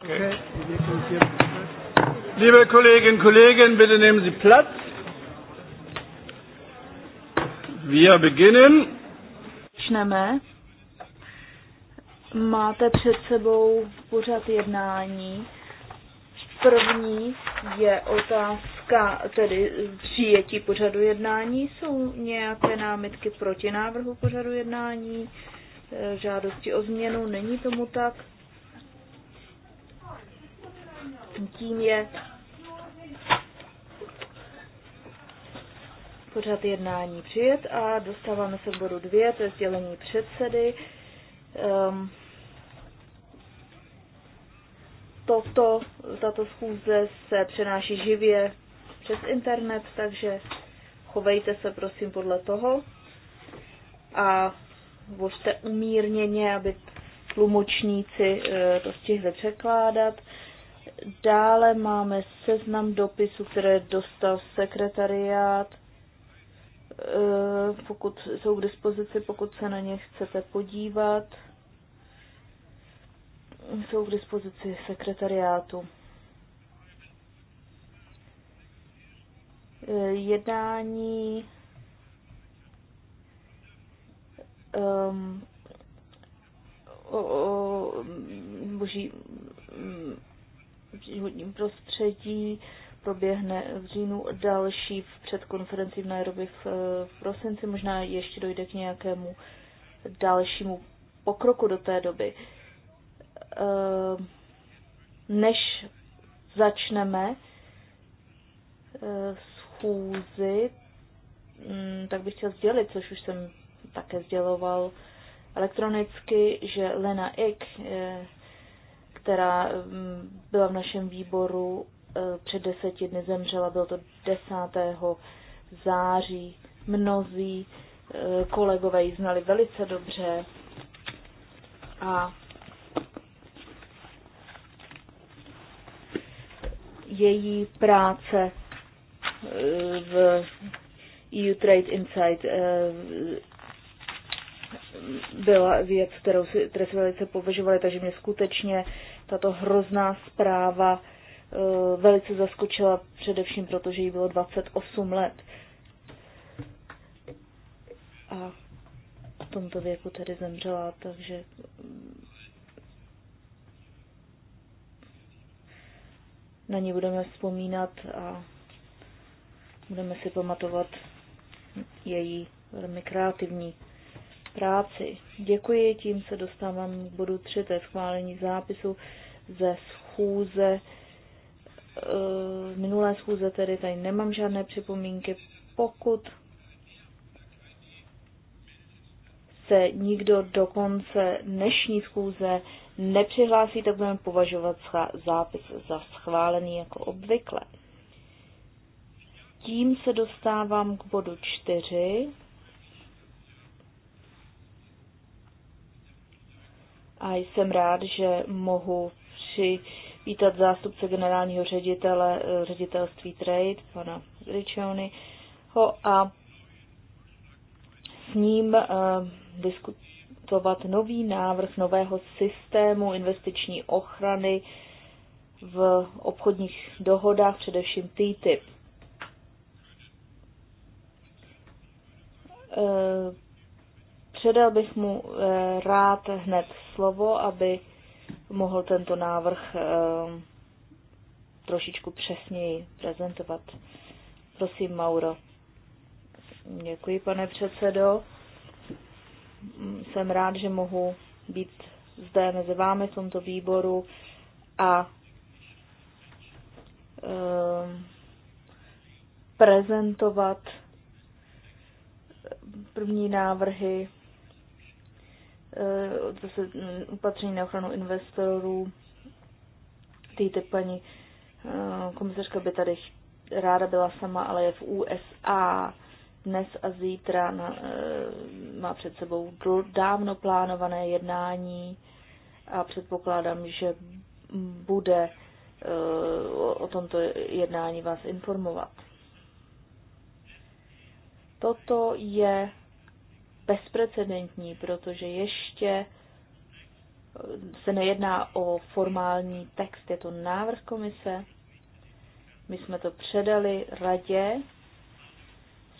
Okay. Liebe Kolleginnen und Kollegen, bitte nehmen Sie Platz. Wir beginnen. Začneme. Máte před sebou pořad jednání. První je otázka tedy přijetí pořadu jednání. Jsou nějaké námitky proti návrhu pořadu jednání? Eh, žádosti o změnu? Není tomu tak? tím je pořad jednání přijet a dostáváme se k bodu dvě, to je sdělení předsedy. Um, toto, tato schůze se přenáší živě přes internet, takže chovejte se prosím podle toho a vožte umírněně, aby tlumočníci eh, to stihli překládat. Dále máme seznam dopisů, které dostal sekretariát. Eh, pokud jsou k dispozici, pokud se na ně chcete podívat, jsou k dispozici sekretariátu. Eh, jednání um, o, o boží um, životním prostředí. Proběhne v říjnu další v předkonferenci v Nairobi v, eh, v prosinci. Možná ještě dojde k nějakému dalšímu pokroku do té doby. Eh, než začneme eh, schůzi, mm, tak bych chtěl sdělit, což už jsem také sděloval elektronicky, že Lena Ick, která mm, byla v našem výboru eh, před deseti dny zemřela, bylo to 10. září. Mnozí eh, kolegové ji znali velice dobře a její práce eh, v EU Trade Insight byla věc, kterou si, si velice považovali, takže mě skutečně tato hrozná zpráva e, velice zaskočila především, protože jí bylo 28 let. A v tomto věku tedy zemřela, takže mm, na ní budeme vzpomínat a budeme si pamatovat její velmi kreativní práci. Děkuji, tím se dostávám k bodu 3, to je schválení zápisu ze schůze, eh, minulé schůze tedy tady nemám žádné připomínky. Pokud se nikdo do konce dnešní schůze nepřihlásí, tak budeme považovat zápis za schválený jako obvykle. Tím se dostávám k bodu 4. a jsem rád, že mohu přivítat zástupce generálního ředitele eh, ředitelství Trade, pana ho a s ním uh, diskutovat nový návrh nového systému investiční ochrany v obchodních dohodách, především TTIP. Uh, Předal bych mu eh, rád hned slovo, aby mohl tento návrh eh, trošičku přesněji prezentovat. Prosím, Mauro. Děkuji, pane předsedo. Jsem rád, že mohu být zde mezi vámi v tomto výboru a eh, prezentovat první návrhy Eh, to se opatření mm, na ochranu investorů, týte paní eh, komisařka by tady ráda byla sama, ale je v USA dnes a zítra na, eh, má před sebou dávno plánované jednání a předpokládám, že bude o tomto jednání vás informovat. Toto je bezprecedentní, protože ještě eh, se nejedná o formální text, je to návrh komise. My jsme to předali radě,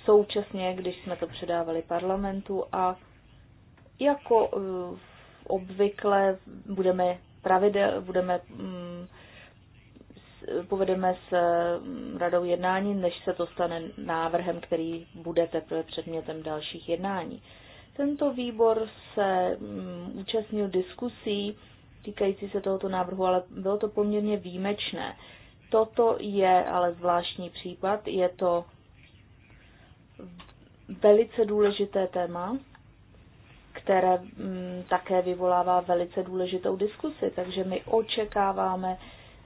současně, když jsme to předávali parlamentu a jako eh, obvykle budeme pravidel, budeme mm, povedeme s mm, radou jednání, než se to stane návrhem, který bude teprve předmětem dalších jednání. Tento výbor se mm, účastnil diskusí týkající se tohoto návrhu, ale bylo to poměrně výjimečné. Toto je ale zvláštní případ, je to velice důležité téma, které mm, také vyvolává velice důležitou diskusi, takže my očekáváme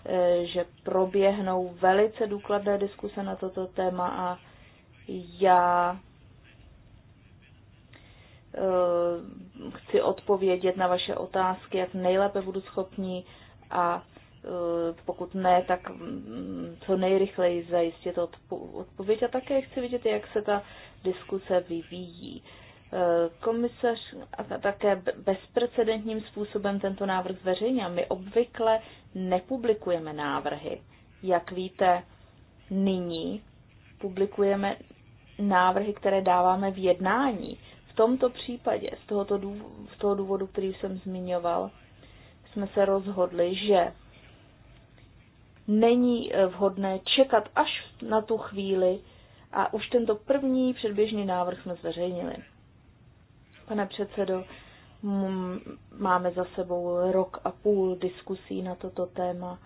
E, že proběhnou velice důkladné diskuse na toto téma a já e, chci odpovědět na vaše otázky, jak nejlépe budu schopní a e, pokud ne, tak mm, co nejrychleji zajistit odpověď a také chci vidět, jak se ta diskuse vyvíjí. Komisař a také bezprecedentním způsobem tento návrh zveřejnil. My obvykle nepublikujeme návrhy. Jak víte, nyní publikujeme návrhy, které dáváme v jednání. V tomto případě, z, tohoto důvodu, z toho důvodu, který jsem zmiňoval, jsme se rozhodli, že není eh, vhodné čekat až na tu chvíli a už tento první předběžný návrh jsme zveřejnili. Pane předsedo, mm, máme za sebou rok a půl diskusí na toto téma.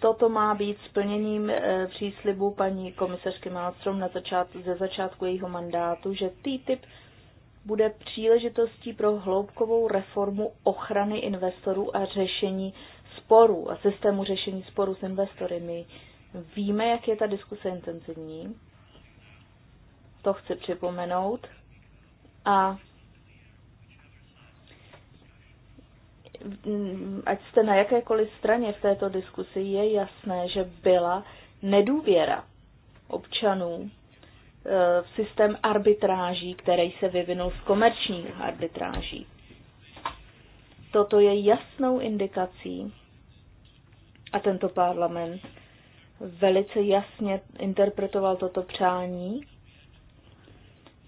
Toto má být splněním eh, příslibu paní komisařky Malstrom na začátku, ze začátku jejího mandátu, že TTIP bude příležitostí pro hloubkovou reformu ochrany investorů a řešení sporů a systému řešení sporů s investory. My Víme, jak je ta diskuse intenzivní. To chci připomenout. A ať jste na jakékoliv straně v této diskusi, je jasné, že byla nedůvěra občanů eh, v systém arbitráží, který se vyvinul z komerčních arbitráží. Toto je jasnou indikací a tento parlament velice jasně interpretoval toto přání,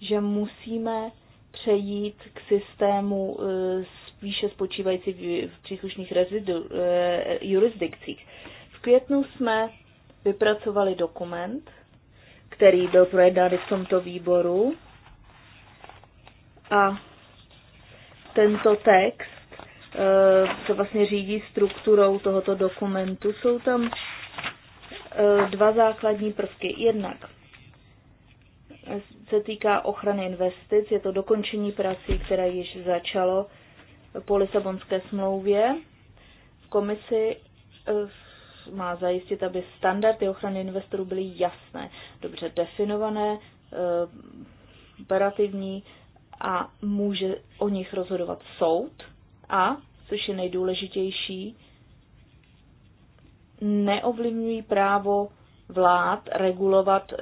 že musíme přejít k systému eh, spíše spočívající v příslušných rezidu, eh, jurisdikcích. V květnu jsme vypracovali dokument, který byl projednán v tomto výboru a tento text se eh, vlastně řídí strukturou tohoto dokumentu. Jsou tam Eh, dva základní prvky. Jednak se týká ochrany investic, je to dokončení prací, které již začalo po Lisabonské smlouvě. Komisi eh, má zajistit, aby standardy ochrany investorů byly jasné, dobře definované, eh, operativní a může o nich rozhodovat soud a, což je nejdůležitější, neovlivňují právo vlád regulovat eh,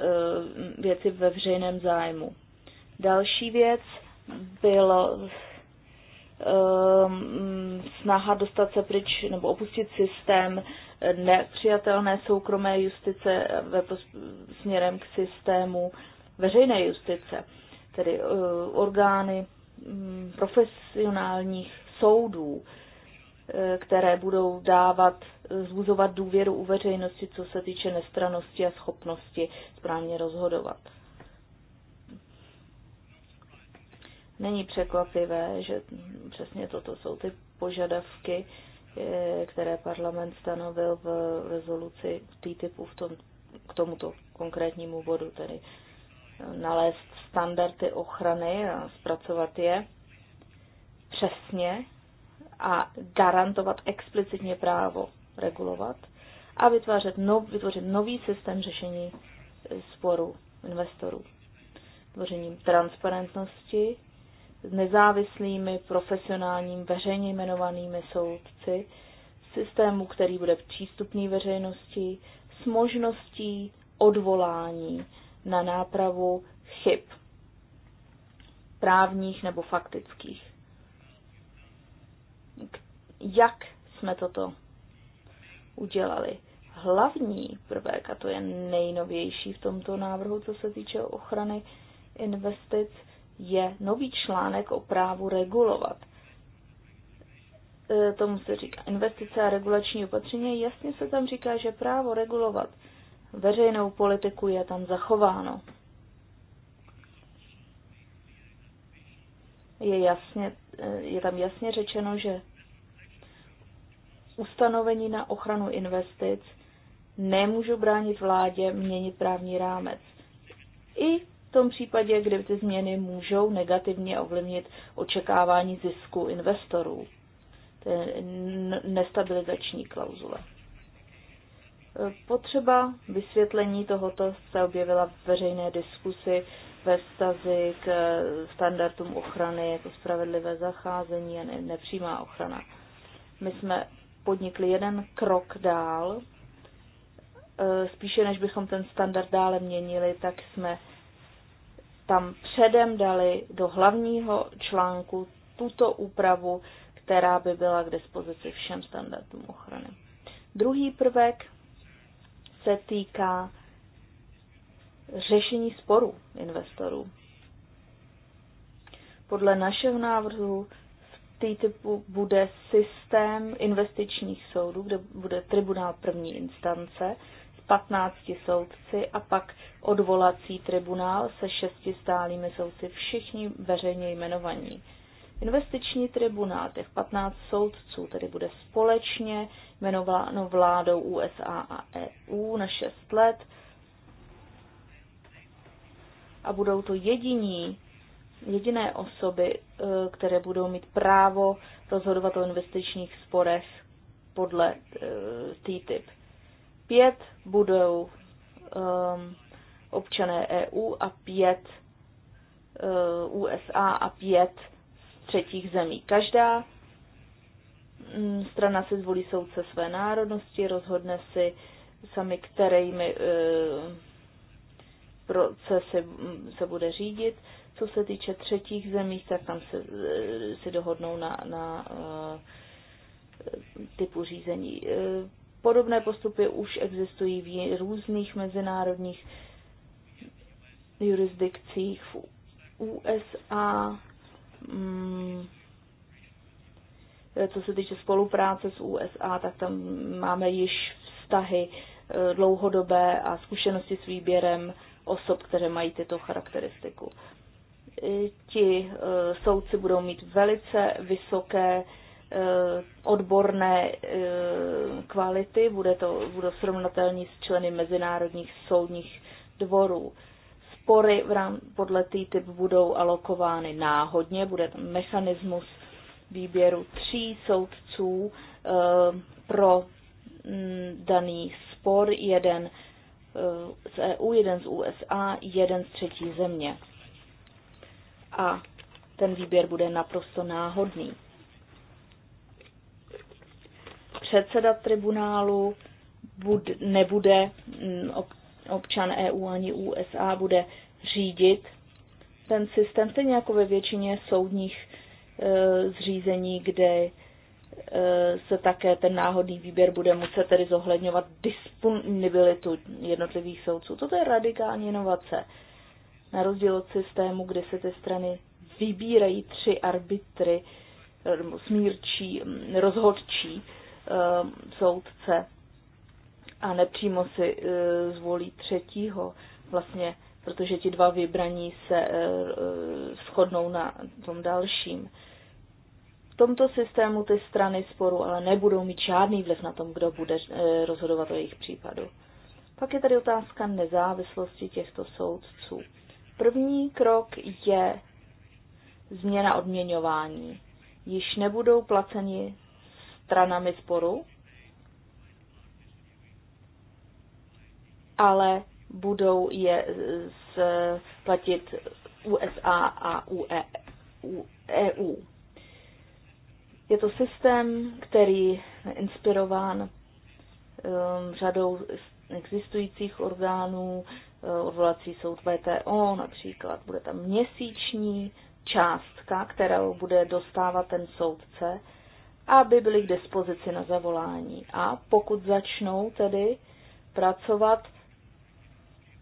věci ve veřejném zájmu. Další věc bylo ehm, snaha dostat se pryč nebo opustit systém eh, nepřijatelné soukromé justice ve, směrem k systému veřejné justice, tedy eh, orgány hm, profesionálních soudů, které budou dávat zbuzovat důvěru u veřejnosti, co se týče nestranosti a schopnosti správně rozhodovat. Není překvapivé, že přesně toto jsou ty požadavky, eh, které parlament stanovil v rezoluci TTIPu v tom, k tomuto konkrétnímu bodu, tedy eh, nalézt standardy ochrany a zpracovat je přesně a garantovat explicitně právo regulovat a vytvářet no, vytvořit nový systém řešení sporů investorů. Tvořením transparentnosti s nezávislými profesionálním veřejně jmenovanými soudci, systému, který bude přístupný veřejnosti, s možností odvolání na nápravu chyb právních nebo faktických. Jak jsme toto udělali. Hlavní prvek, a to je nejnovější v tomto návrhu, co se týče ochrany investic, je nový článek o právu regulovat. E, tomu se říká investice a regulační opatření. Jasně se tam říká, že právo regulovat veřejnou politiku je tam zachováno. Je, jasně, e, je tam jasně řečeno, že ustanovení na ochranu investic nemůžu bránit vládě měnit právní rámec. I v tom případě, kdy ty změny můžou negativně ovlivnit očekávání zisku investorů. To je nestabilizační klauzule. Potřeba vysvětlení tohoto se objevila v veřejné diskusi ve stazi k standardům ochrany, jako spravedlivé zacházení a nepřímá ochrana. My jsme podnikli jeden krok dál, e, spíše než bychom ten standard dále měnili, tak jsme tam předem dali do hlavního článku tuto úpravu, která by byla k dispozici všem standardům ochrany. Druhý prvek se týká řešení sporů investorů. Podle našeho návrhu typu bude systém investičních soudů, kde bude tribunál první instance s 15 soudci a pak odvolací tribunál se šesti stálými soudci, všichni veřejně jmenovaní. Investiční tribunál těch 15 soudců tedy bude společně jmenováno vládou USA a EU na 6 let a budou to jediní jediné osoby, eh, které budou mít právo rozhodovat o investičních sporech podle eh, TTIP. Pět budou ehm, občané EU a pět eh, USA a pět z třetích zemí. Každá hm, strana si zvolí soudce své národnosti, rozhodne si sami, kterými procesy hm, se bude řídit. Co se týče třetích zemí, tak tam se, eh, se dohodnou na, na eh, typu řízení. Eh, podobné postupy už existují v různých mezinárodních jurisdikcích v USA. Mm. Co se týče spolupráce s USA, tak tam máme již vztahy dlouhodobé a zkušenosti s výběrem osob, které mají tyto charakteristiku. E, ti e, soudci budou mít velice vysoké e, odborné kvality, bude to, budou srovnatelní s členy mezinárodních soudních dvorů. Spory v rám, podle TTIP budou alokovány náhodně, bude tam mechanismus výběru tří soudců pro daný spor, jeden z EU, jeden z USA, jeden z třetí země a ten výběr bude naprosto náhodný. Předseda tribunálu bud, nebude mm, občan EU ani USA, bude řídit ten systém, stejně jako ve většině soudních e, zřízení, kde e, se také ten náhodný výběr bude muset tedy zohledňovat disponibilitu jednotlivých soudců. Toto je radikální inovace na rozdíl od systému, kde se ze strany vybírají tři arbitry, eh, smírčí, mm, rozhodčí eh, soudce a nepřímo si eh, zvolí třetího, vlastně, protože ti dva vybraní se shodnou na tom dalším. V tomto systému ty strany sporu ale nebudou mít žádný vliv na tom, kdo bude rozhodovat o jejich případu. Pak je tady otázka nezávislosti těchto soudců. První krok je změna odměňování. Již nebudou placeni stranami sporu, ale budou je platit USA a UE, EU. E je to systém, který je inspirován um, řadou existujících orgánů, Eh, odvolací soud VTO, například bude tam měsíční částka, kterou bude dostávat ten soudce, aby byli k dispozici na zavolání. A pokud začnou tedy pracovat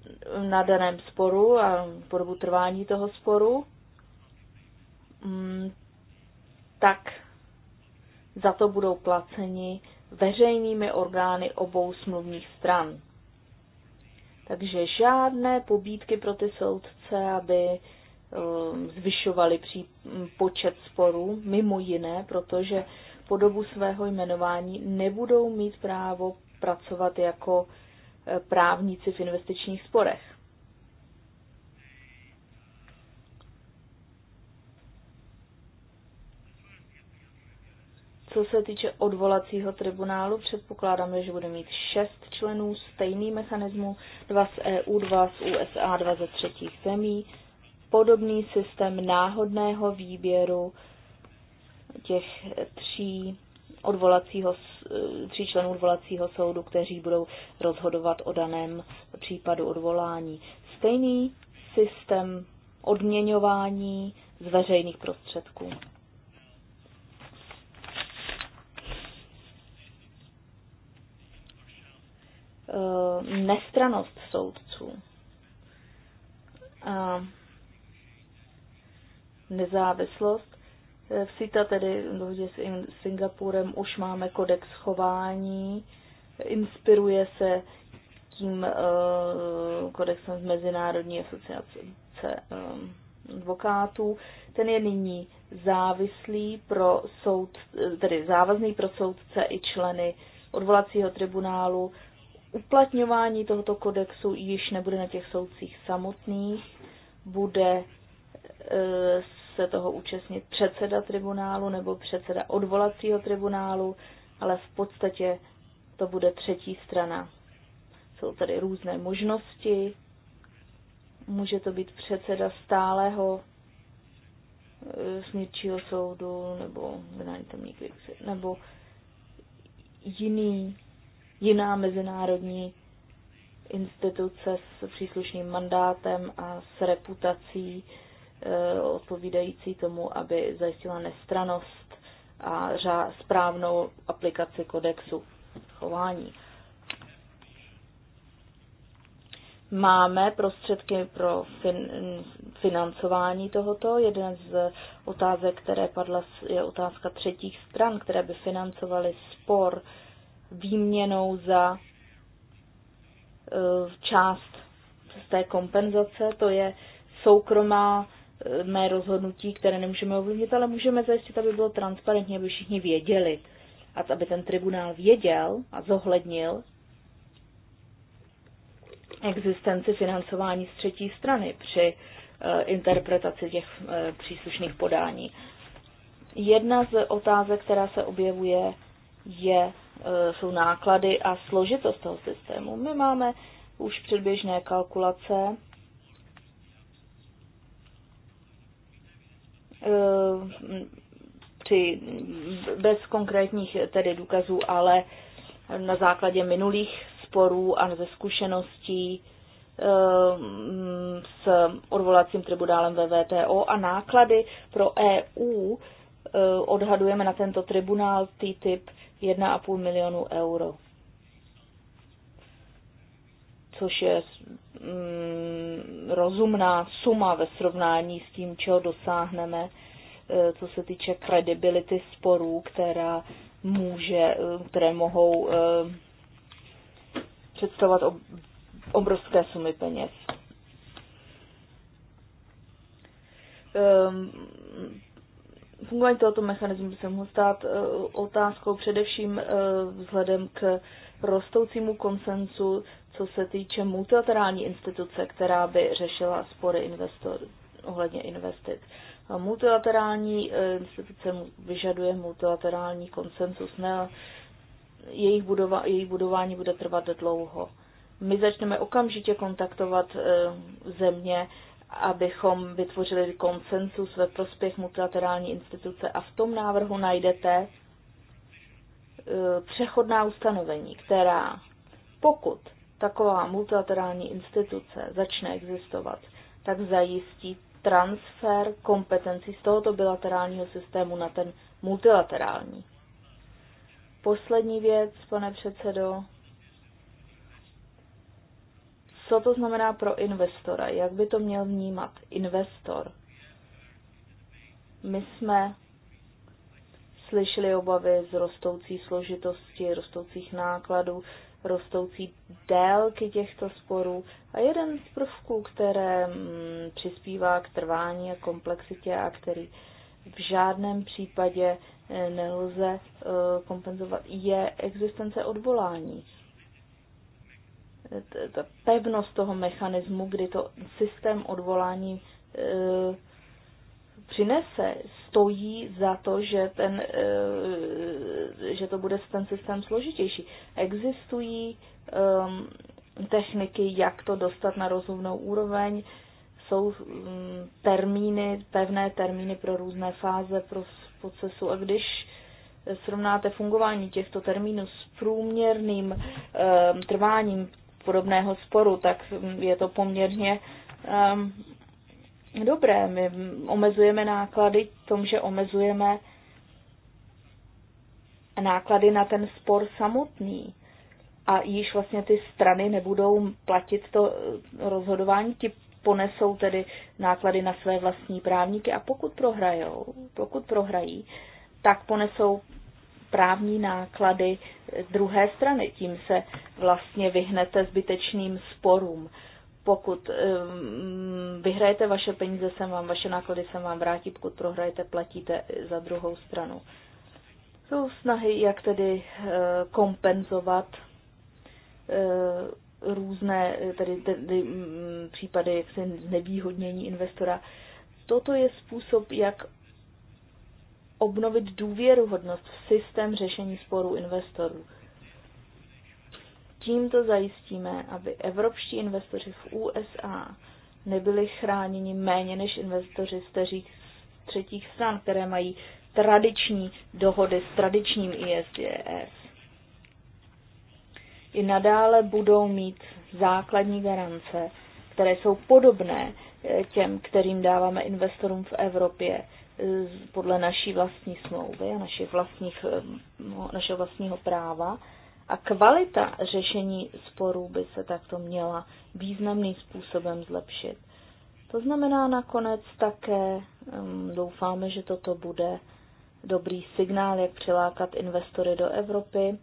eh, na daném sporu a po dobu trvání toho sporu, mm, tak za to budou placeni veřejnými orgány obou smluvních stran. Takže žádné pobídky pro ty soudce, aby um, zvyšovali pří, počet sporů, mimo jiné, protože po dobu svého jmenování nebudou mít právo pracovat jako eh, právníci v investičních sporech. Co se týče odvolacího tribunálu, předpokládáme, že bude mít šest členů, stejný mechanismu dva z EU, dva z USA, dva ze třetích zemí, podobný systém náhodného výběru těch tří odvolacího, tří členů odvolacího soudu, kteří budou rozhodovat o daném případu odvolání. Stejný systém odměňování z veřejných prostředků. Eh, nestranost soudců a nezávislost. Eh, v SITA, tedy dohodě no, s Singapurem, už máme kodex chování, inspiruje se tím eh, kodexem z Mezinárodní asociace advokátů. Ten je nyní závislý pro soud, tedy závazný pro soudce i členy odvolacího tribunálu uplatňování tohoto kodexu již nebude na těch soudcích samotných, bude e, se toho účastnit předseda tribunálu nebo předseda odvolacího tribunálu, ale v podstatě to bude třetí strana. Jsou tady různé možnosti. Může to být předseda stálého e, smírčího soudu nebo nebo jiný jiná mezinárodní instituce s příslušným mandátem a s reputací e, odpovídající tomu, aby zajistila nestranost a správnou aplikaci kodexu chování. Máme prostředky pro fin, financování tohoto. Jedna z otázek, které padla, je otázka třetích stran, které by financovaly spor výměnou za eh, část z té kompenzace, to je soukromá eh, mé rozhodnutí, které nemůžeme ovlivnit, ale můžeme zajistit, aby bylo transparentně, aby všichni věděli a aby ten tribunál věděl a zohlednil existenci financování z třetí strany při eh, interpretaci těch příslušných podání. Jedna z otázek, která se objevuje, je E, jsou náklady a složitost toho systému. My máme už předběžné kalkulace. E, při, bez konkrétních tedy důkazů, ale na základě minulých sporů a ze zkušeností e, s odvolacím tribunálem VVTO a náklady pro EU Eh, odhadujeme na tento tribunál TTIP 1,5 milionu euro. Což je mm, rozumná suma ve srovnání s tím, čeho dosáhneme, eh, co se týče kredibility sporů, která může, eh, které mohou představovat obrovské sumy peněz ehm, fungování tohoto mechanismu se mohl stát e, otázkou především e, vzhledem k rostoucímu konsensu, co se týče multilaterální instituce, která by řešila spory investor, ohledně investic. Multilaterální e, instituce vyžaduje multilaterální konsensus, ne jejich, budova, jejich budování bude trvat dlouho. My začneme okamžitě kontaktovat země, abychom vytvořili konsensus ve prospěch multilaterální instituce a v tom návrhu najdete e, přechodná ustanovení, která pokud taková multilaterální instituce začne existovat, tak zajistí transfer kompetencí z tohoto bilaterálního systému na ten multilaterální. Poslední věc, pane předsedo, co to znamená pro investora, jak by to měl vnímat investor. My jsme slyšeli obavy z rostoucí složitosti, rostoucích nákladů, rostoucí délky těchto sporů a jeden z prvků, které mm, přispívá k trvání a komplexitě a který v žádném případě eh, nelze eh, kompenzovat, je existence odvolání ta pevnost toho mechanismu, kdy to systém odvolání e, přinese, stojí za to, že, ten, e, že to bude ten systém složitější. Existují e, techniky, jak to dostat na rozumnou úroveň, jsou mm, termíny, pevné termíny pro různé fáze pro procesu a když srovnáte fungování těchto termínů s průměrným e, trváním podobného sporu, tak je to poměrně um, dobré. My omezujeme náklady tom, že omezujeme náklady na ten spor samotný. A již vlastně ty strany nebudou platit to eh, rozhodování, ti ponesou tedy náklady na své vlastní právníky a pokud prohrajou, pokud prohrají, tak ponesou právní náklady druhé strany. Tím se vlastně vyhnete zbytečným sporům. Pokud um, vyhrajete vaše peníze, sem vám, vaše náklady se vám vrátí, pokud prohrajete, platíte za druhou stranu. Jsou snahy, jak tedy uh, kompenzovat uh, různé eh, tedy, tedy, um, případy jaksi nevýhodnění investora. Toto je způsob, jak obnovit důvěruhodnost v systém řešení sporů investorů. Tímto zajistíme, aby evropští investoři v USA nebyli chráněni méně než investoři z třetích stran, které mají tradiční dohody s tradičním ISDS. I nadále budou mít základní garance, které jsou podobné eh, těm, kterým dáváme investorům v Evropě podle naší vlastní smlouvy a eh, našeho vlastního práva. A kvalita řešení sporů by se takto měla významným způsobem zlepšit. To znamená nakonec také, mm, doufáme, že toto bude dobrý signál, jak přilákat investory do Evropy,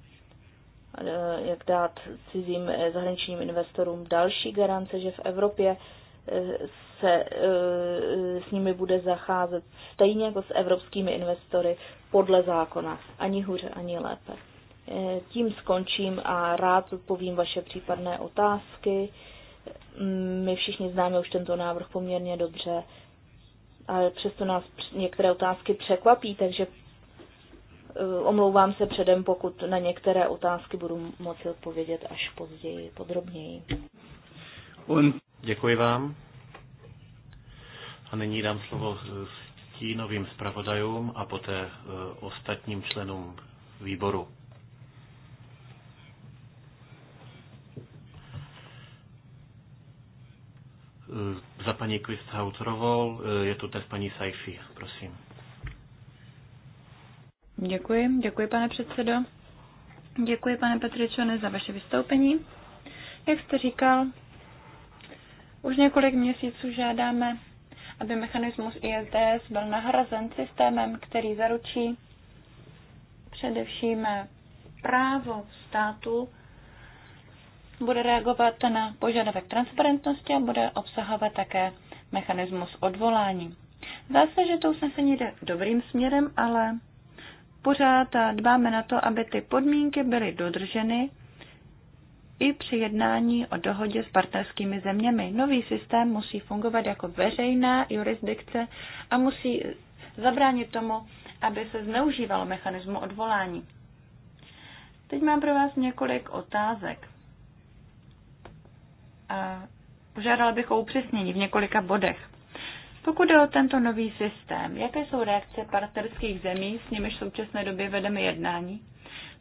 eh, jak dát cizím eh, zahraničním investorům další garance, že v Evropě se eh, s nimi bude zacházet stejně jako s evropskými investory podle zákona, ani hůře, ani lépe. Eh, tím skončím a rád odpovím vaše případné otázky. Mm, my všichni známe už tento návrh poměrně dobře, ale přesto nás některé otázky překvapí, takže eh, omlouvám se předem, pokud na některé otázky budu moci odpovědět až později, podrobněji. Und Děkuji vám. A nyní dám slovo stínovým zpravodajům a poté e, ostatním členům výboru. E, za paní Quisthauterovou e, je tu teď paní Saifi, prosím. Děkuji, děkuji pane předsedo. Děkuji pane Petričone za vaše vystoupení. Jak jste říkal, už několik měsíců žádáme, aby mechanismus ISDS byl nahrazen systémem, který zaručí především právo státu bude reagovat na požadavek transparentnosti a bude obsahovat také mechanismus odvolání. Zdá se, že to usnesení jde dobrým směrem, ale pořád dbáme na to, aby ty podmínky byly dodrženy i při jednání o dohodě s partnerskými zeměmi. Nový systém musí fungovat jako veřejná jurisdikce a musí zabránit tomu, aby se zneužívalo mechanismu odvolání. Teď mám pro vás několik otázek. A požádala bych o upřesnění v několika bodech. Pokud jde o tento nový systém, jaké jsou reakce partnerských zemí, s nimiž v současné době vedeme jednání?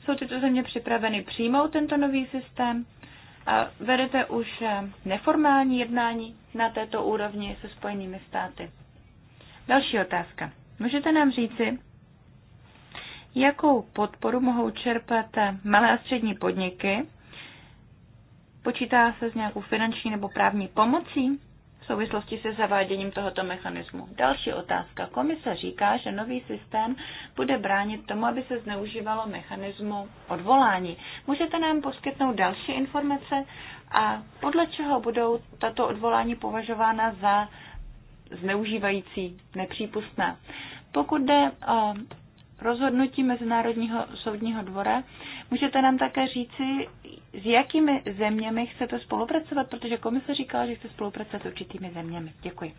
Jsou tyto země připraveny přijmout tento nový systém? A vedete už eh, neformální jednání na této úrovni se Spojenými státy? Další otázka. Můžete nám říci, jakou podporu mohou čerpat eh, malé a střední podniky? Počítá se s nějakou finanční nebo právní pomocí? souvislosti se zaváděním tohoto mechanismu. Další otázka. Komise říká, že nový systém bude bránit tomu, aby se zneužívalo mechanismu odvolání. Můžete nám poskytnout další informace a podle čeho budou tato odvolání považována za zneužívající, nepřípustná? Pokud jde o rozhodnutí Mezinárodního soudního dvora. Můžete nám také říci, s jakými zeměmi chcete spolupracovat, protože komise říkala, že chce spolupracovat s určitými zeměmi. Děkuji.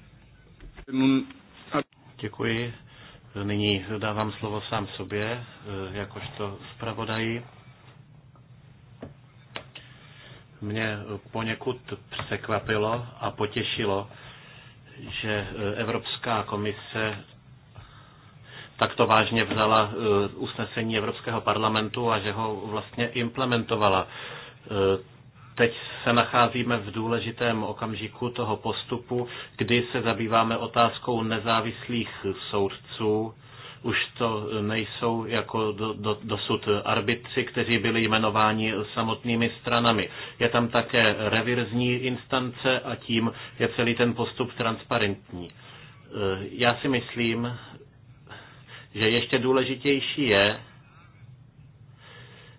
Děkuji. Nyní dávám slovo sám sobě, eh, jakožto zpravodaji. Mě poněkud překvapilo a potěšilo, že eh, Evropská komise takto vážně vzala eh, usnesení Evropského parlamentu a že ho vlastně implementovala. Eh, teď se nacházíme v důležitém okamžiku toho postupu, kdy se zabýváme otázkou nezávislých soudců. Už to nejsou jako do, do, dosud arbitři, kteří byli jmenováni samotnými stranami. Je tam také revirzní instance a tím je celý ten postup transparentní. Eh, já si myslím, že ještě důležitější je,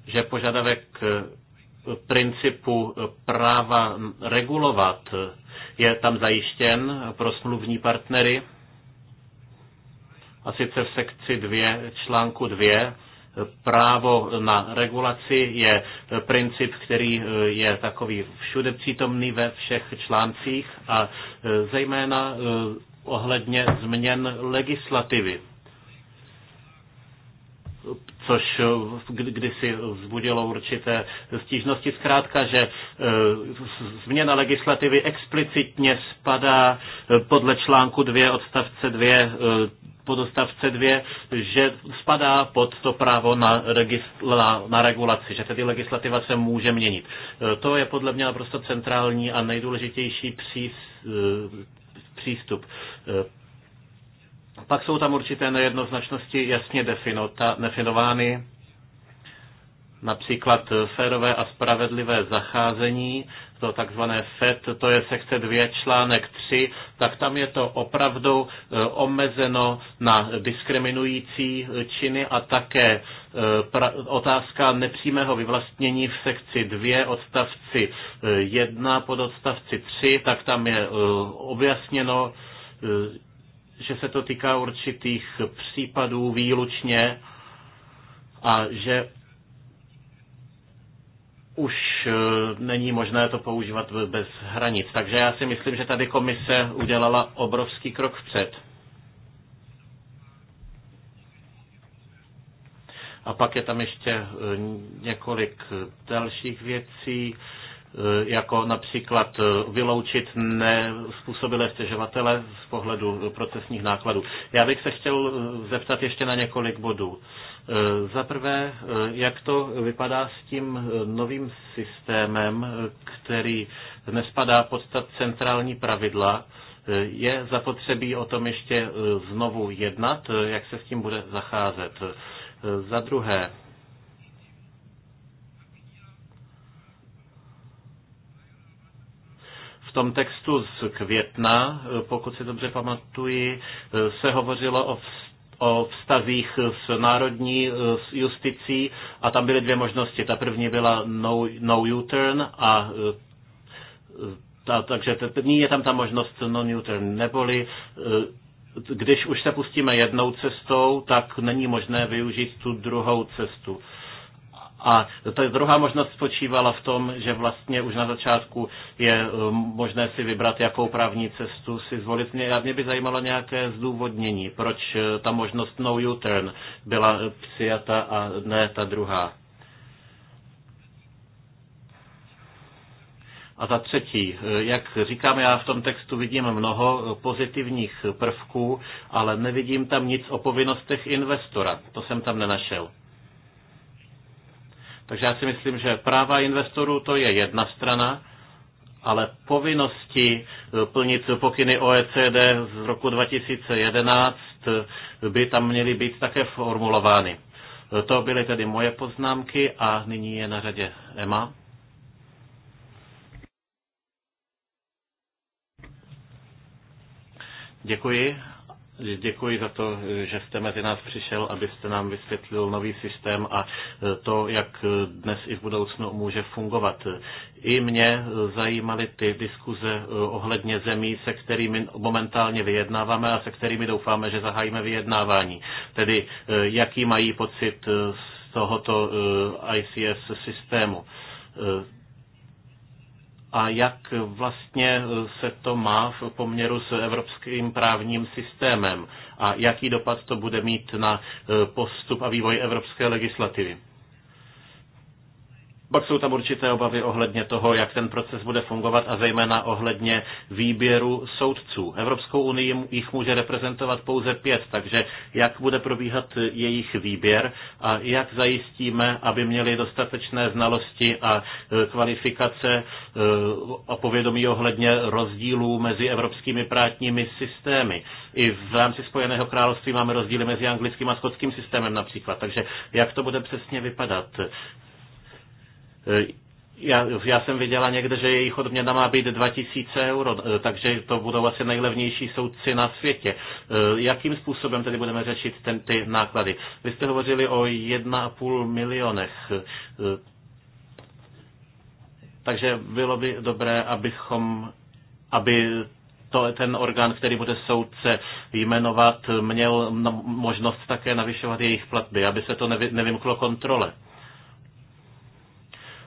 že požadavek eh, principu eh, práva regulovat eh, je tam zajištěn pro smluvní partnery. A sice v sekci 2 článku 2 právo na regulaci je princip, který je takový všude přítomný ve všech článcích a zejména ohledně změn legislativy což eh, kdysi vzbudilo určité stížnosti. Zkrátka, že eh, změna legislativy explicitně spadá eh, podle článku 2 odstavce 2 podostavce 2, že spadá pod to právo na, na, na regulaci, že tedy legislativa se může měnit. To je podle mě naprosto centrální a nejdůležitější přístup. Pak jsou tam určité nejednoznačnosti jasně definovány, například férové a spravedlivé zacházení, to takzvané FED, to je sekce 2, článek 3, tak tam je to opravdu e, omezeno na diskriminující činy a také e, otázka nepřímého vyvlastnění v sekci 2 odstavci 1 e, pod odstavci 3, tak tam je objasněno, že se to týká určitých případů výlučně a že už e, není možné to používat bez hranic. Takže já si myslím, že tady komise udělala obrovský krok vpřed. A pak je tam ještě e, několik dalších věcí. E, jako například e, vyloučit nespůsobilé stěžovatele z pohledu procesních nákladů. Já bych se chtěl e, zeptat ještě na několik bodů. Za prvé, jak to vypadá s tím novým systémem, který nespadá pod ta centrální pravidla, je zapotřebí o tom ještě znovu jednat, jak se s tím bude zacházet. Za druhé, V tom textu z května, pokud si dobře pamatuji, se hovořilo o o vztazích s národní s justicí a tam byly dvě možnosti. Ta první byla no, no U-turn a ta, takže první je tam ta možnost no U-turn, neboli když už se pustíme jednou cestou, tak není možné využít tu druhou cestu. A ta druhá možnost spočívala v tom, že vlastně už na začátku je eh, možné si vybrat, jakou právní cestu si zvolit. Mě, mě by zajímalo nějaké zdůvodnění, proč eh, ta možnost no U-turn byla přijata a ne ta druhá. A za třetí, eh, jak říkám, já v tom textu vidím mnoho pozitivních prvků, ale nevidím tam nic o povinnostech investora. To jsem tam nenašel. Takže já si myslím, že práva investorů to je jedna strana, ale povinnosti eh, plnit pokyny OECD z roku 2011 eh, by tam měly být také formulovány. Eh, to byly tedy moje poznámky a nyní je na řadě Emma. Děkuji. Děkuji za to, že jste mezi nás přišel, abyste nám vysvětlil nový systém a e, to, jak e, dnes i v budoucnu může fungovat. I mě e, zajímaly ty diskuze ohledně zemí, se kterými momentálně vyjednáváme a se kterými doufáme, že zahájíme vyjednávání. Tedy jaký mají pocit z tohoto ICS systému a jak vlastně eh, se to má v poměru s evropským právním systémem a jaký dopad to bude mít na eh, postup a vývoj evropské legislativy. Pak jsou tam určité obavy ohledně toho, jak ten proces bude fungovat a zejména ohledně výběru soudců. Evropskou unii jich může reprezentovat pouze pět, takže jak bude probíhat jejich výběr a jak zajistíme, aby měli dostatečné znalosti a e, kvalifikace e, a povědomí ohledně rozdílů mezi evropskými prátními systémy. I v rámci Spojeného království máme rozdíly mezi anglickým a skotským systémem například, takže jak to bude přesně vypadat? Eh, já, já jsem viděla někde, že jejich odměna má být 2000 euro, eh, takže to budou asi nejlevnější soudci na světě. Eh, jakým způsobem tedy budeme řešit ten, ty náklady? Vy jste hovořili o 1,5 milionech. Takže bylo by dobré, abychom, aby to, ten orgán, který bude soudce jmenovat, měl no, možnost také navyšovat jejich platby, aby se to nevy, nevymklo kontrole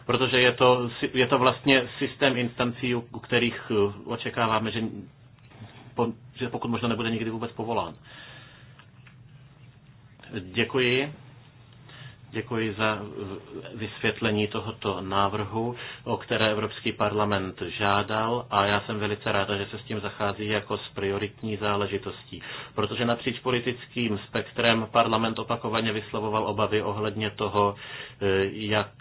protože je to, je to vlastně systém instancí, u kterých eh, očekáváme, že, že pokud možno nebude nikdy vůbec povolán. Děkuji. Děkuji za eh, vysvětlení tohoto návrhu, o které Evropský parlament žádal a já jsem velice ráda, že se s tím zachází jako s prioritní záležitostí, protože napříč politickým spektrem parlament opakovaně vyslovoval obavy ohledně toho, eh, jak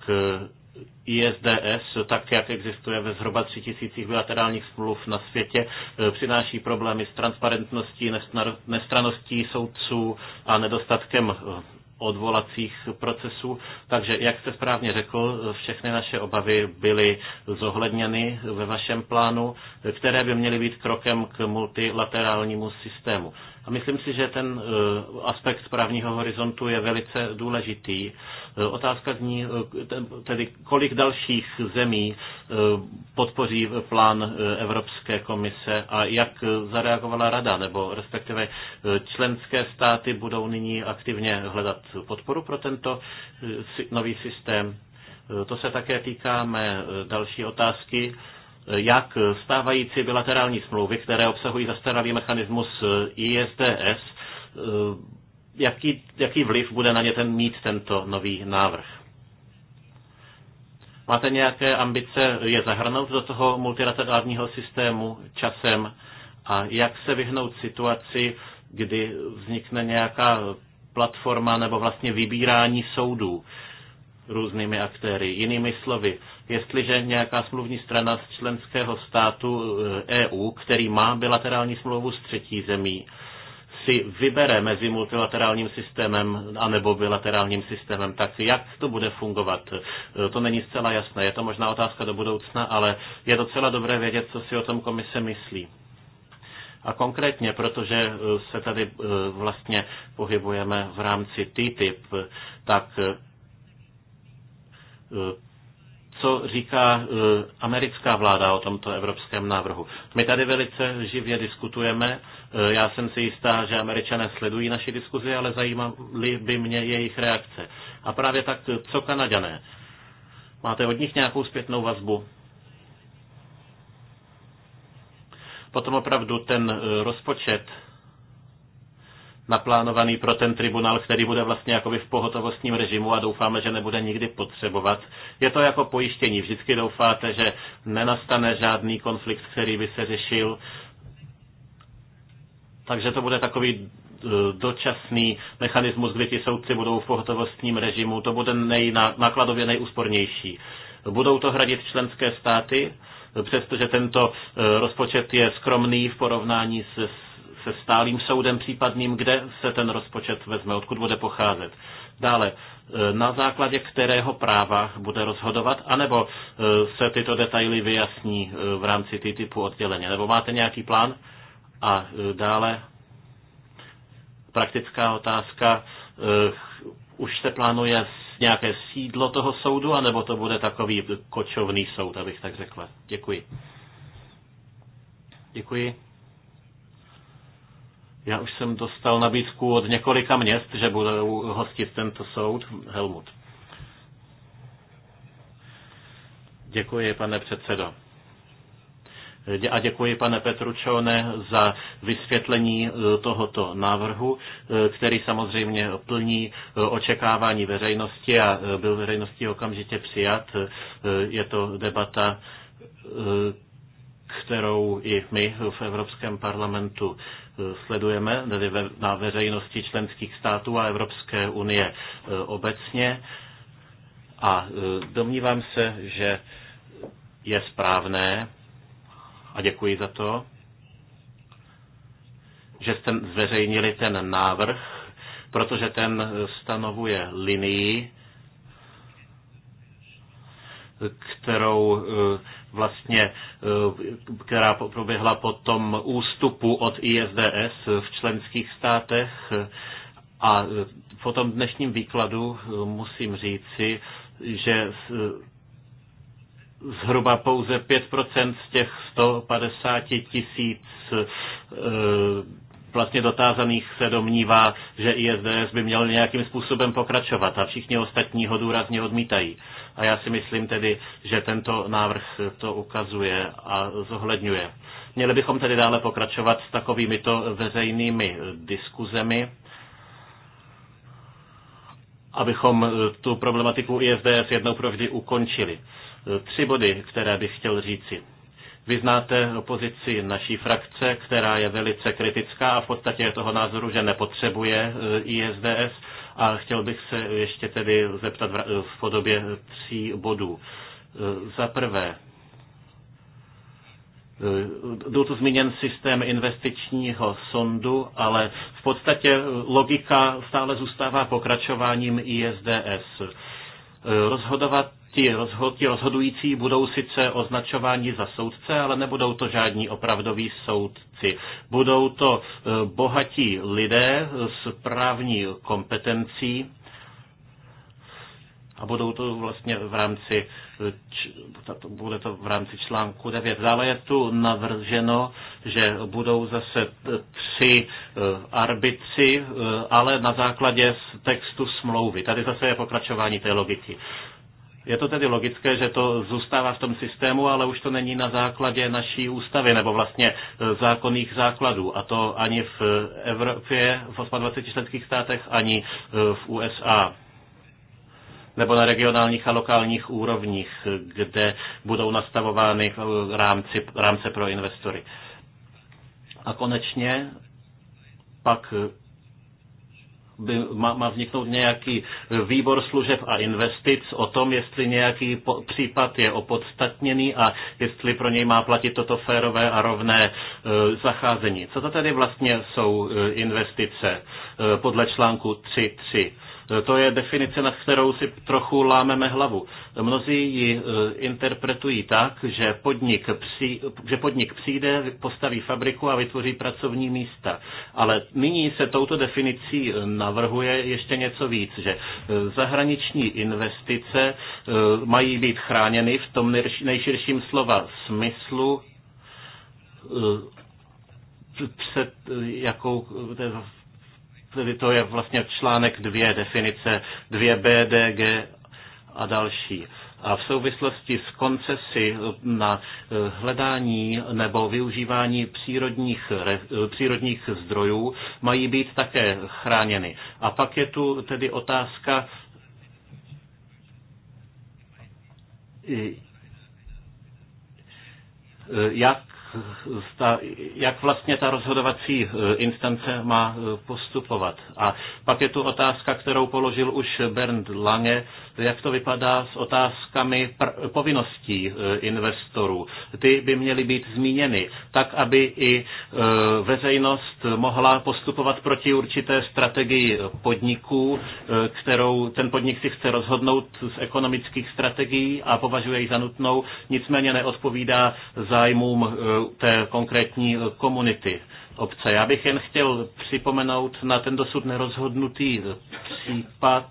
ISDS, tak jak existuje ve zhruba tři tisících bilaterálních smluv na světě, eh, přináší problémy s transparentností, nestraností soudců a nedostatkem eh, odvolacích procesů. Takže, jak jste správně řekl, eh, všechny naše obavy byly zohledněny ve vašem plánu, které by měly být krokem k multilaterálnímu systému. A myslím si, že ten eh, aspekt správního horizontu je velice důležitý. Eh, otázka zní eh, tedy, kolik dalších zemí podpoří plán Evropské komise a jak zareagovala rada, nebo respektive členské státy budou nyní aktivně hledat podporu pro tento nový systém. To se také týká mé další otázky jak stávající bilaterální smlouvy, které obsahují zastaralý mechanismus eh, ISDS, eh, jaký, jaký vliv bude na ně ten, mít tento nový návrh. Máte nějaké ambice je zahrnout do toho multilaterálního systému časem a jak se vyhnout situaci, kdy vznikne nějaká platforma nebo vlastně vybírání soudů, různými aktéry. Jinými slovy, jestliže nějaká smluvní strana z členského státu EU, eh, e který má bilaterální smlouvu s třetí zemí, si vybere mezi multilaterálním systémem anebo bilaterálním systémem, tak jak to bude fungovat? Eh, to není zcela jasné. Je to možná otázka do budoucna, ale je docela dobré vědět, co si o tom komise myslí. A konkrétně, protože eh, se tady vlastně pohybujeme v rámci TTIP, tak co říká eh, americká vláda o tomto evropském návrhu. My tady velice živě diskutujeme. Eh, já jsem si jistá, že američané sledují naši diskuzi, ale zajímaly by mě jejich reakce. A právě tak, co kanaděné? Máte od nich nějakou zpětnou vazbu? Potom opravdu ten eh, rozpočet naplánovaný pro ten tribunál, který bude vlastně jakoby v pohotovostním režimu a doufáme, že nebude nikdy potřebovat. Je to jako pojištění. Vždycky doufáte, že nenastane žádný konflikt, který by se řešil. Takže to bude takový e, dočasný mechanismus, kdy ti soudci budou v pohotovostním režimu. To bude nej, nákladově nejúspornější. Budou to hradit členské státy, e, přestože tento e, rozpočet je skromný v porovnání se se stálým soudem případným, kde se ten rozpočet vezme, odkud bude pocházet. Dále, e, na základě kterého práva bude rozhodovat, anebo e, se tyto detaily vyjasní e, v rámci ty typu odděleně, nebo máte nějaký plán? A dále, praktická otázka, už se plánuje nějaké sídlo toho soudu, anebo to bude takový kočovný soud, abych tak řekla. Děkuji. Děkuji. Já už jsem dostal nabídku od několika měst, že budou hostit tento soud. Helmut. Děkuji, pane předsedo. A děkuji, pane Petručone, za vysvětlení e, tohoto návrhu, e, který samozřejmě plní e, očekávání veřejnosti a byl veřejností okamžitě přijat. Je to debata, kterou i my v Evropském parlamentu sledujeme tedy na veřejnosti členských států a Evropské unie e, obecně. A e, domnívám se, že je správné, a děkuji za to, že jste zveřejnili ten návrh, protože ten stanovuje linii, kterou e, vlastně, eh, která proběhla po tom ústupu od ISDS v členských státech. A eh, po tom dnešním výkladu eh, musím říci, že zhruba pouze 5% z těch 150 tisíc vlastně dotázaných se domnívá, že ISDS by měl nějakým způsobem pokračovat a všichni ostatní ho důrazně odmítají. A já si myslím tedy, že tento návrh to ukazuje a zohledňuje. Měli bychom tedy dále pokračovat s takovými to veřejnými diskuzemi, abychom tu problematiku ISDS jednou provždy ukončili. Tři body, které bych chtěl říci. Vy znáte opozici naší frakce, která je velice kritická a v podstatě je toho názoru, že nepotřebuje eh, ISDS a chtěl bych se ještě tedy zeptat v eh, podobě tří bodů. Eh, za prvé, byl tu zmíněn systém investičního sondu, ale v podstatě logika stále zůstává pokračováním ISDS. Rozhodovat ti, rozhod, ti rozhodující budou sice označováni za soudce, ale nebudou to žádní opravdoví soudci. Budou to e, bohatí lidé s právní kompetencí a budou to vlastně v rámci bude to v rámci článku 9. Dále je tu navrženo, že budou zase tři e, arbitři, e, ale na základě textu smlouvy. Tady zase je pokračování té logiky. Je to tedy logické, že to zůstává v tom systému, ale už to není na základě naší ústavy nebo vlastně e, zákonných základů. A to ani v Evropě, v 28 členských státech, ani v USA nebo na regionálních a lokálních úrovních, kde budou nastavovány eh, rámci, rámce pro investory. A konečně pak eh, by, má, vzniknout nějaký výbor služeb a investic o tom, jestli nějaký po, případ je opodstatněný a jestli pro něj má platit toto férové a rovné e, zacházení. Co to tedy vlastně jsou e, investice e, podle článku 3.3? To je definice, na kterou si trochu lámeme hlavu. Mnozí ji eh, interpretují tak, že podnik, při, že podnik přijde, postaví fabriku a vytvoří pracovní místa. Ale nyní se touto definicí eh, navrhuje ještě něco víc, že eh, zahraniční investice mají být chráněny v tom nejširším slova smyslu před jakou, tedy to je vlastně článek 2 definice 2 BDG a další. A v souvislosti s koncesy na eh, hledání nebo využívání přírodních, eh, přírodních zdrojů mají být také chráněny. A pak je tu tedy otázka, eh, jak ta, jak vlastně ta rozhodovací e, instance má e, postupovat. A pak je tu otázka, kterou položil už Bernd Lange, jak to vypadá s otázkami pr- povinností e, investorů. Ty by měly být zmíněny tak, aby i veřejnost mohla postupovat proti určité strategii podniků, kterou ten podnik si chce rozhodnout z ekonomických strategií a považuje ji za nutnou, nicméně neodpovídá zájmům té konkrétní eh, komunity obce. Já bych jen chtěl připomenout na ten dosud nerozhodnutý případ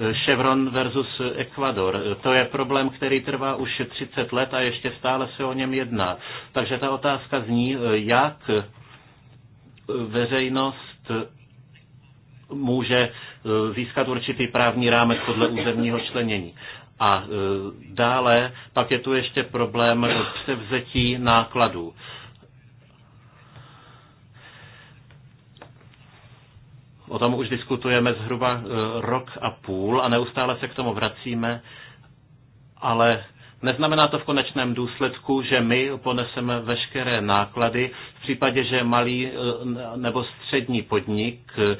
eh, Chevron versus Ecuador. Eh, to je problém, který trvá už 30 let a ještě stále se o něm jedná. Takže ta otázka zní, jak veřejnost může e, získat určitý právní rámec podle územního členění. A e, dále pak je tu ještě problém převzetí nákladů. O tom už diskutujeme zhruba e, rok a půl a neustále se k tomu vracíme, ale Neznamená to v konečném důsledku, že my poneseme veškeré náklady v případě, že malý eh, nebo střední podnik, eh,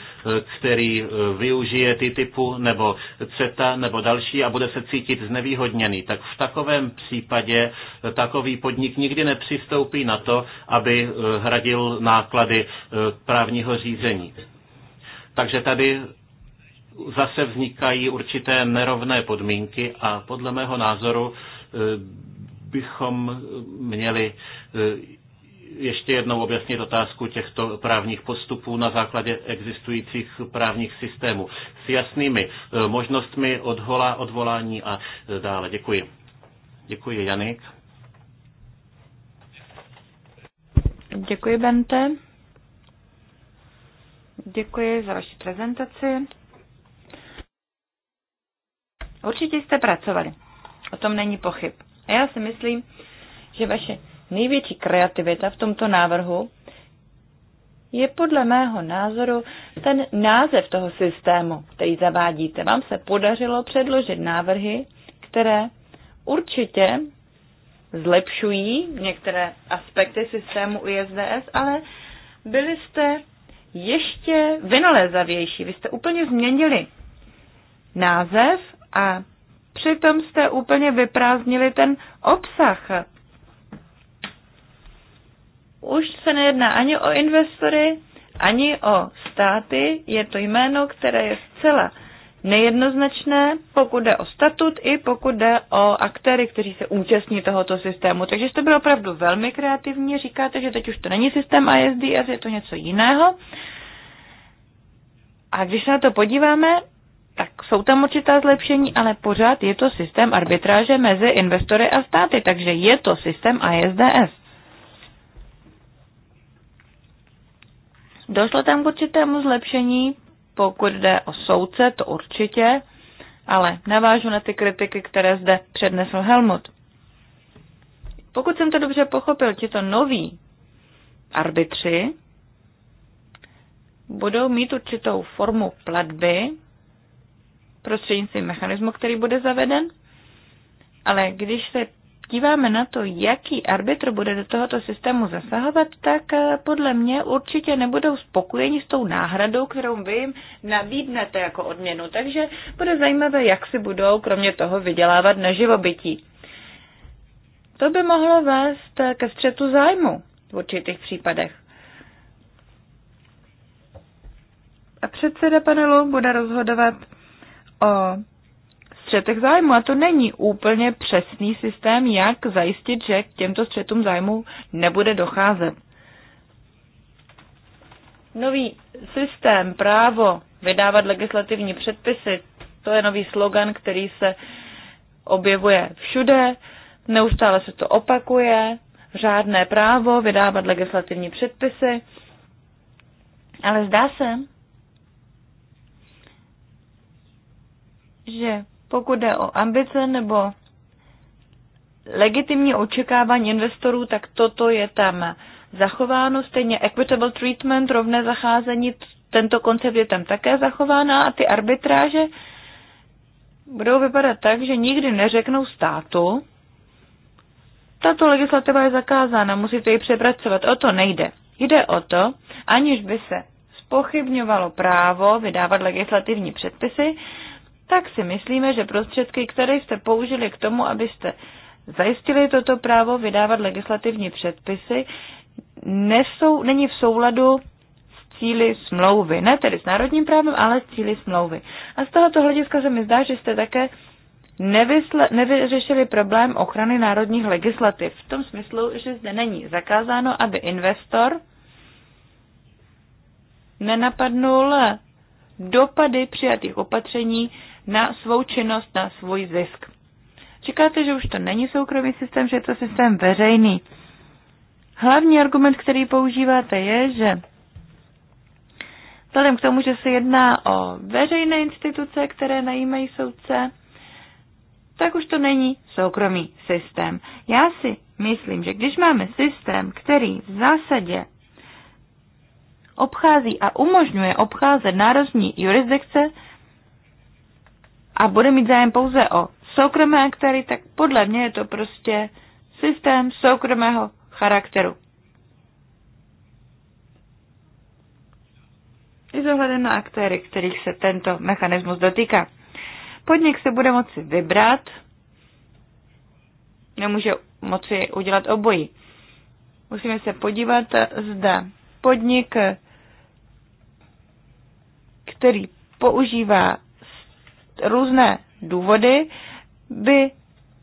který eh, využije ty typu nebo CETA nebo další a bude se cítit znevýhodněný, tak v takovém případě takový podnik nikdy nepřistoupí na to, aby hradil náklady právního řízení. Takže tady zase vznikají určité nerovné podmínky a podle mého názoru Eh, bychom měli eh, ještě jednou objasnit otázku těchto právních postupů na základě existujících právních systémů s jasnými eh, možnostmi odhola, odvolání a dále. Děkuji. Děkuji, Janik. Děkuji, Bente. Děkuji za vaši prezentaci. Určitě jste pracovali. O tom není pochyb. A já si myslím, že vaše největší kreativita v tomto návrhu je podle mého názoru ten název toho systému, který zavádíte. Vám se podařilo předložit návrhy, které určitě zlepšují některé aspekty systému ISDS, ale byli jste ještě vynalézavější. Vy jste úplně změnili název a Přitom jste úplně vyprázdnili ten obsah. Už se nejedná ani o investory, ani o státy. Je to jméno, které je zcela nejednoznačné, pokud jde o statut i pokud jde o aktéry, kteří se účastní tohoto systému. Takže jste bylo opravdu velmi kreativní, říkáte, že teď už to není systém ISDS, je to něco jiného. A když se na to podíváme, tak jsou tam určitá zlepšení, ale pořád je to systém arbitráže mezi investory a státy, takže je to systém ISDS. Došlo tam k určitému zlepšení, pokud jde o soudce, to určitě, ale navážu na ty kritiky, které zde přednesl Helmut. Pokud jsem to dobře pochopil, tito noví arbitři budou mít určitou formu platby prostřednictvím mechanismu, který bude zaveden. Ale když se díváme na to, jaký arbitr bude do tohoto systému zasahovat, tak eh, podle mě určitě nebudou spokojeni s tou náhradou, kterou vy jim nabídnete jako odměnu. Takže bude zajímavé, jak si budou kromě toho vydělávat na živobytí. To by mohlo vést eh, ke střetu zájmu v určitých případech. A předseda panelu bude rozhodovat o střetech zájmu a to není úplně přesný systém, jak zajistit, že k těmto střetům zájmu nebude docházet. Nový systém, právo vydávat legislativní předpisy, to je nový slogan, který se objevuje všude, neustále se to opakuje, řádné právo vydávat legislativní předpisy, ale zdá se, že pokud jde o ambice nebo legitimní očekávání investorů, tak toto je tam zachováno. Stejně equitable treatment, rovné zacházení, tento koncept je tam také zachována a ty arbitráže budou vypadat tak, že nikdy neřeknou státu, tato legislativa je zakázána, musíte ji přepracovat. O to nejde. Jde o to, aniž by se spochybňovalo právo vydávat legislativní předpisy, tak si myslíme, že prostředky, které jste použili k tomu, abyste zajistili toto právo vydávat legislativní předpisy, nesou, není v souladu s cíly smlouvy. Ne tedy s národním právem, ale s cíly smlouvy. A z tohoto hlediska se mi zdá, že jste také nevysle, nevyřešili problém ochrany národních legislativ. V tom smyslu, že zde není zakázáno, aby investor nenapadnul dopady přijatých opatření na svou činnost, na svůj zisk. Říkáte, že už to není soukromý systém, že je to systém veřejný. Hlavní argument, který používáte, je, že vzhledem k tomu, že se jedná o veřejné instituce, které najímají soudce, tak už to není soukromý systém. Já si myslím, že když máme systém, který v zásadě obchází a umožňuje obcházet národní jurisdikce, a bude mít zájem pouze o soukromé aktéry, tak podle mě je to prostě systém soukromého charakteru. I zohledem na aktéry, kterých se tento mechanismus dotýká. Podnik se bude moci vybrat, nemůže moci udělat obojí. Musíme se podívat, zda podnik, který používá různé důvody by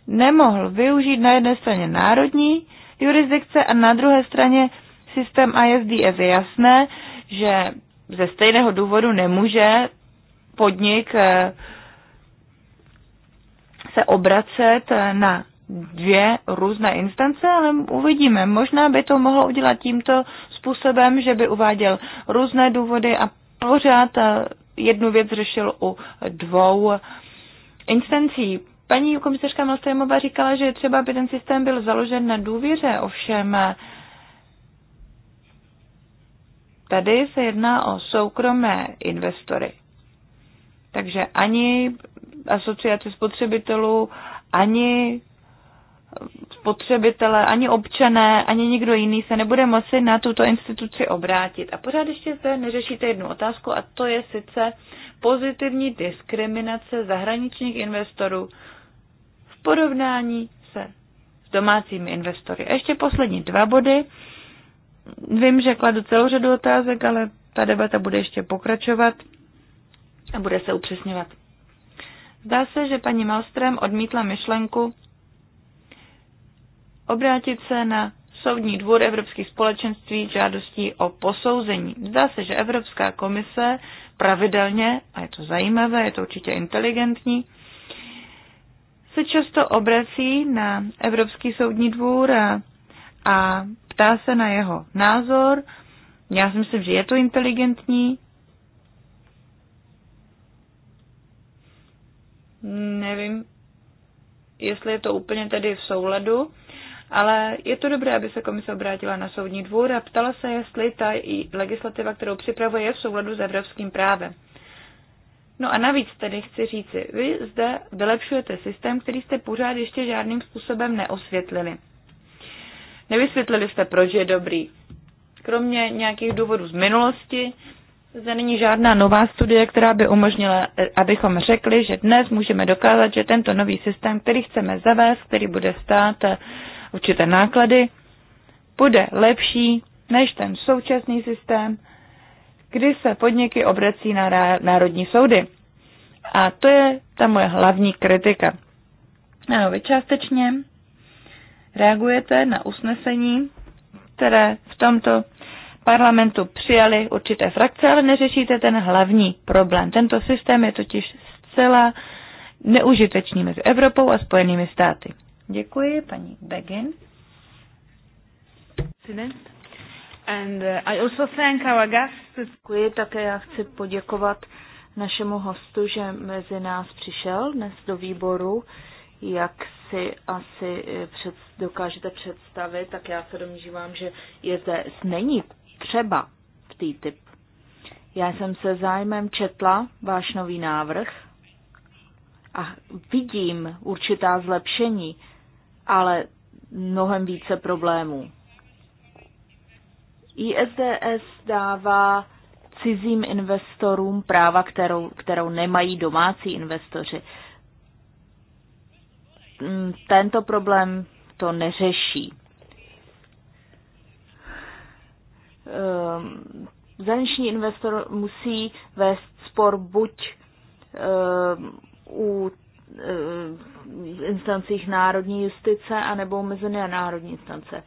nemohl využít na jedné straně národní jurisdikce a na druhé straně systém ISDS. Je jasné, že ze stejného důvodu nemůže podnik eh, se obracet eh, na dvě různé instance, ale uvidíme. Možná by to mohlo udělat tímto způsobem, že by uváděl různé důvody a pořád eh, jednu věc řešil u dvou instancí. Paní komisařka Malstémová říkala, že třeba by ten systém byl založen na důvěře, ovšem tady se jedná o soukromé investory. Takže ani asociace spotřebitelů, ani spotřebitelé, ani občané, ani nikdo jiný se nebude moci na tuto instituci obrátit. A pořád ještě zde neřešíte jednu otázku a to je sice pozitivní diskriminace zahraničních investorů v porovnání se s domácími investory. A ještě poslední dva body. Vím, že kladu celou řadu otázek, ale ta debata bude ještě pokračovat a bude se upřesňovat. Zdá se, že paní Malström odmítla myšlenku obrátit se na Soudní dvůr Evropských společenství žádostí o posouzení. Zdá se, že Evropská komise pravidelně, a je to zajímavé, je to určitě inteligentní, se často obrací na Evropský soudní dvůr a, a ptá se na jeho názor. Já si myslím, že je to inteligentní. Nevím, jestli je to úplně tedy v souladu ale je to dobré, aby se komise obrátila na soudní dvůr a ptala se, jestli ta legislativa, kterou připravuje, je v souladu s evropským právem. No a navíc tedy chci říci, vy zde vylepšujete systém, který jste pořád ještě žádným způsobem neosvětlili. Nevysvětlili jste, proč je dobrý. Kromě nějakých důvodů z minulosti, zde není žádná nová studie, která by umožnila, eh, abychom řekli, že dnes můžeme dokázat, že tento nový systém, který chceme zavést, který bude stát eh, určité náklady, bude lepší než ten současný systém, kdy se podniky obrací na národní soudy. A to je ta moje hlavní kritika. Ano, vy částečně reagujete na usnesení, které v tomto parlamentu přijali určité frakce, ale neřešíte ten hlavní problém. Tento systém je totiž zcela neužitečný mezi Evropou a Spojenými státy. Děkuji, paní Begin. And uh, I also thank our guests. Děkuji, také já chci poděkovat našemu hostu, že mezi nás přišel dnes do výboru. Jak si asi eh, před, dokážete představit, tak já se domnívám, že je zde není třeba v typ. Já jsem se zájmem četla váš nový návrh a vidím určitá zlepšení ale mnohem více problémů. ISDS dává cizím investorům práva, kterou, kterou nemají domácí investoři. Mm, tento problém to neřeší. Ehm, zahraniční investor musí vést spor buď ehm, u ehm, instancích národní justice anebo mezinárodní instance.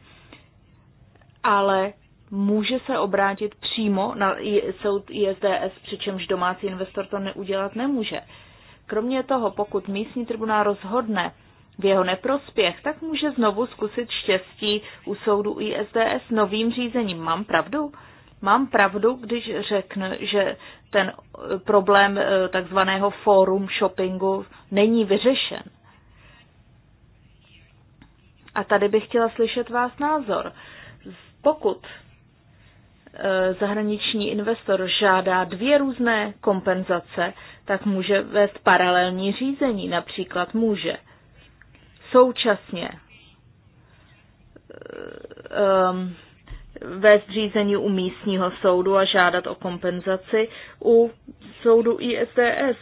Ale může se obrátit přímo na soud ISDS, přičemž domácí investor to neudělat nemůže. Kromě toho, pokud místní tribunál rozhodne v jeho neprospěch, tak může znovu zkusit štěstí u soudu ISDS novým řízením. Mám pravdu? Mám pravdu, když řeknu, že ten eh, problém eh, takzvaného forum shoppingu není vyřešen. A tady bych chtěla slyšet vás názor. Pokud e, zahraniční investor žádá dvě různé kompenzace, tak může vést paralelní řízení. Například může současně um, vést řízení u místního soudu a žádat o kompenzaci u soudu ISDS.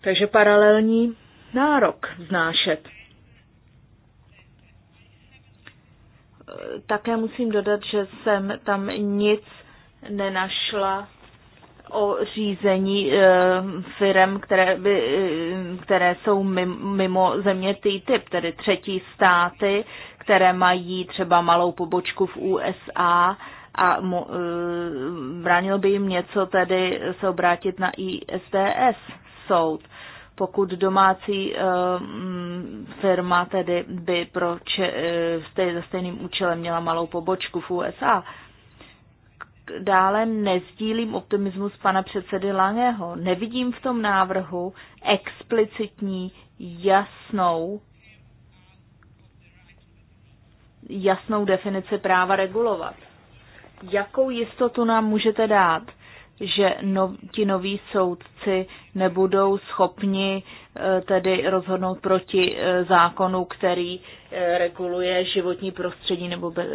Takže paralelní nárok znášet. také musím dodat, že jsem tam nic nenašla o řízení eh, firm, které, by, eh, které jsou mimo země TTIP, tedy třetí státy, které mají třeba malou pobočku v USA a mo, eh, bránil by jim něco tedy se obrátit na ISDS soud pokud domácí eh, mm, firma tedy by pro če, eh, za stejným účelem měla malou pobočku v USA. Dále nezdílím optimismus pana předsedy Langeho. Nevidím v tom návrhu explicitní, jasnou, jasnou definici práva regulovat. Jakou jistotu nám můžete dát? že no, ti noví soudci nebudou schopni eh, tedy rozhodnout proti eh, zákonu, který eh, reguluje životní prostředí nebo be,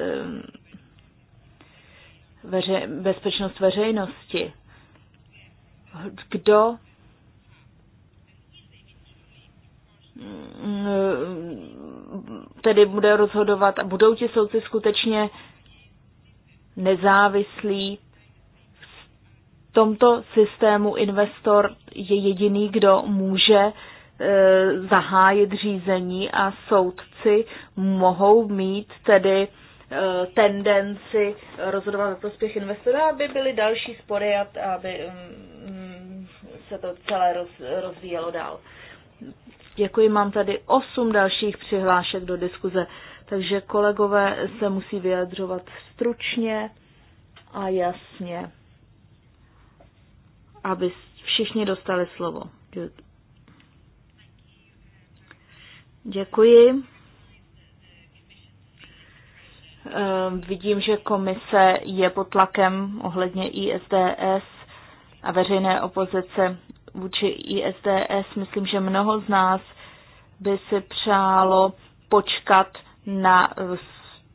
veře, bezpečnost veřejnosti. Kdo mm, tedy bude rozhodovat a budou ti soudci skutečně nezávislí tomto systému investor je jediný, kdo může e, zahájit řízení a soudci mohou mít tedy e, tendenci rozhodovat ve prospěch investora, aby byly další spory a aby mm, se to celé roz, rozvíjelo dál. Děkuji, mám tady osm dalších přihlášek do diskuze, takže kolegové se musí vyjadřovat stručně a jasně aby všichni dostali slovo. Děkuji. Ehm, vidím, že komise je pod tlakem ohledně ISDS a veřejné opozice vůči ISDS. Myslím, že mnoho z nás by si přálo počkat na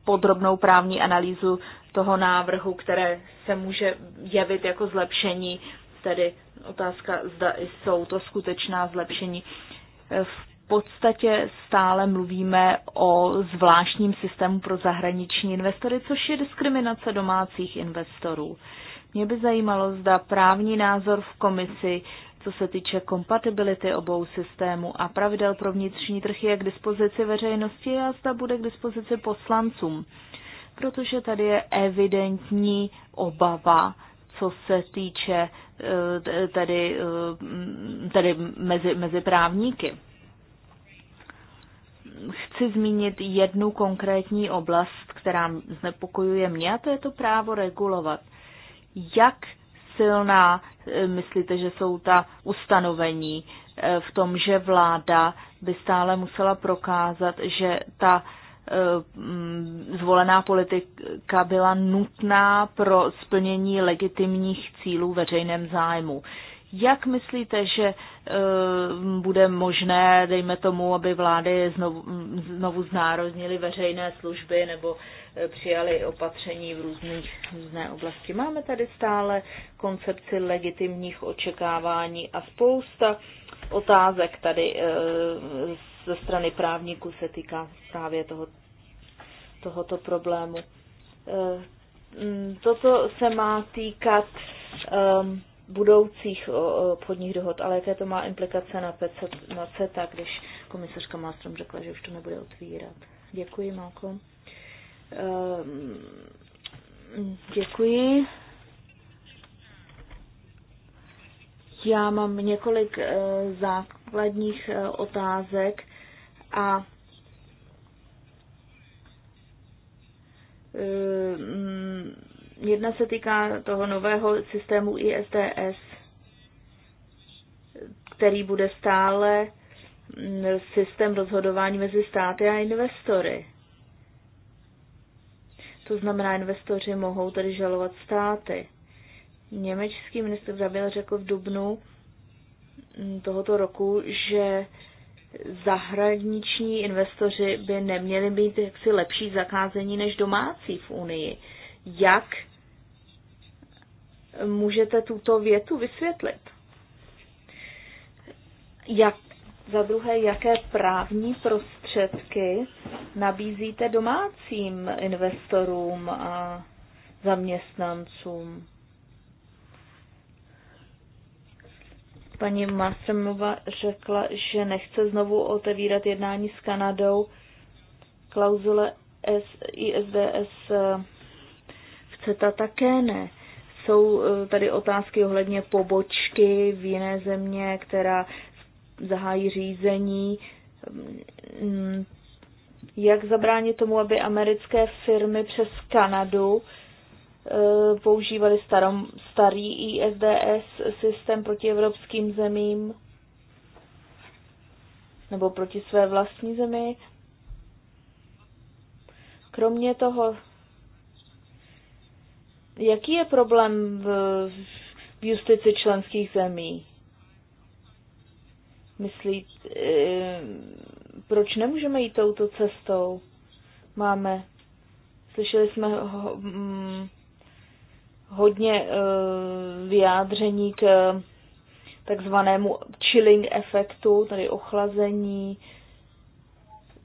podrobnou právní analýzu toho návrhu, které se může jevit jako zlepšení tedy otázka, zda jsou to skutečná zlepšení. V podstatě stále mluvíme o zvláštním systému pro zahraniční investory, což je diskriminace domácích investorů. Mě by zajímalo, zda právní názor v komisi, co se týče kompatibility obou systémů a pravidel pro vnitřní trh, je k dispozici veřejnosti a zda bude k dispozici poslancům. Protože tady je evidentní obava co se týče eh, tedy, eh, tedy mezi, mezi právníky. Chci zmínit jednu konkrétní oblast, která znepokojuje mě, a to je to právo regulovat. Jak silná eh, myslíte, že jsou ta ustanovení v tom, že vláda by stále musela prokázat, že ta Eh, zvolená politika byla nutná pro splnění legitimních cílů veřejném zájmu. Jak myslíte, že eh, bude možné, dejme tomu, aby vlády znovu, znovu znárodnily veřejné služby nebo eh, přijali opatření v různých, různé oblasti? Máme tady stále koncepci legitimních očekávání a spousta otázek tady ze strany právníků se týká právě toho, tohoto problému. Toto eh, mm, se má týkat ehm, budoucích obchodních dohod, ale jaké to má implikace na, PC, na CETA, když komisařka Malmström řekla, že už to nebude otvírat. Děkuji, Malko. Ehm, děkuji. Já mám několik eh, základních eh, otázek a e, mm, jedna se týká toho nového systému ISDS, který bude stále mm, systém rozhodování mezi státy a investory. To znamená, investoři mohou tedy žalovat státy. Němečský ministr Zabil řekl v dubnu mm, tohoto roku, že zahraniční investoři by neměli být jaksi lepší zakázení než domácí v Unii. Jak můžete tuto větu vysvětlit? Jak, za druhé, jaké právní prostředky nabízíte domácím investorům a zaměstnancům? Paní Masemova řekla, že nechce znovu otevírat jednání s Kanadou. Klauzule ISDS v CETA také ne. Jsou eh, tady otázky ohledně pobočky v jiné země, která zahájí řízení. Mm, jak zabránit tomu, aby americké firmy přes Kanadu Eh, používali starom, starý ISDS systém proti evropským zemím nebo proti své vlastní zemi. Kromě toho, jaký je problém v, v justici členských zemí? Myslí, eh, proč nemůžeme jít touto cestou? Máme, slyšeli jsme ho, mm, hodně eh, vyjádření k eh, takzvanému chilling efektu, tedy ochlazení,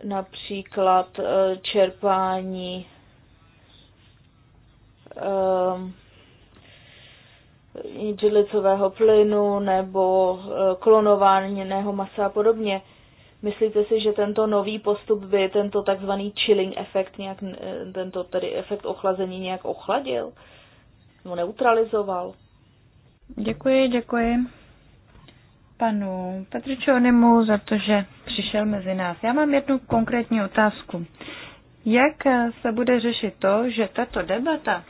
například eh, čerpání žilicového plynu nebo klonováněného masa a podobně. Myslíte si, že tento nový postup by tento takzvaný chilling efekt, nějak, tento tedy efekt ochlazení nějak ochladil? Uh, mu neutralizoval. Děkuji, děkuji panu Petričonimu za to, že přišel mezi nás. Já mám jednu konkrétní otázku. Jak se bude řešit to, že tato debata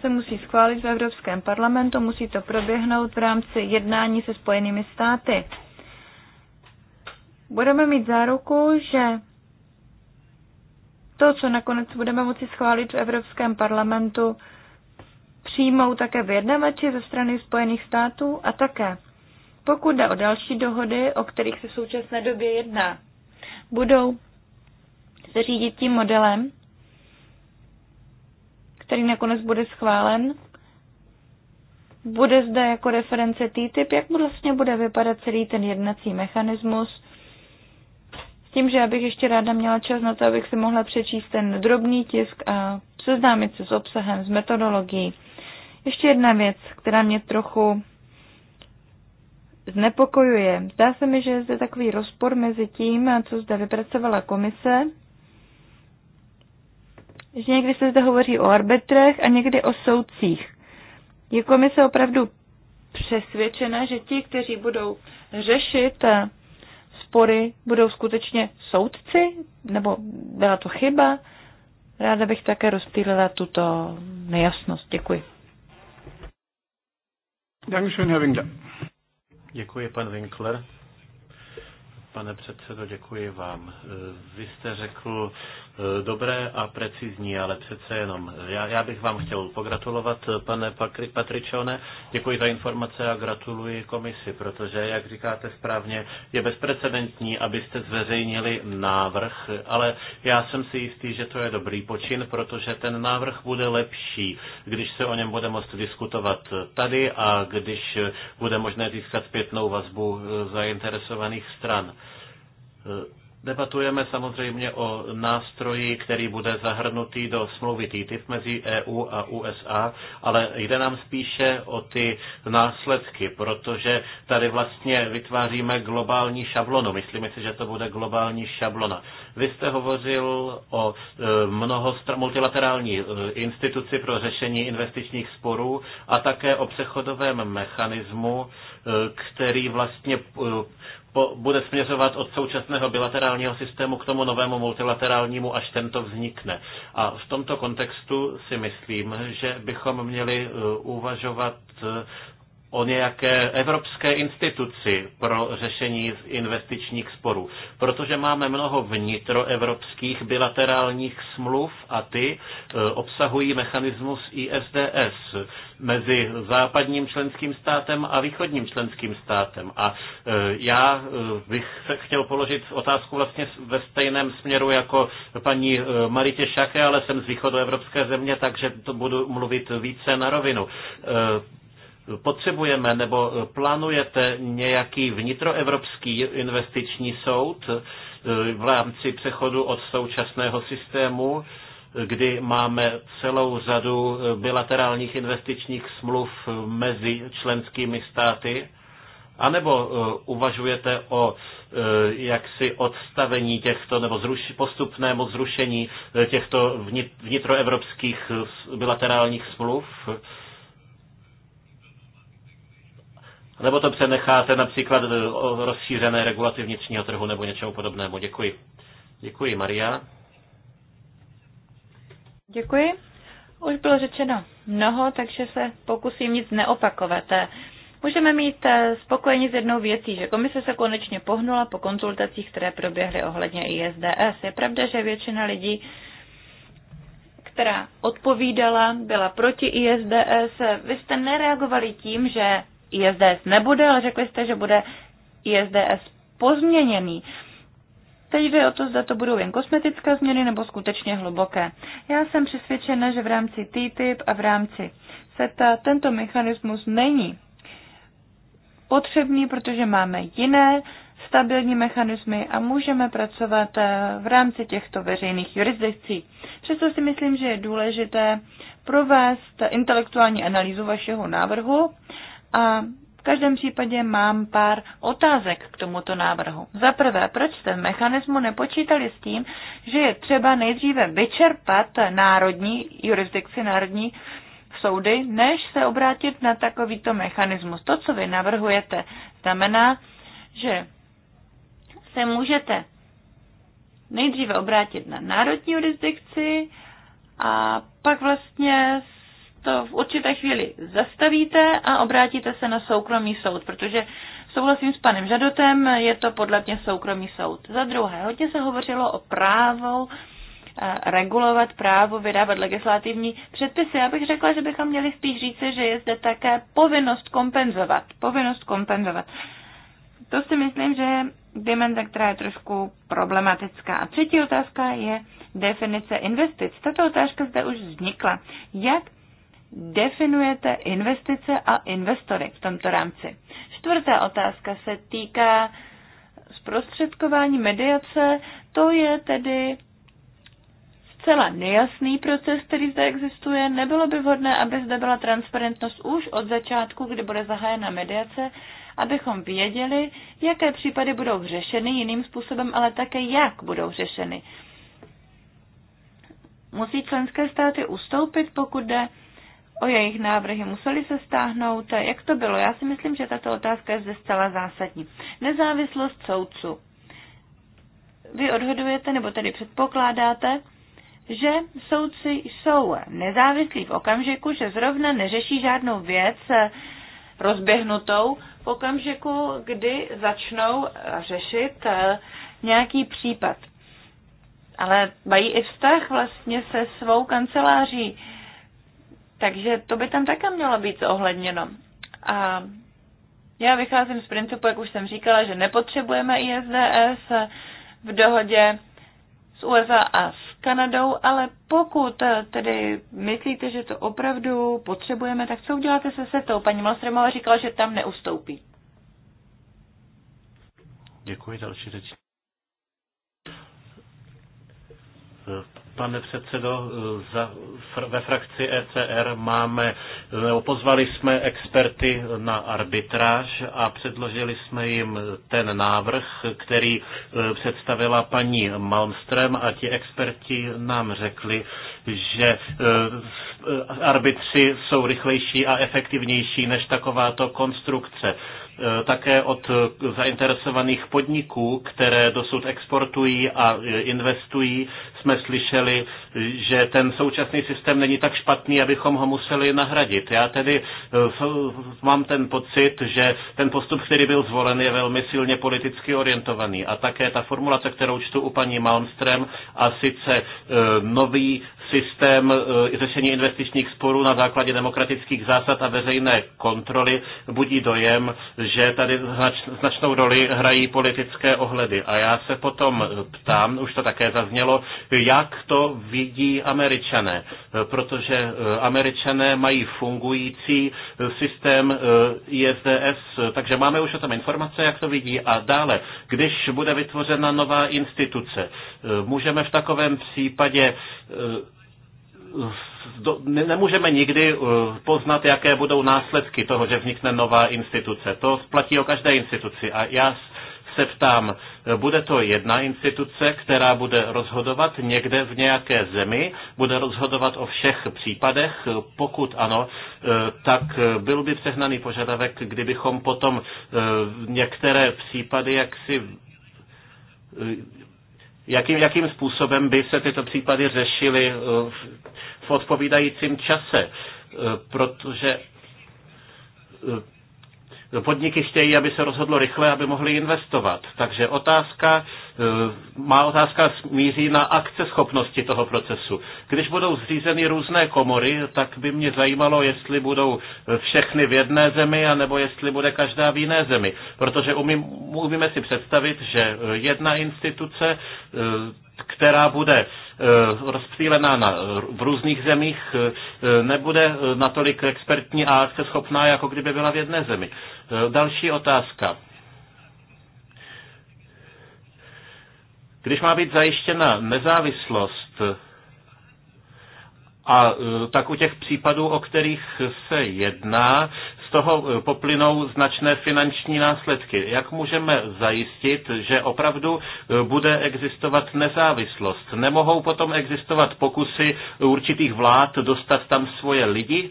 se musí schválit v Evropském parlamentu, musí to proběhnout v rámci jednání se Spojenými státy? Budeme mít záruku, že to, co nakonec budeme moci schválit v Evropském parlamentu, přijmou také vyjednavači ze strany Spojených států a také, pokud jde o další dohody, o kterých se v současné době jedná, budou se řídit tím modelem, který nakonec bude schválen, bude zde jako reference TTIP, jak vlastně bude vypadat celý ten jednací mechanismus, s tím, že já bych ještě ráda měla čas na to, abych si mohla přečíst ten drobný tisk a seznámit se s obsahem, s metodologií. Ještě jedna věc, která mě trochu znepokojuje. Zdá se mi, že je zde takový rozpor mezi tím, co zde vypracovala komise, že někdy se zde hovoří o arbitrech a někdy o soudcích. Je komise opravdu přesvědčena, že ti, kteří budou řešit eh, spory, budou skutečně soudci? Nebo byla to chyba? Ráda bych také rozptýlila tuto nejasnost. Děkuji. Dankeschön, Herr Winkler. Děkuji, pan Winkler. Pane předsedo, děkuji vám. Vy jste řekl Eh, dobré a precizní, ale přece jenom. Já, já bych vám chtěl pogratulovat, pane Patričone. Děkuji za informace a gratuluji komisi, protože, jak říkáte správně, je bezprecedentní, abyste zveřejnili návrh, ale já jsem si jistý, že to je dobrý počin, protože ten návrh bude lepší, když se o něm bude moct diskutovat tady a když bude možné získat zpětnou vazbu eh, zainteresovaných stran. Eh, Debatujeme samozřejmě o nástroji, který bude zahrnutý do smlouvy TTIP mezi EU a USA, ale jde nám spíše o ty následky, protože tady vlastně vytváříme globální šablonu. Myslíme si, že to bude globální šablona. Vy jste hovořil o e, mnoho multilaterální e, instituci pro řešení investičních sporů a také o přechodovém mechanismu, e, který vlastně po, bude směřovat od současného bilaterálního systému k tomu novému multilaterálnímu, až tento vznikne. A v tomto kontextu si myslím, že bychom měli eh, uvažovat eh, o nějaké evropské instituci pro řešení investičních sporů, protože máme mnoho vnitroevropských bilaterálních smluv a ty e, obsahují mechanismus ISDS mezi západním členským státem a východním členským státem. A e, já e, bych chtěl položit otázku vlastně ve stejném směru jako paní Maritě Šake, ale jsem z východoevropské země, takže to budu mluvit více na rovinu Potřebujeme nebo plánujete nějaký vnitroevropský investiční soud eh, v rámci přechodu od současného systému, kdy máme celou řadu eh, bilaterálních investičních smluv eh, mezi členskými státy? A nebo uvažujete o jaksi odstavení těchto, nebo zruš, postupnému zrušení těchto vnitroevropských bilaterálních smluv? Nebo to přenecháte například rozšířené regulaci vnitřního trhu nebo něčemu podobnému. Děkuji. Děkuji, Maria. Děkuji. Už bylo řečeno mnoho, takže se pokusím nic neopakovat. Můžeme mít eh, spokojení s jednou věcí, že komise se konečně pohnula po konzultacích, které proběhly ohledně ISDS. Je pravda, že většina lidí, která odpovídala, byla proti ISDS. Vy jste nereagovali tím, že ISDS nebude, ale řekli jste, že bude ISDS pozměněný. Teď jde o to, zda to budou jen kosmetické změny nebo skutečně hluboké. Já jsem přesvědčena, že v rámci TTIP a v rámci seta tento mechanismus není potřebný, protože máme jiné stabilní mechanismy a můžeme pracovat eh, v rámci těchto veřejných jurisdikcí. Přesto si myslím, že je důležité provést intelektuální analýzu vašeho návrhu a v každém případě mám pár otázek k tomuto návrhu. Za prvé, proč jste v mechanismu nepočítali s tím, že je třeba nejdříve vyčerpat národní jurisdikci, národní soudy, než se obrátit na takovýto mechanismus. To, co vy navrhujete, znamená, že se můžete nejdříve obrátit na národní jurisdikci a pak vlastně to v určité chvíli zastavíte a obrátíte se na soukromý soud, protože souhlasím s panem Žadotem, je to podle mě soukromý soud. Za druhé, hodně se hovořilo o právu eh, regulovat právo vydávat legislativní předpisy. Já bych řekla, že bychom měli spíš říci, že je zde také povinnost kompenzovat. Povinnost kompenzovat. To si myslím, že je dimenze, která je trošku problematická. A třetí otázka je definice investic. Tato otázka zde už vznikla. Jak definujete investice a investory v tomto rámci? Čtvrtá otázka se týká zprostředkování mediace. To je tedy zcela nejasný proces, který zde existuje. Nebylo by vhodné, aby zde byla transparentnost už od začátku, kdy bude zahájena mediace, abychom věděli, jaké případy budou řešeny jiným způsobem, ale také jak budou řešeny. Musí členské státy ustoupit, pokud jde o jejich návrhy museli se stáhnout. Jak to bylo? Já si myslím, že tato otázka je zde zcela zásadní. Nezávislost soudců. Vy odhodujete, nebo tedy předpokládáte, že soudci jsou nezávislí v okamžiku, že zrovna neřeší žádnou věc rozběhnutou v okamžiku, kdy začnou řešit nějaký případ. Ale mají i vztah vlastně se svou kanceláří takže to by tam také mělo být zohledněno. A já vycházím z principu, jak už jsem říkala, že nepotřebujeme ISDS v dohodě s USA a s Kanadou, ale pokud tedy myslíte, že to opravdu potřebujeme, tak co uděláte se setou? Paní Malstremová říkala, že tam neustoupí. Děkuji, další řečník. pane předsedo. Za, ve frakci ECR máme, pozvali jsme experty na arbitráž a předložili jsme jim ten návrh, který eh, představila paní Malmström a ti experti nám řekli, že eh, eh, arbitři jsou rychlejší a efektivnější než takováto konstrukce. Eh, také od eh, zainteresovaných podniků, které dosud exportují a eh, investují, jsme slyšeli, že ten současný systém není tak špatný, abychom ho museli nahradit. Já tedy mám ten pocit, že ten postup, který byl zvolen, je velmi silně politicky orientovaný. A také ta formulace, kterou čtu u paní Malmström, a sice nový systém řešení investičních sporů na základě demokratických zásad a veřejné kontroly budí dojem, že tady značnou roli hrají politické ohledy. A já se potom ptám, už to také zaznělo, jak to vidí američané, protože eh, američané mají fungující eh, systém eh, ISDS, takže máme už o tom informace, jak to vidí. A dále, když bude vytvořena nová instituce, můžeme v takovém případě do, ne, nemůžeme nikdy eh, poznat, jaké budou následky toho, že vznikne nová instituce. To platí o každé instituci. A já se ptám, eh, bude to jedna instituce, která bude rozhodovat někde v nějaké zemi, bude rozhodovat o všech případech, pokud ano, eh, tak byl by přehnaný požadavek, kdybychom potom některé případy jaksi Jakým, jakým způsobem by se tyto případy řešily eh, v, v odpovídajícím čase? Eh, protože eh, Podniky chtějí, aby se rozhodlo rychle, aby mohli investovat. Takže otázka, e, má otázka míří na akce schopnosti toho procesu. Když budou zřízeny různé komory, tak by mě zajímalo, jestli budou všechny v jedné zemi, anebo jestli bude každá v jiné zemi. Protože umím, umíme si představit, že jedna instituce e, která bude eh, rozptýlená na, v různých zemích, eh, nebude eh, natolik expertní a akceschopná, jako kdyby byla v jedné zemi. Další otázka. Když má být zajištěna nezávislost, a tak u těch případů, o kterých se jedná, toho eh, poplynou značné finanční následky. Jak můžeme zajistit, že opravdu eh, bude existovat nezávislost? Nemohou potom existovat pokusy určitých vlád dostat tam svoje lidi?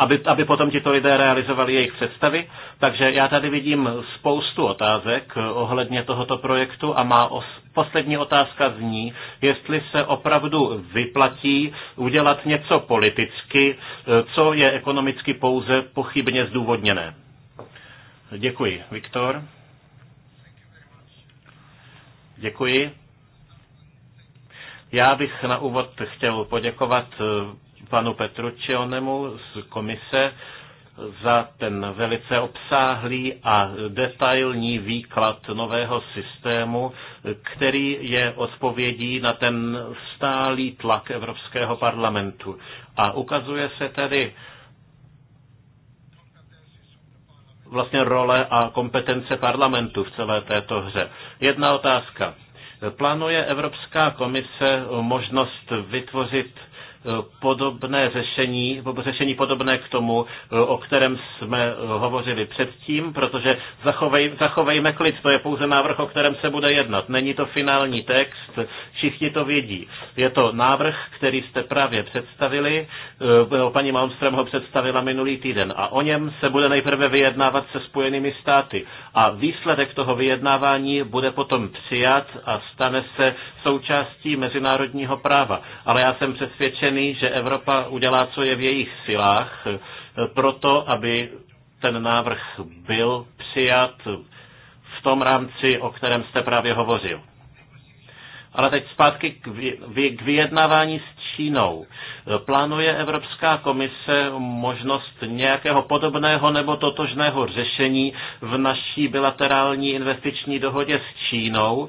aby, aby potom tito lidé realizovali jejich představy. Takže já tady vidím spoustu otázek ohledně tohoto projektu a má os, poslední otázka zní, jestli se opravdu vyplatí udělat něco politicky, co je ekonomicky pouze pochybně zdůvodněné. Děkuji. Viktor? Děkuji. Já bych na úvod chtěl poděkovat panu Čionemu z komise za ten velice obsáhlý a detailní výklad nového systému, který je odpovědí na ten stálý tlak Evropského parlamentu. A ukazuje se tedy vlastně role a kompetence parlamentu v celé této hře. Jedna otázka. Plánuje Evropská komise možnost vytvořit podobné řešení, řešení podobné k tomu, o kterém jsme hovořili předtím, protože zachovej, zachovejme klid, to je pouze návrh, o kterém se bude jednat. Není to finální text, všichni to vědí. Je to návrh, který jste právě představili, eh, paní Malmström ho představila minulý týden a o něm se bude nejprve vyjednávat se Spojenými státy. A výsledek toho vyjednávání bude potom přijat a stane se součástí mezinárodního práva. Ale já jsem přesvědčen, přesvědčený, že Evropa udělá, co je v jejich silách, eh, proto, aby ten návrh byl přijat v tom rámci, o kterém jste právě hovořil. Ale teď zpátky k vyjednávání s Čínou. Plánuje Evropská komise možnost nějakého podobného nebo totožného řešení v naší bilaterální investiční dohodě s Čínou,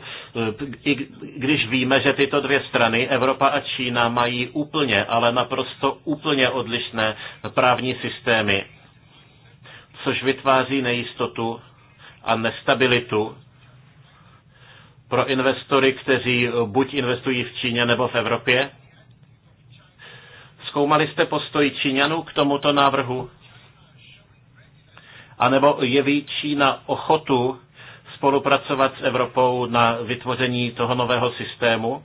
i když víme, že tyto dvě strany, Evropa a Čína, mají úplně, ale naprosto úplně odlišné právní systémy, což vytváří nejistotu a nestabilitu pro investory, kteří buď investují v Číně nebo v Evropě? Zkoumali jste postoj Číňanů k tomuto návrhu? A nebo jeví Čína ochotu spolupracovat s Evropou na vytvoření toho nového systému?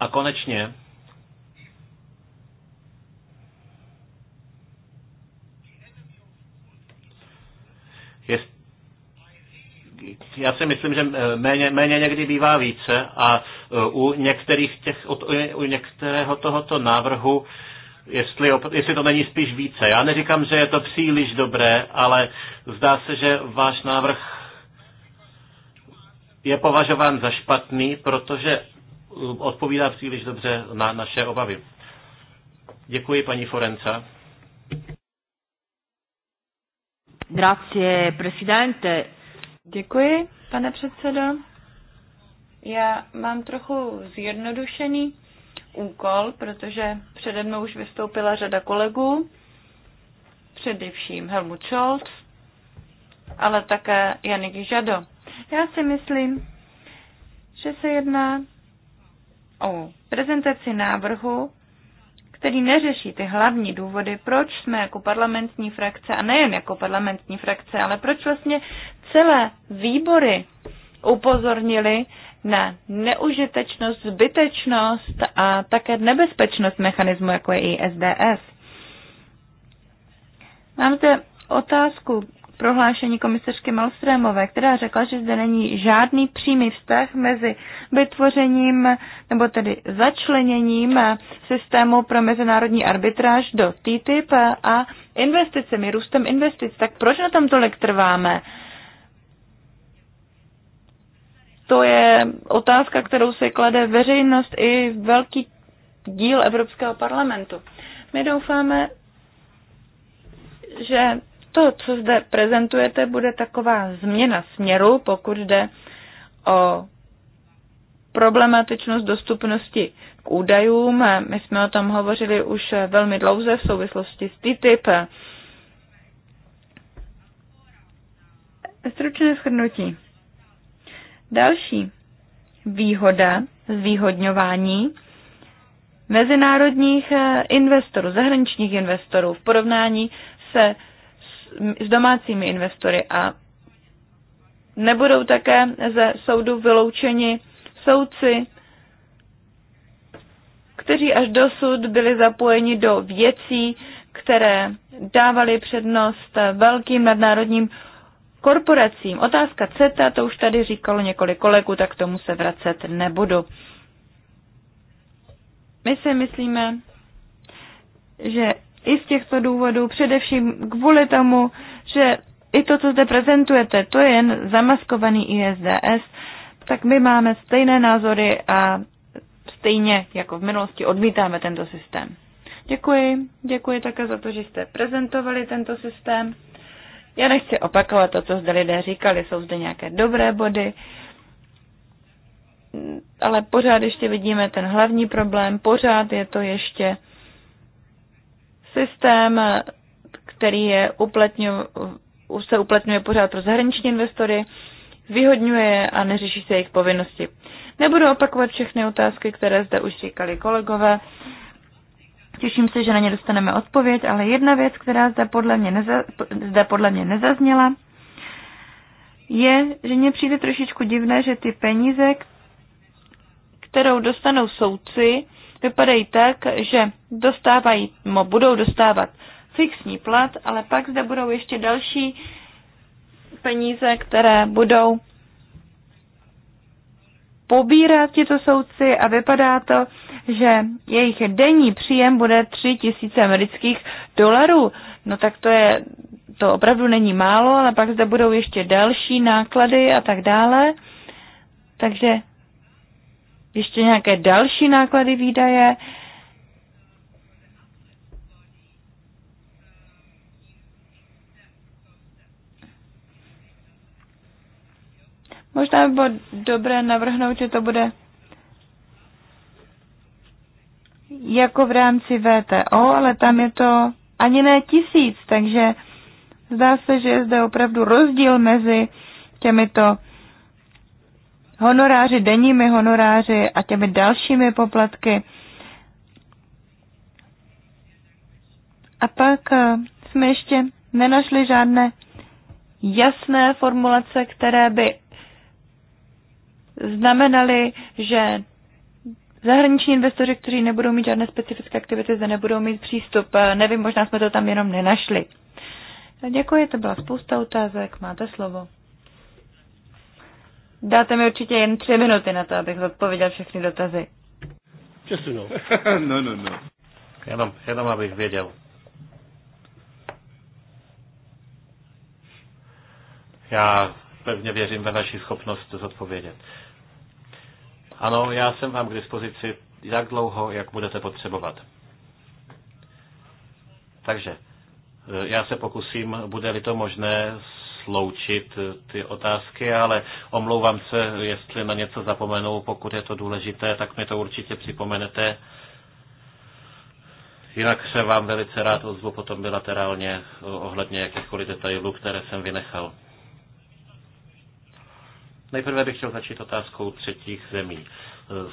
A konečně, já si myslím, že eh, méně, méně někdy bývá více a eh, u některých těch, u některého tohoto návrhu jestli, jestli to není spíš více. Já neříkám, že je to příliš dobré, ale zdá se, že váš návrh je považován za špatný, protože eh, odpovídá příliš dobře na naše obavy. Děkuji, paní Forenca. Grazie, presidente. Děkuji, pane předsedo. Já mám trochu zjednodušený úkol, protože přede mnou už vystoupila řada kolegů, především Helmut Scholz, ale také Janik Žado. Já si myslím, že se jedná o prezentaci návrhu, který neřeší ty hlavní důvody, proč jsme jako parlamentní frakce, a nejen jako parlamentní frakce, ale proč vlastně celé výbory upozornili na neužitečnost, zbytečnost a také nebezpečnost mechanismu, jako je ISDS. Mám zde otázku prohlášení komisařky Malstrémové, která řekla, že zde není žádný přímý vztah mezi vytvořením nebo tedy začleněním systému pro mezinárodní arbitráž do TTIP a investicemi, růstem investic. Tak proč na tom tolik trváme? To je otázka, kterou se klade veřejnost i velký díl Evropského parlamentu. My doufáme, že to, co zde prezentujete, bude taková změna směru, pokud jde o problematičnost dostupnosti k údajům. My jsme o tom hovořili už velmi dlouze v souvislosti s TTIP. Stručné shrnutí. Další výhoda zvýhodňování mezinárodních investorů, zahraničních investorů v porovnání se s domácími investory a nebudou také ze soudu vyloučeni soudci, kteří až dosud byli zapojeni do věcí, které dávaly přednost velkým nadnárodním korporacím. Otázka CETA, to už tady říkalo několik kolegů, tak tomu se vracet nebudu. My si myslíme, že i z těchto důvodů, především kvůli tomu, že i to, co zde prezentujete, to je jen zamaskovaný ISDS, tak my máme stejné názory a stejně jako v minulosti odmítáme tento systém. Děkuji, děkuji také za to, že jste prezentovali tento systém. Já nechci opakovat to, co zde lidé říkali, jsou zde nějaké dobré body, ale pořád ještě vidíme ten hlavní problém, pořád je to ještě systém, který je uplatňu, se uplatňuje pořád pro zahraniční investory, je a neřeší se jejich povinnosti. Nebudu opakovat všechny otázky, které zde už říkali kolegové. Těším se, že na ně dostaneme odpověď, ale jedna věc, která zde podle mě, neza, zde podle mě nezazněla, je, že mně přijde trošičku divné, že ty peníze, kterou dostanou soudci, vypadají tak, že dostávají, no, budou dostávat fixní plat, ale pak zde budou ještě další peníze, které budou pobírat tito soudci a vypadá to, že jejich denní příjem bude 3 tisíce amerických dolarů. No tak to je, to opravdu není málo, ale pak zde budou ještě další náklady a tak dále. Takže ještě nějaké další náklady výdaje. Možná by bylo dobré navrhnout, že to bude jako v rámci VTO, ale tam je to ani ne tisíc, takže zdá se, že je zde opravdu rozdíl mezi těmito honoráři, denními honoráři a těmi dalšími poplatky. A pak eh, jsme ještě nenašli žádné jasné formulace, které by znamenaly, že zahraniční investoři, kteří nebudou mít žádné specifické aktivity, zde nebudou mít přístup. Eh, nevím, možná jsme to tam jenom nenašli. Děkuji, to byla spousta otázek, máte slovo. Dáte mi určitě jen tři minuty na to, abych odpověděl všechny dotazy. Přesunou. no, no, no. Jenom, jenom abych věděl. Já pevně věřím ve naši schopnost zodpovědět. Ano, já jsem vám k dispozici jak dlouho, jak budete potřebovat. Takže e, já se pokusím, bude-li to možné, sloučit eh, ty otázky, ale omlouvám se, jestli na něco zapomenu, pokud je to důležité, tak mi to určitě připomenete. Jinak se vám velice rád ozvu potom bilaterálně eh, ohledně jakýchkoliv detailů, které jsem vynechal. Nejprve bych chtěl začít otázkou třetích zemí. Eh,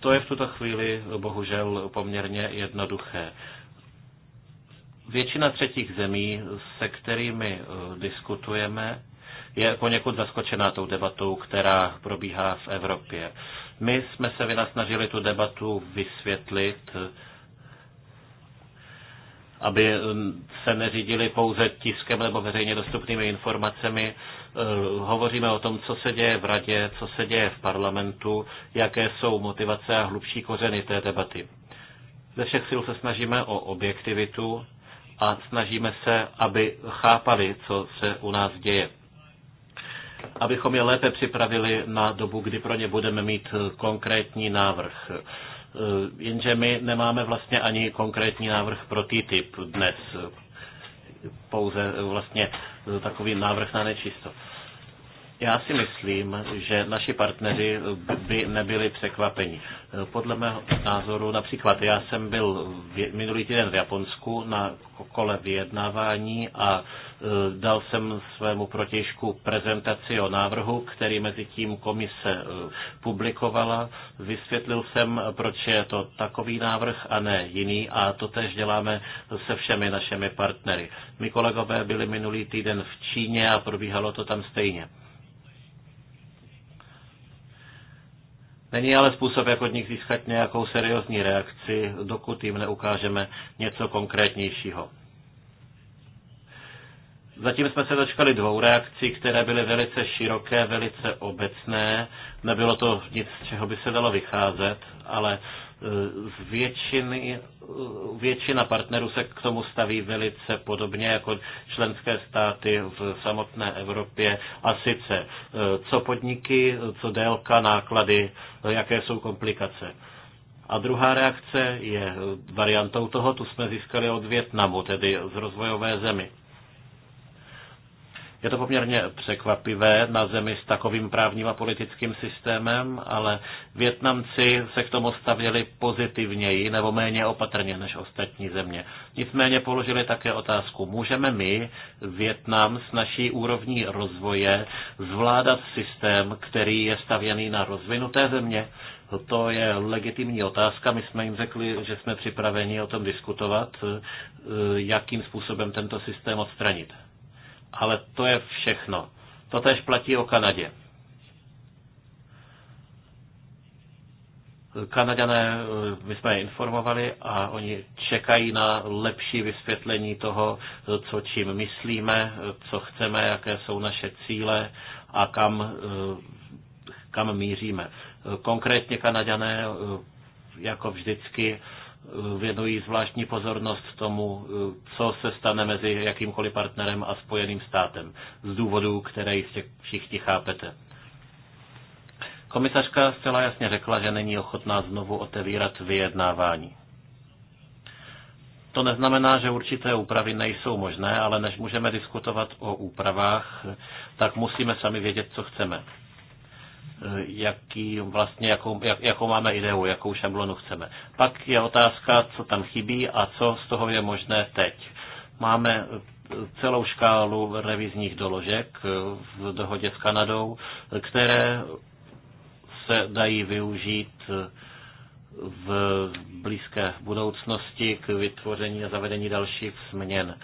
to je v tuto chvíli bohužel poměrně jednoduché. Většina třetích zemí, se kterými eh, diskutujeme, je poněkud zaskočená tou debatou, která probíhá v Evropě. My jsme se vynasnažili tu debatu vysvětlit, eh, aby eh, se neřídili pouze tiskem nebo veřejně dostupnými informacemi. Hovoříme o tom, co se děje v radě, co se děje v parlamentu, jaké jsou motivace a hlubší kořeny té debaty. Ze všech sil se snažíme o objektivitu a snažíme se, aby chápali, co se u nás děje. Abychom je lépe připravili na dobu, kdy pro ně budeme mít konkrétní návrh. Eh, jenže my nemáme vlastně ani konkrétní návrh pro TTIP dnes. Pouze vlastně takový návrh na nečisto. Já si myslím, že naši partneři by nebyli překvapeni. Podle mého názoru, například já jsem byl minulý týden v Japonsku na kole vyjednávání a e, dal jsem svému protěžku prezentaci o návrhu, který mezi tím komise e, publikovala. Vysvětlil jsem, proč je to takový návrh a ne jiný a to tež děláme se všemi našimi partnery. My kolegové byli minulý týden v Číně a probíhalo to tam stejně. Není ale způsob, jak od nich získat nějakou seriózní reakci, dokud jim neukážeme něco konkrétnějšího. Zatím jsme se dočkali dvou reakcí, které byly velice široké, velice obecné. Nebylo to nic, z čeho by se dalo vycházet, ale z většiny, většina partnerů se k tomu staví velice podobně jako členské státy v samotné Evropě. A sice, co podniky, co délka, náklady, jaké jsou komplikace. A druhá reakce je variantou toho, tu jsme získali od Větnamu, tedy z rozvojové zemi je to poměrně překvapivé na zemi s takovým právním a politickým systémem, ale Větnamci se k tomu stavěli pozitivněji nebo méně opatrně než ostatní země. Nicméně položili také otázku, můžeme my, Větnam, s naší úrovní rozvoje zvládat systém, který je stavěný na rozvinuté země? To je legitimní otázka. My jsme jim řekli, že jsme připraveni o tom diskutovat, jakým způsobem tento systém odstranit. Ale to je všechno. To tež platí o Kanadě. Kanaďané, eh, my jsme je informovali a oni čekají na lepší vysvětlení toho, eh, co čím myslíme, eh, co chceme, jaké jsou naše cíle a kam, kam míříme. Konkrétně Kanaďané, jako vždycky, věnují zvláštní pozornost tomu, co se stane mezi jakýmkoliv partnerem a spojeným státem, z důvodů, které jistě všichni chápete. Komisařka zcela jasně řekla, že není ochotná znovu otevírat vyjednávání. To neznamená, že určité úpravy nejsou možné, ale než můžeme diskutovat o úpravách, tak musíme sami vědět, co chceme. Eh, jaký vlastně, jakou, jak, jakou máme ideu, jakou šablonu chceme. Pak je otázka, co tam chybí a co z toho je možné teď. Máme eh, celou škálu revizních doložek eh, v dohodě s Kanadou, které se dají využít v blízké budoucnosti k vytvoření a zavedení dalších změn.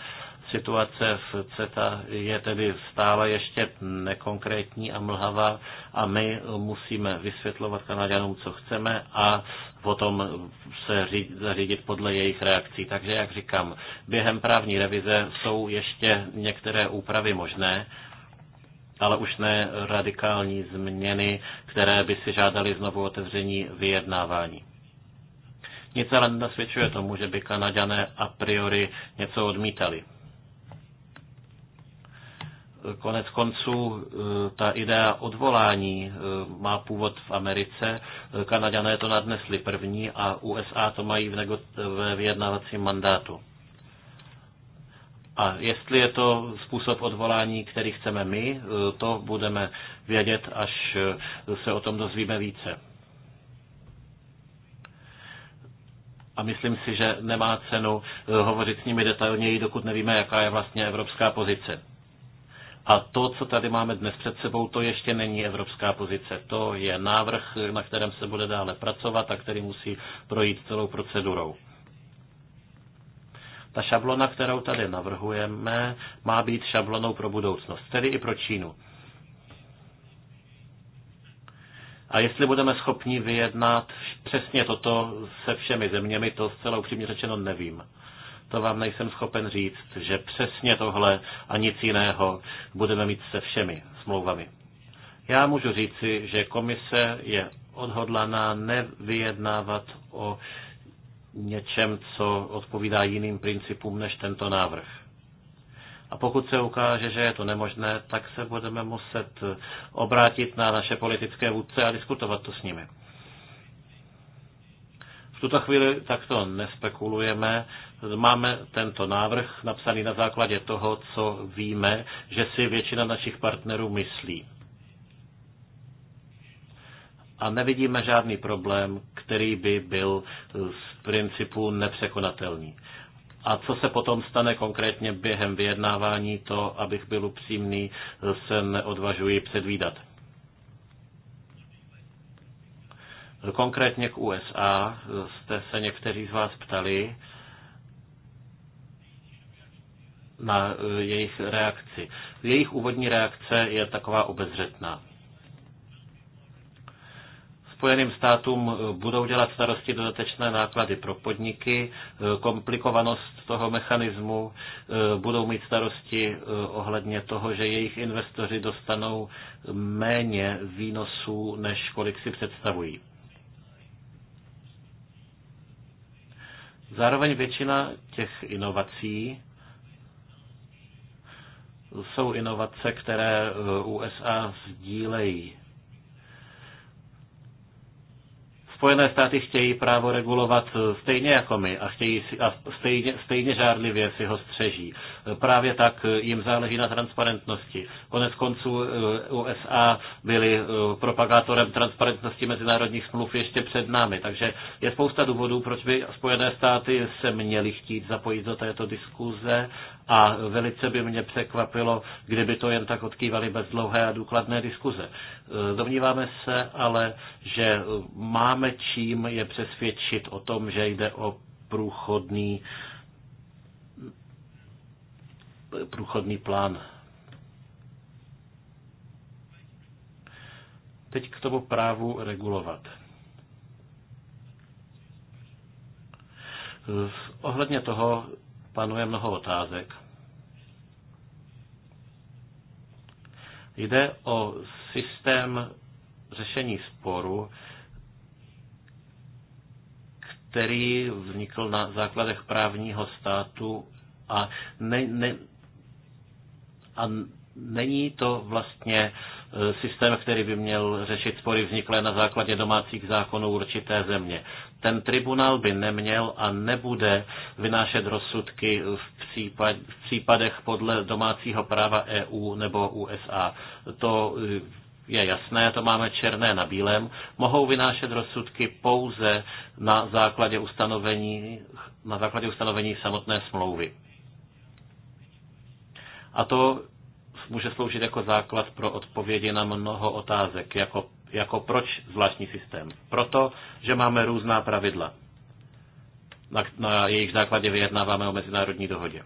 Situace v CETA je tedy stále ještě nekonkrétní a mlhavá a my musíme vysvětlovat Kanaděnům, co chceme a potom se zařídit podle jejich reakcí. Takže, jak říkám, během právní revize jsou ještě některé úpravy možné, ale už ne radikální změny, které by si žádali znovu otevření vyjednávání. Nic ale nenasvědčuje tomu, že by Kanaďané a priori něco odmítali. Konec konců eh, ta idea odvolání eh, má původ v Americe. Eh, Kanaďané to nadnesli první a USA to mají v, nego- ve vyjednávacím mandátu. A jestli je to způsob odvolání, který chceme my, to budeme vědět, až se o tom dozvíme více. a myslím si, že nemá cenu hovořit s nimi detailněji, dokud nevíme, jaká je vlastně evropská pozice. A to, co tady máme dnes před sebou, to ještě není evropská pozice. To je návrh, na kterém se bude dále pracovat a který musí projít celou procedurou. Ta šablona, kterou tady navrhujeme, má být šablonou pro budoucnost, tedy i pro Čínu. A jestli budeme schopni vyjednat přesně toto se všemi zeměmi, to zcela upřímně řečeno nevím to vám nejsem schopen říct, že přesně tohle a nic jiného budeme mít se všemi smlouvami. Já můžu říci, že komise je odhodlaná nevyjednávat o něčem, co odpovídá jiným principům než tento návrh. A pokud se ukáže, že je to nemožné, tak se budeme muset obrátit na naše politické vůdce a diskutovat to s nimi. V tuto chvíli takto nespekulujeme. Máme tento návrh napsaný na základě toho, co víme, že si většina našich partnerů myslí. A nevidíme žádný problém, který by byl z principu nepřekonatelný. A co se potom stane konkrétně během vyjednávání, to, abych byl upřímný, se neodvažuji předvídat. Konkrétně k USA jste se někteří z vás ptali na jejich reakci. Jejich úvodní reakce je taková obezřetná. Spojeným státům budou dělat starosti dodatečné náklady pro podniky, komplikovanost toho mechanismu, budou mít starosti ohledně toho, že jejich investoři dostanou méně výnosů, než kolik si představují. Zároveň většina těch inovací jsou inovace, které eh, USA sdílejí. Spojené státy chtějí právo regulovat eh, stejně jako my a, chtějí si, a stejně, stejně žárlivě si ho střeží právě tak jim záleží na transparentnosti. Konec konců eh, USA byli eh, propagátorem transparentnosti mezinárodních smluv ještě před námi, takže je spousta důvodů, proč by Spojené státy se měly chtít zapojit do této diskuze a velice by mě překvapilo, kdyby to jen tak odkývali bez dlouhé a důkladné diskuze. Eh, domníváme se ale, že máme čím je přesvědčit o tom, že jde o průchodný průchodný plán. Teď k tomu právu regulovat. Eh, ohledně toho panuje mnoho otázek. Jde o systém řešení sporu, který vznikl na základech právního státu a ne, ne, a není to vlastně e, systém, který by měl řešit spory vzniklé na základě domácích zákonů určité země. Ten tribunál by neměl a nebude vynášet rozsudky v, případ, v případech podle domácího práva EU nebo USA. To e, je jasné, to máme černé na bílém, mohou vynášet rozsudky pouze na základě ustanovení, na základě ustanovení samotné smlouvy. A to může sloužit jako základ pro odpovědi na mnoho otázek, jako, jako proč zvláštní systém. Proto, že máme různá pravidla, na, na jejich základě vyjednáváme o mezinárodní dohodě.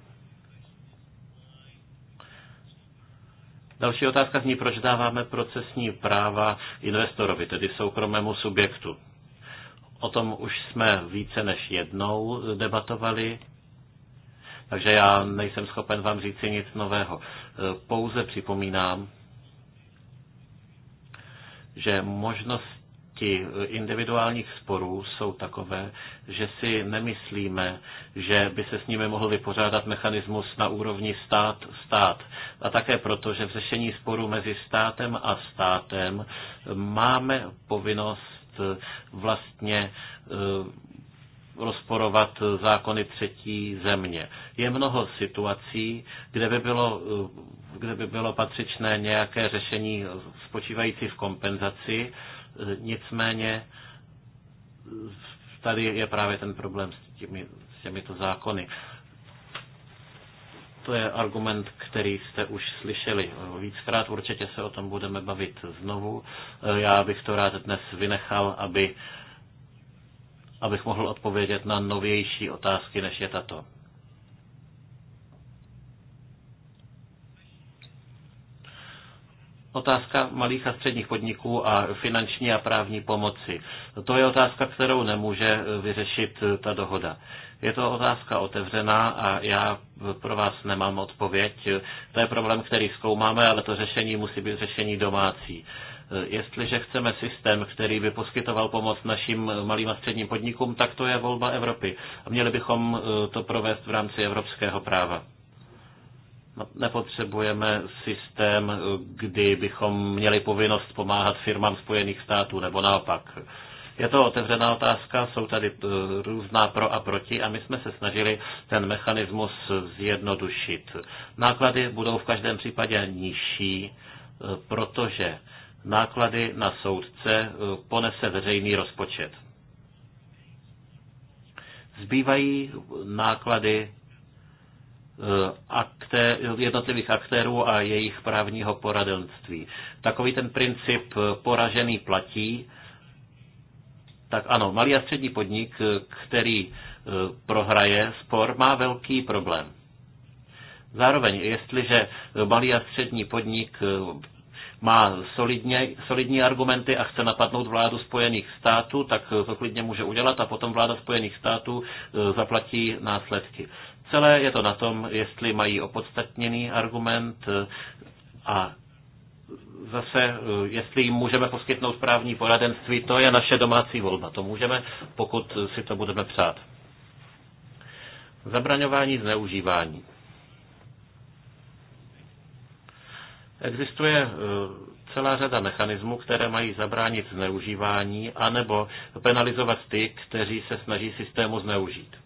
Další otázka zní, proč dáváme procesní práva investorovi, tedy soukromému subjektu. O tom už jsme více než jednou debatovali. Takže já nejsem schopen vám říci nic nového. E, Pouze připomínám, že možnosti individuálních sporů jsou takové, že si nemyslíme, že by se s nimi mohl vypořádat mechanismus na úrovni stát-stát. A také proto, že v řešení sporu mezi státem a státem máme povinnost e, vlastně e, rozporovat zákony třetí země. Je mnoho situací, kde by bylo, eh, kde by bylo patřičné nějaké řešení spočívající v kompenzaci, eh, nicméně eh, tady je právě ten problém s, těmi, s těmito zákony. To je argument, který jste už slyšeli víckrát, určitě se o tom budeme bavit znovu. Já bych to rád dnes vynechal, aby abych mohl odpovědět na novější otázky, než je tato. otázka malých a středních podniků a finanční a právní pomoci. To je otázka, kterou nemůže vyřešit ta dohoda. Je to otázka otevřená a já pro vás nemám odpověď. To je problém, který zkoumáme, ale to řešení musí být řešení domácí. Eh, jestliže chceme systém, který by poskytoval pomoc našim malým a středním podnikům, tak to je volba Evropy. A měli bychom eh, to provést v rámci evropského práva. No, nepotřebujeme systém, eh, kdy bychom měli povinnost pomáhat firmám Spojených států, nebo naopak. Je to otevřená otázka, jsou tady různá pro a proti a my jsme se snažili ten mechanismus zjednodušit. Náklady budou v každém případě nižší, protože náklady na soudce eh, ponese veřejný rozpočet. Zbývají náklady eh, akté, jednotlivých aktérů a jejich právního poradenství. Takový ten princip eh, poražený platí, tak ano, malý a střední podnik, který prohraje spor, má velký problém. Zároveň, jestliže malý a střední podnik má solidně, solidní argumenty a chce napadnout vládu Spojených států, tak eh, to klidně může udělat a potom vláda Spojených států eh, zaplatí následky. Celé je to na tom, jestli mají opodstatněný argument eh, a zase, jestli jim můžeme poskytnout právní poradenství, to je naše domácí volba. To můžeme, pokud si to budeme přát. Zabraňování zneužívání. Existuje e, celá řada mechanismů, které mají zabránit zneužívání anebo penalizovat ty, kteří se snaží systému zneužít.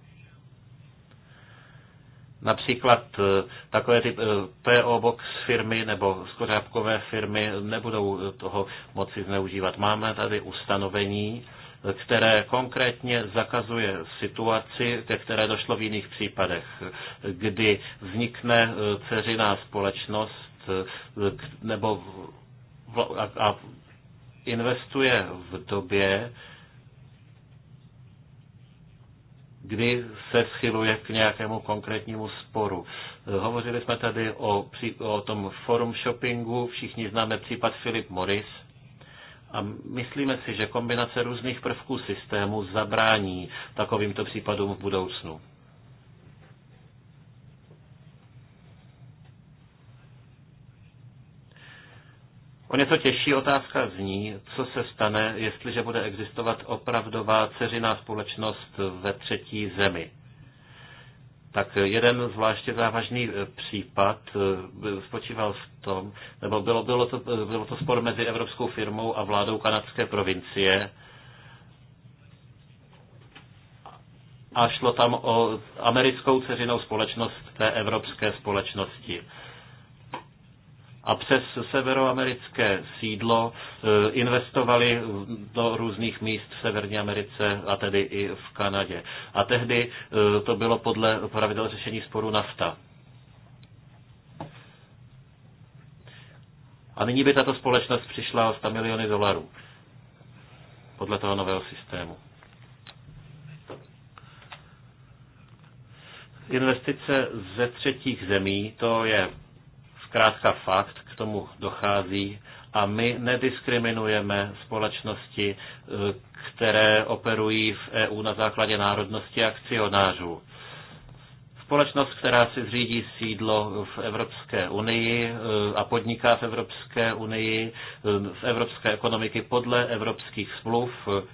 Například e, takové ty e, PO Box firmy nebo skořápkové firmy nebudou toho moci zneužívat. Máme tady ustanovení, které konkrétně zakazuje situaci, ke které došlo v jiných případech, kdy vznikne ceřiná společnost nebo v, a, a investuje v době, kdy se schyluje k nějakému konkrétnímu sporu. Hovořili jsme tady o, o tom forum shoppingu, všichni známe případ Philip Morris a myslíme si, že kombinace různých prvků systému zabrání takovýmto případům v budoucnu. O něco těžší otázka zní, co se stane, jestliže bude existovat opravdová ceřiná společnost ve třetí zemi. Tak jeden zvláště závažný eh, případ eh, spočíval v tom, nebo bylo, bylo, to, eh, bylo to spor mezi evropskou firmou a vládou kanadské provincie, a šlo tam o americkou ceřinou společnost té evropské společnosti a přes severoamerické sídlo e, investovali do různých míst v Severní Americe a tedy i v Kanadě. A tehdy e, to bylo podle pravidel řešení sporu NAFTA. A nyní by tato společnost přišla o 100 miliony dolarů podle toho nového systému. Investice ze třetích zemí, to je zkrátka fakt, k tomu dochází a my nediskriminujeme společnosti, eh, které operují v EU na základě národnosti akcionářů. Společnost, která si zřídí sídlo v Evropské unii eh, a podniká v Evropské unii, eh, v evropské ekonomiky podle evropských smluv,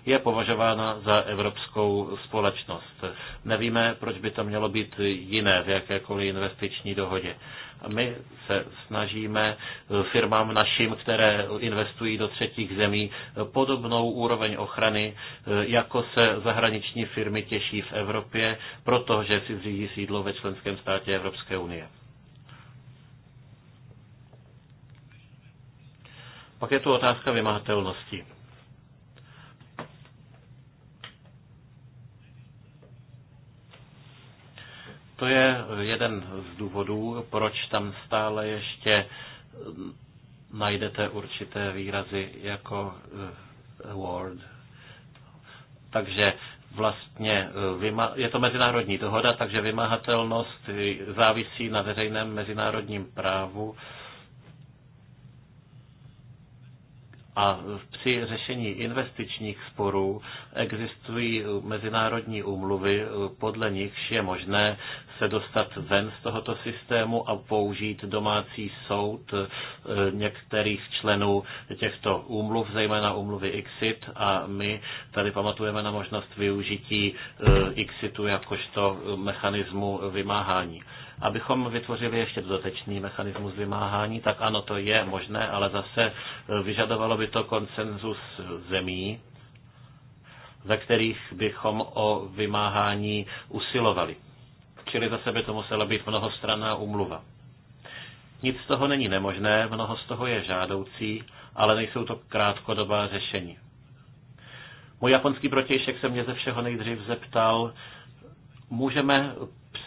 je považována za evropskou společnost. Nevíme, proč by to mělo být jiné v jakékoliv investiční dohodě. My se snažíme eh, firmám našim, které investují do třetích zemí, eh, podobnou úroveň ochrany, eh, jako se zahraniční firmy těší v Evropě, protože si zřídí sídlo ve členském státě Evropské unie. Pak je tu otázka vymahatelnosti. To je jeden z důvodů, proč tam stále ještě hm, najdete určité výrazy jako eh, award. Takže vlastně eh, je to mezinárodní dohoda, takže vymahatelnost eh, závisí na veřejném mezinárodním právu A při řešení investičních sporů existují mezinárodní úmluvy, podle nichž je možné se dostat ven z tohoto systému a použít domácí soud eh, některých členů těchto úmluv, zejména úmluvy ICSID a my tady pamatujeme na možnost využití eh, ICSIDu jakožto mechanismu vymáhání abychom vytvořili ještě dodatečný mechanismus vymáhání, tak ano, to je možné, ale zase e, vyžadovalo by to konsenzus zemí, ve kterých bychom o vymáhání usilovali. Čili zase by to musela být mnohostranná umluva. Nic z toho není nemožné, mnoho z toho je žádoucí, ale nejsou to krátkodobá řešení. Můj japonský protějšek se mě ze všeho nejdřív zeptal, můžeme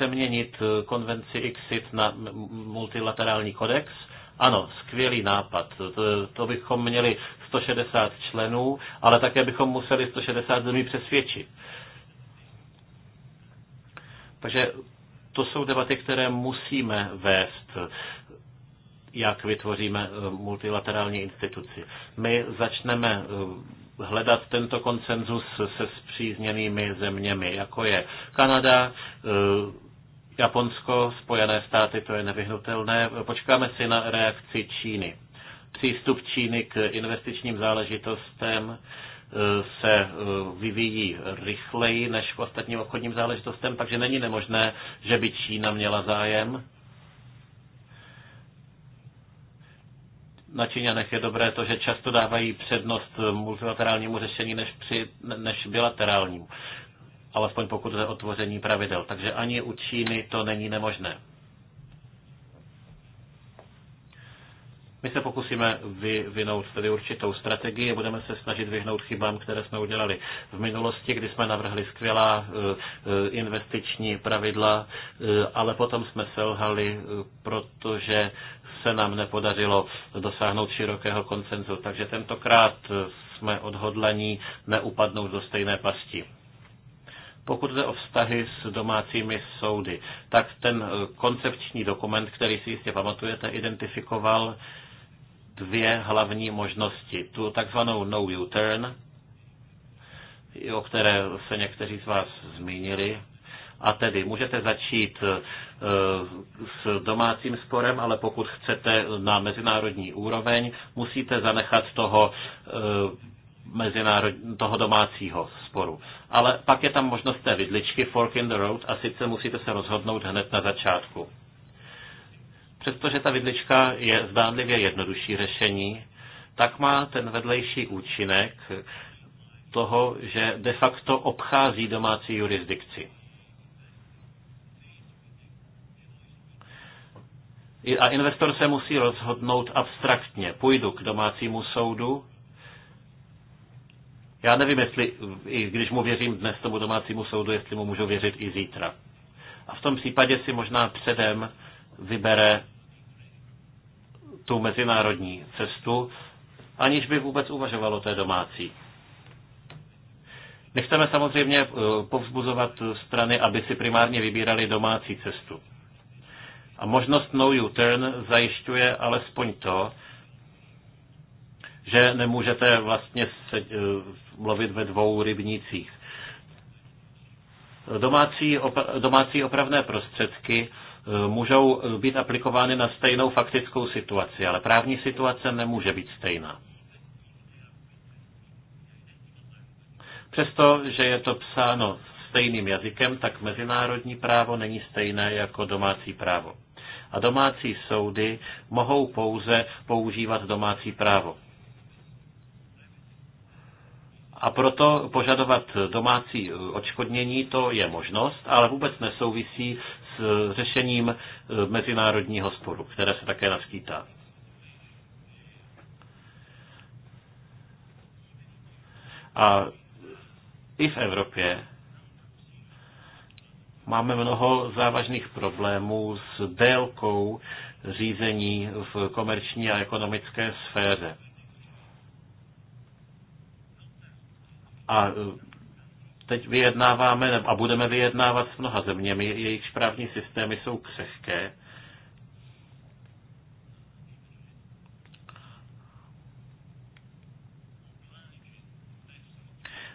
měnit eh, konvenci ICSID na multilaterální kodex. Ano, skvělý nápad. To, to bychom měli 160 členů, ale také bychom museli 160 zemí přesvědčit. Takže to jsou debaty, které musíme vést, jak vytvoříme eh, multilaterální instituci. My začneme eh, hledat tento koncenzus se spřízněnými zeměmi, jako je Kanada, Japonsko, Spojené státy, to je nevyhnutelné. Počkáme si na reakci Číny. Přístup Číny k investičním záležitostem e, se e, vyvíjí rychleji než k ostatním obchodním záležitostem, takže není nemožné, že by Čína měla zájem. Na Číňanech je dobré to, že často dávají přednost multilaterálnímu řešení než, při, než bilaterálnímu alespoň pokud jde o tvoření pravidel. Takže ani u Číny to není nemožné. My se pokusíme vyvinout tedy určitou strategii, budeme se snažit vyhnout chybám, které jsme udělali v minulosti, kdy jsme navrhli skvělá eh, eh, investiční pravidla, eh, ale potom jsme selhali, protože se nám nepodařilo dosáhnout širokého koncenzu. Takže tentokrát jsme odhodlení neupadnout do stejné pasti. Pokud jde o vztahy s domácími soudy, tak ten eh, koncepční dokument, který si jistě pamatujete, identifikoval dvě hlavní možnosti. Tu takzvanou no U-turn, o které se někteří z vás zmínili, a tedy můžete začít eh, s domácím sporem, ale pokud chcete na mezinárodní úroveň, musíte zanechat toho eh, mezinárod, toho domácího sporu. Ale pak je tam možnost té vidličky fork in the road a sice musíte se rozhodnout hned na začátku. Přestože ta vidlička je zdánlivě jednodušší řešení, tak má ten vedlejší účinek toho, že de facto obchází domácí jurisdikci. A investor se musí rozhodnout abstraktně. Půjdu k domácímu soudu, já nevím, jestli, i když mu věřím dnes tomu domácímu soudu, jestli mu můžu věřit i zítra. A v tom případě si možná předem vybere tu mezinárodní cestu, aniž by vůbec uvažovalo té domácí. Nechceme samozřejmě eh, povzbuzovat strany, aby si primárně vybírali domácí cestu. A možnost no U-turn zajišťuje alespoň to, že nemůžete vlastně se, eh, mluvit ve dvou rybnících. Domácí, opra- domácí opravné prostředky eh, můžou být aplikovány na stejnou faktickou situaci, ale právní situace nemůže být stejná. Přesto, že je to psáno stejným jazykem, tak mezinárodní právo není stejné jako domácí právo. A domácí soudy mohou pouze používat domácí právo. A proto požadovat domácí očkodnění, to je možnost, ale vůbec nesouvisí s řešením eh, mezinárodního sporu, které se také naskýtá. A i v Evropě máme mnoho závažných problémů s délkou řízení v komerční a ekonomické sféře. A e, teď vyjednáváme a budeme vyjednávat s mnoha zeměmi, jejich právní systémy jsou křehké.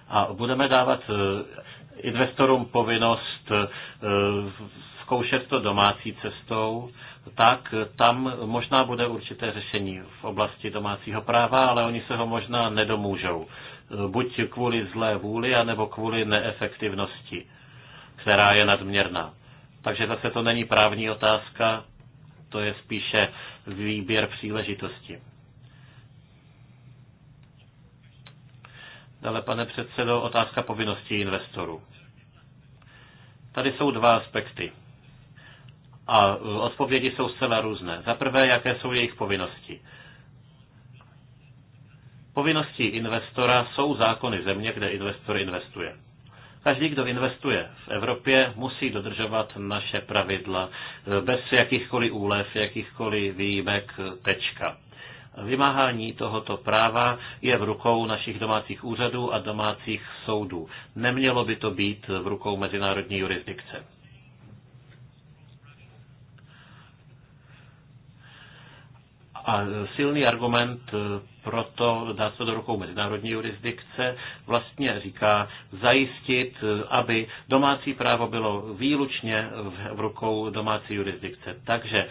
A budeme dávat e, investorům povinnost e, zkoušet to domácí cestou, tak tam možná bude určité řešení v oblasti domácího práva, ale oni se ho možná nedomůžou. Eh, buď kvůli zlé vůli, anebo kvůli neefektivnosti, která je nadměrná. Takže zase to není právní otázka, to je spíše výběr příležitosti. Dále, pane předsedo, otázka povinností investorů. Tady jsou dva aspekty. A eh, odpovědi jsou zcela různé. Za prvé, jaké jsou jejich povinnosti. Povinností investora jsou zákony země, kde investor investuje. Každý, kdo investuje v Evropě, musí dodržovat naše pravidla eh, bez jakýchkoliv úlev, jakýchkoliv výjimek, eh, tečka. Vymáhání tohoto práva je v rukou našich domácích úřadů a domácích soudů. Nemělo by to být v rukou mezinárodní jurisdikce. A silný argument eh, pro to dát se do rukou mezinárodní jurisdikce vlastně říká zajistit, eh, aby domácí právo bylo výlučně v rukou domácí jurisdikce. Takže eh,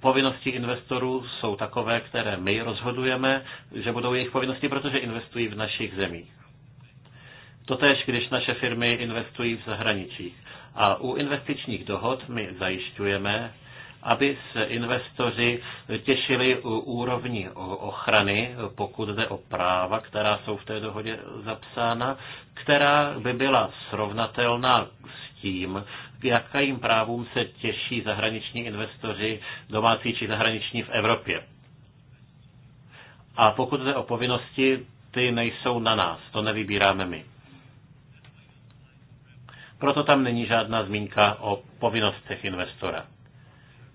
povinnosti investorů jsou takové, které my rozhodujeme, že budou jejich povinnosti, protože investují v našich zemích. Totež, když naše firmy investují v zahraničí. A u investičních dohod my zajišťujeme, aby se investoři těšili úrovni ochrany, pokud jde o práva, která jsou v té dohodě zapsána, která by byla srovnatelná s tím, k jakým právům se těší zahraniční investoři, domácí či zahraniční v Evropě. A pokud jde o povinnosti, ty nejsou na nás, to nevybíráme my. Proto tam není žádná zmínka o povinnostech investora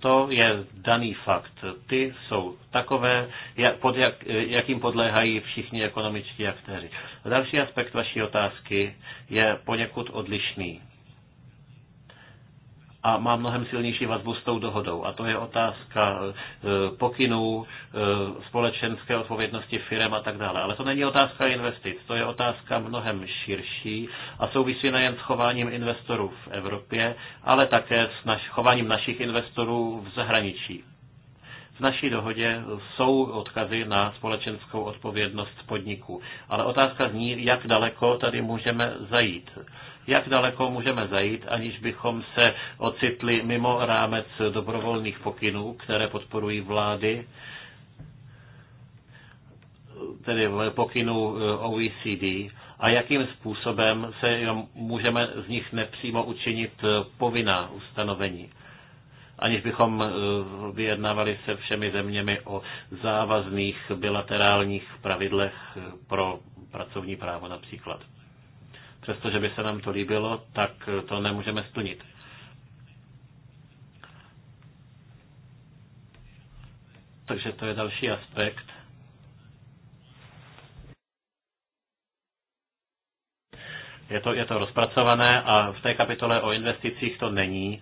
to je daný fakt. Ty jsou takové, jak, pod jak, jakým podléhají všichni ekonomičtí aktéři. Další aspekt vaší otázky je poněkud odlišný a má mnohem silnější vazbu s tou dohodou. A to je otázka e, pokynů, e, společenské odpovědnosti firm a tak dále. Ale to není otázka investic, to je otázka mnohem širší a souvisí nejen s chováním investorů v Evropě, ale také s naš- chováním našich investorů v zahraničí. V naší dohodě jsou odkazy na společenskou odpovědnost podniků, ale otázka zní, jak daleko tady můžeme zajít jak daleko můžeme zajít, aniž bychom se ocitli mimo rámec dobrovolných pokynů, které podporují vlády, tedy pokynů eh, OECD, a jakým způsobem se můžeme z nich nepřímo učinit eh, povinná ustanovení aniž bychom eh, vyjednávali se všemi zeměmi o závazných bilaterálních pravidlech pro pracovní právo například přestože by se nám to líbilo, tak to nemůžeme splnit. Takže to je další aspekt. Je to, je to rozpracované a v té kapitole o investicích to není,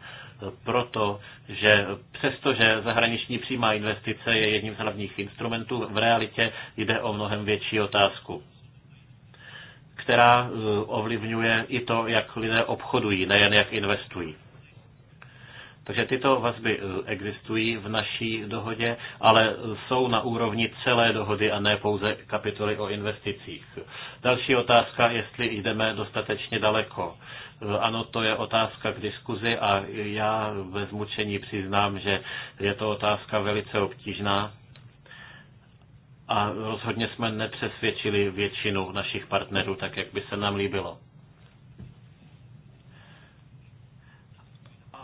protože že přestože zahraniční přímá investice je jedním z hlavních instrumentů, v realitě jde o mnohem větší otázku která eh, ovlivňuje i to, jak lidé obchodují, nejen jak investují. Takže tyto vazby eh, existují v naší dohodě, ale eh, jsou na úrovni celé dohody a ne pouze kapitoly o investicích. Další otázka, jestli jdeme dostatečně daleko. Ano, to je otázka k diskuzi a já ve zmučení přiznám, že je to otázka velice obtížná a rozhodně jsme nepřesvědčili většinu našich partnerů tak, jak by se nám líbilo.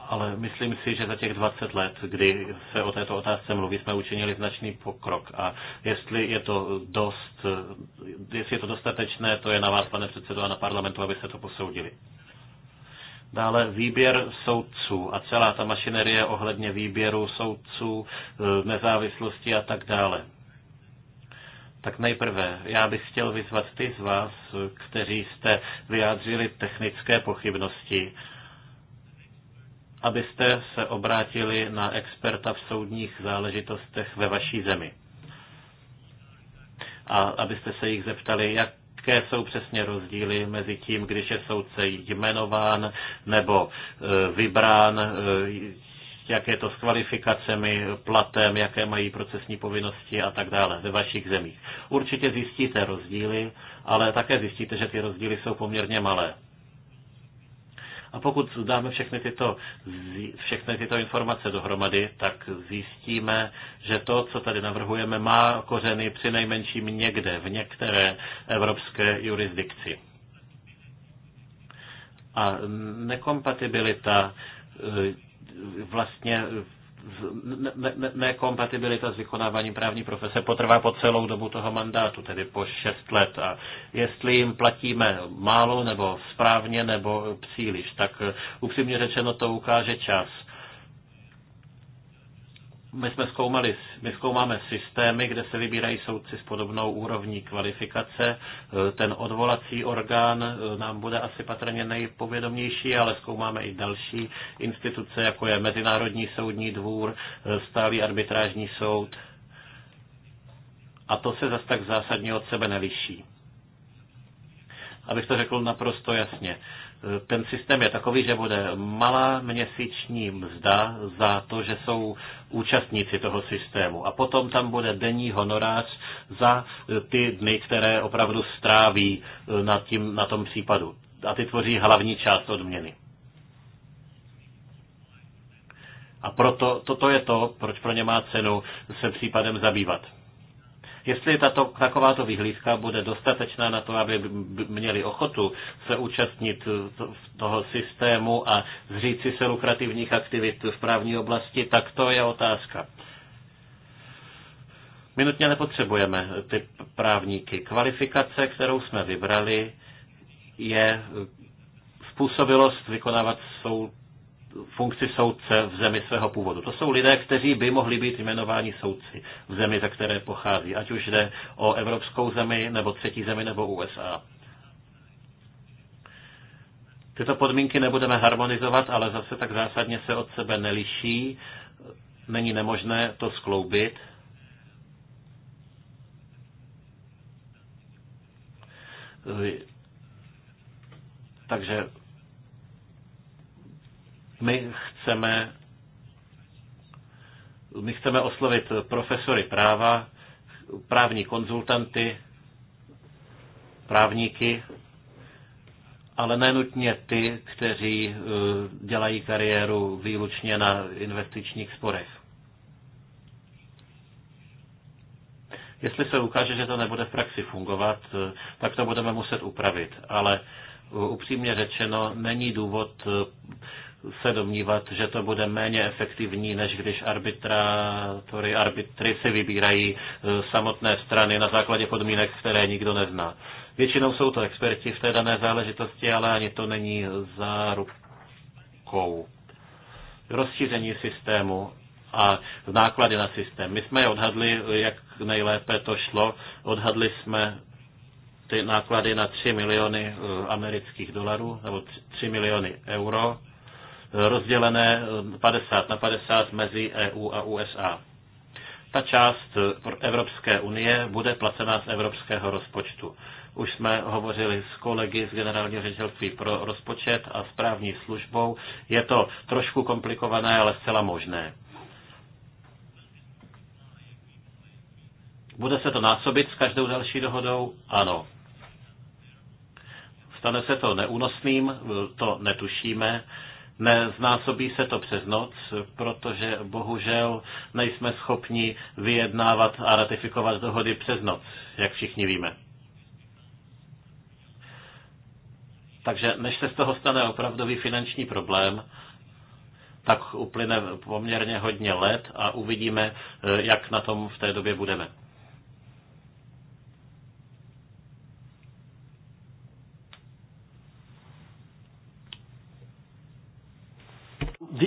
ale myslím si, že za těch 20 let, kdy se o této otázce mluví, jsme učinili značný pokrok. A jestli je to dost, jestli je to dostatečné, to je na vás, pane předsedo, a na parlamentu, aby se to posoudili. Dále výběr soudců a celá ta mašinerie ohledně výběru soudců, e, nezávislosti a tak dále. Tak nejprve, já bych chtěl vyzvat ty z vás, kteří jste vyjádřili technické pochybnosti, abyste se obrátili na experta v soudních záležitostech ve vaší zemi. A abyste se jich zeptali, jak jaké jsou přesně rozdíly mezi tím, když je soudce jmenován nebo e, vybrán, e, jak je to s kvalifikacemi, platem, jaké mají procesní povinnosti a tak dále ve vašich zemích. Určitě zjistíte rozdíly, ale také zjistíte, že ty rozdíly jsou poměrně malé. A pokud dáme všechny tyto, všechny tyto informace dohromady, tak zjistíme, že to, co tady navrhujeme, má kořeny při nejmenším někde, v některé evropské jurisdikci. A nekompatibilita e, vlastně nekompatibilita ne, ne, s vykonáváním právní profese potrvá po celou dobu toho mandátu, tedy po šest let. A jestli jim platíme málo nebo správně nebo příliš, tak upřímně řečeno to ukáže čas my jsme zkoumali, my zkoumáme systémy, kde se vybírají soudci s podobnou úrovní kvalifikace. E, ten odvolací orgán e, nám bude asi patrně nejpovědomější, ale zkoumáme i další instituce, jako je Mezinárodní soudní dvůr, e, stálý arbitrážní soud. A to se zase tak zásadně od sebe neliší. Abych to řekl naprosto jasně. Uh, ten systém je takový, že bude malá měsíční mzda za to, že jsou účastníci toho systému. A potom tam bude denní honorář za eh, ty dny, které opravdu stráví eh, na, tím, na tom případu. A ty tvoří hlavní část odměny. A proto toto je to, proč pro ně má cenu se případem zabývat. Jestli tato, takováto vyhlídka bude dostatečná na to, aby měli ochotu se účastnit toho systému a zříci se lukrativních aktivit v právní oblasti, tak to je otázka. My nutně nepotřebujeme ty právníky. Kvalifikace, kterou jsme vybrali, je způsobilost vykonávat soud funkci soudce v zemi svého původu. To jsou lidé, kteří by mohli být jmenováni soudci v zemi, ze které pochází, ať už jde o evropskou zemi, nebo třetí zemi, nebo USA. Tyto podmínky nebudeme harmonizovat, ale zase tak zásadně se od sebe neliší. Není nemožné to skloubit. Takže my chceme, my chceme oslovit profesory práva, právní konzultanty, právníky, ale nenutně ty, kteří eh, dělají kariéru výlučně na investičních sporech. Jestli se ukáže, že to nebude v praxi fungovat, eh, tak to budeme muset upravit. Ale eh, upřímně řečeno, není důvod se domnívat, že to bude méně efektivní, než když arbitrátory, arbitry si vybírají e, samotné strany na základě podmínek, které nikdo nezná. Většinou jsou to experti v té dané záležitosti, ale ani to není zárukou. Rozšíření systému a náklady na systém. My jsme je odhadli, jak nejlépe to šlo. Odhadli jsme ty náklady na 3 miliony e, amerických dolarů nebo 3 miliony euro rozdělené 50 eh, na 50 mezi EU a USA. Ta část eh, Evropské unie bude placená z evropského rozpočtu. Už jsme hovořili s kolegy z Generálního ředitelství pro rozpočet a správní službou. Je to trošku komplikované, ale zcela možné. Bude se to násobit s každou další dohodou? Ano. Stane se to neúnosným, eh, to netušíme Neznásobí se to přes noc, protože bohužel nejsme schopni vyjednávat a ratifikovat dohody přes noc, jak všichni víme. Takže než se z toho stane opravdový finanční problém, tak uplyne poměrně hodně let a uvidíme, jak na tom v té době budeme.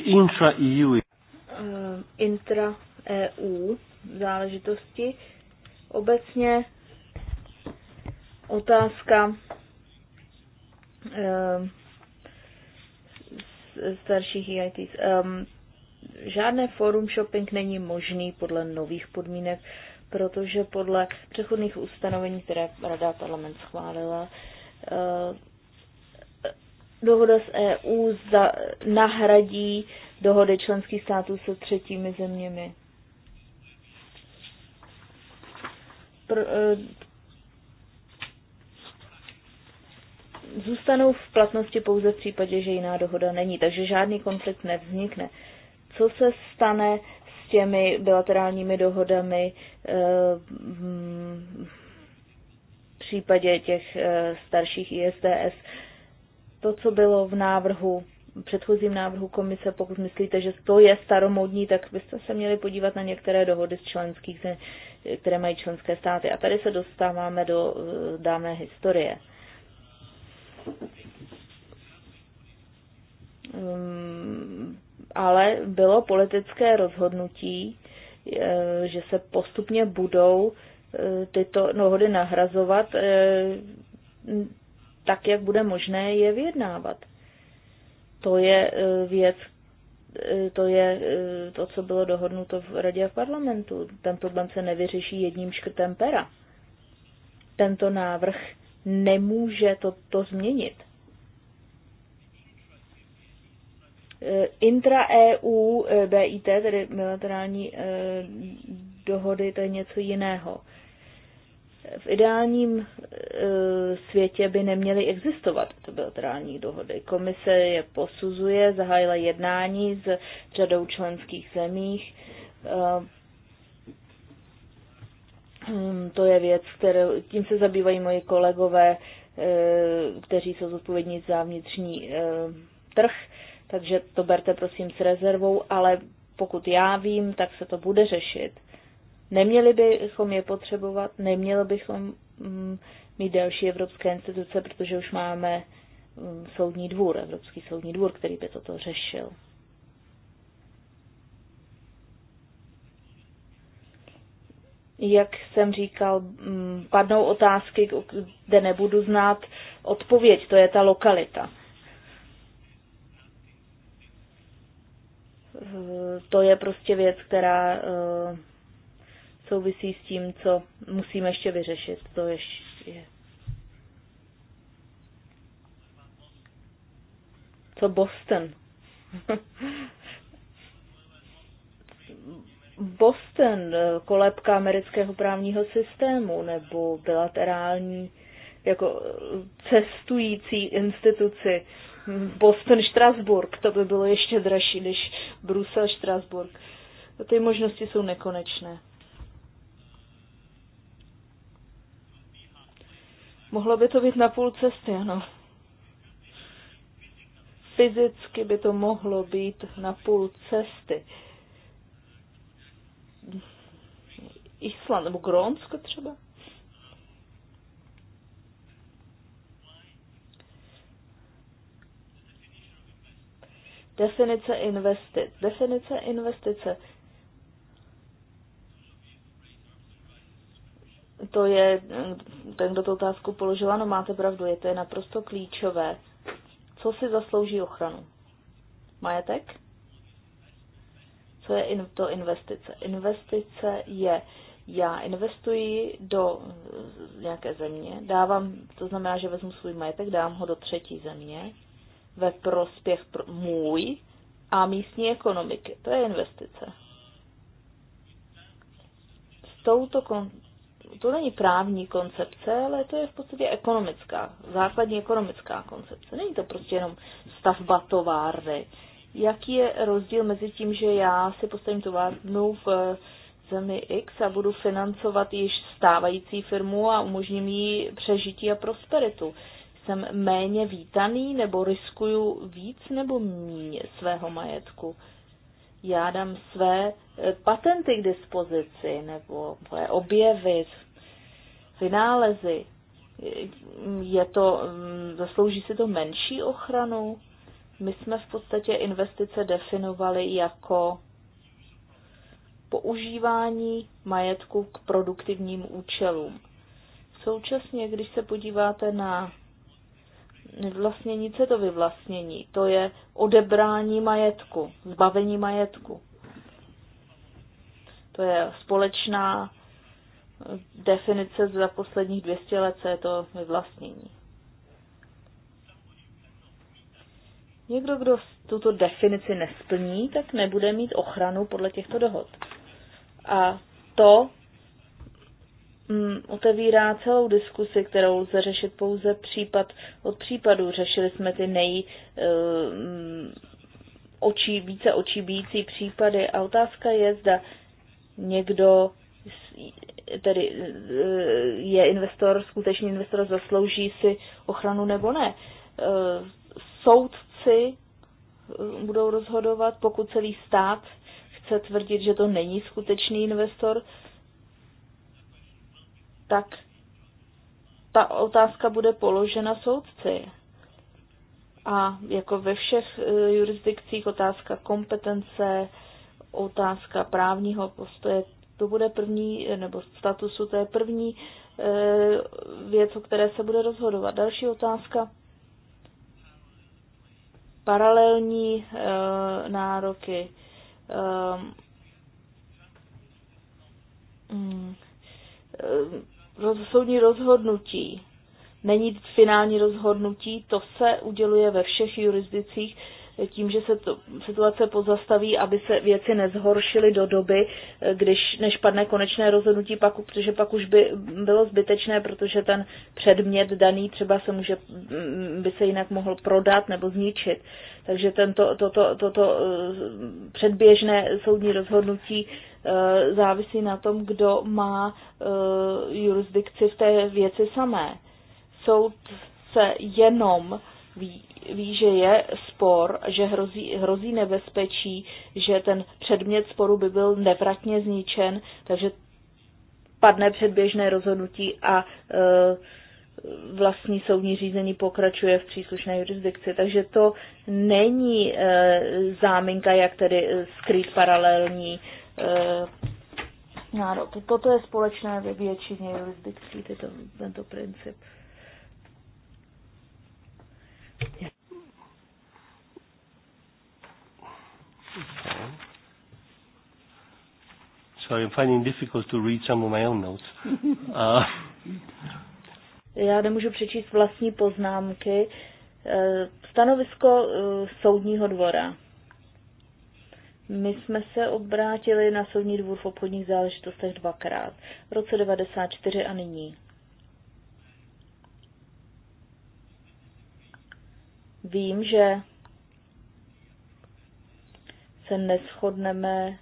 intra-EU. Eh, Intra-EU záležitosti. Obecně otázka eh, starších EITs. Ehm, žádné forum shopping není možný podle nových podmínek, protože podle přechodných ustanovení, které Rada parlament schválila, eh, dohoda s EU za, nahradí dohody členských států se třetími zeměmi. e, zůstanou v platnosti pouze v případě, že jiná dohoda není, takže žádný konflikt nevznikne. Co se stane s těmi bilaterálními dohodami e, v případě těch e, starších ISDS? to, co bylo v návrhu, předchozím návrhu komise, pokud myslíte, že to je staromodní, tak byste se měli podívat na některé dohody z členských, které mají členské státy. A tady se dostáváme do eh, dávné historie. Ehm, ale bylo politické rozhodnutí, eh, že se postupně budou eh, tyto dohody nahrazovat tak, jak bude možné je vyjednávat. To je eh, věc, eh, to je eh, to, co bylo dohodnuto v radě a v parlamentu. Ten problém se nevyřeší jedním škrtem pera. Tento návrh nemůže to, to změnit. Intra-EU BIT, tedy bilaterální dohody, to je něco jiného v ideálním e, světě by neměly existovat to bilaterální dohody. Komise je posuzuje, zahájila jednání s řadou členských zemích. E, to je věc, kterou, tím se zabývají moji kolegové, e, kteří jsou zodpovědní za vnitřní trh, takže to berte prosím s rezervou, ale pokud já vím, tak se to bude řešit Neměli bychom je potřebovat, neměli bychom mm, mít další evropské instituce, protože už máme mm, soudní dvůr, Evropský soudní dvůr, který by toto řešil. Jak jsem říkal, padnou mm, otázky, kde nebudu znát odpověď, to je ta lokalita. To je prostě věc, která eh, souvisí s tím, co musíme ještě vyřešit. To ještě je. Co Boston? Boston, eh, kolebka amerického právního systému nebo bilaterální jako eh, cestující instituci boston Strasburg, to by bylo ještě dražší než brusel Strasburg. Ty možnosti jsou nekonečné. Mohlo by to být na půl cesty, ano. Fyzicky by to mohlo být na půl cesty. Island nebo Grónsko třeba? Definice investic. Definice investice to je, ten, kdo tu otázku položila, no máte pravdu, je to je naprosto klíčové. Co si zaslouží ochranu? Majetek? Co je in, to investice? Investice je, já investuji do nějaké země, dávám, to znamená, že vezmu svůj majetek, dám ho do třetí země ve prospěch pro můj a místní ekonomiky. To je investice. S touto kon- to není právní koncepce, ale to je v podstatě ekonomická, základní ekonomická koncepce. Není to prostě jenom stavba továrny. Jaký je rozdíl mezi tím, že já si postavím továrnu v eh, zemi X a budu financovat již stávající firmu a umožním jí přežití a prosperitu? Jsem méně vítaný nebo riskuju víc nebo míně svého majetku? já dám své eh, patenty k dispozici nebo moje objevy, vynálezy. Je to, mm, zaslouží si to menší ochranu? My jsme v podstatě investice definovali jako používání majetku k produktivním účelům. Současně, když se podíváte na Vlastnění, co je to vyvlastnění? To je odebrání majetku, zbavení majetku. To je společná eh, definice za posledních 200 let, co je to vyvlastnění. Někdo, kdo tuto definici nesplní, tak nebude mít ochranu podle těchto dohod. A to Mm, otevírá celou diskusi, kterou lze řešit pouze případ od případu. Řešili jsme ty nej eh, mm, očí, více očibící případy a otázka je, zda někdo tedy eh, je investor, skutečný investor zaslouží si ochranu nebo ne. Eh, soudci budou rozhodovat, pokud celý stát chce tvrdit, že to není skutečný investor, tak ta otázka bude položena soudci. A jako ve všech e, jurisdikcích otázka kompetence, otázka právního postoje, to bude první, e, nebo statusu, to je první e, věc, o které se bude rozhodovat. Další otázka. Paralelní nároky. E, mm, soudní rozhodnutí není finální rozhodnutí, to se uděluje ve všech jurisdicích tím, že se to, situace pozastaví, aby se věci nezhoršily do doby, když než padne konečné rozhodnutí, pak, protože pak už by bylo zbytečné, protože ten předmět daný třeba se může, mm, by se jinak mohl prodat nebo zničit. Takže tento, toto, toto eh, předběžné soudní rozhodnutí Eh, závisí na tom, kdo má eh, jurisdikci v té věci samé. Soud se jenom ví, ví že je spor, že hrozí, hrozí nebezpečí, že ten předmět sporu by byl nevratně zničen, takže padne předběžné rozhodnutí a eh, vlastní soudní řízení pokračuje v příslušné jurisdikci. Takže to není e, záminka, jak tedy skrýt paralelní Eh, národ. Toto je společné ve většině jurisdikcí, tyto, tento princip. Okay. So I'm finding difficult to read some of my own notes. Uh, Já nemůžu přečíst vlastní poznámky. Eh, stanovisko eh, soudního dvora. My jsme se obrátili na soudní dvůr v obchodních záležitostech dvakrát, v roce 94 a nyní. Vím, že se neschodneme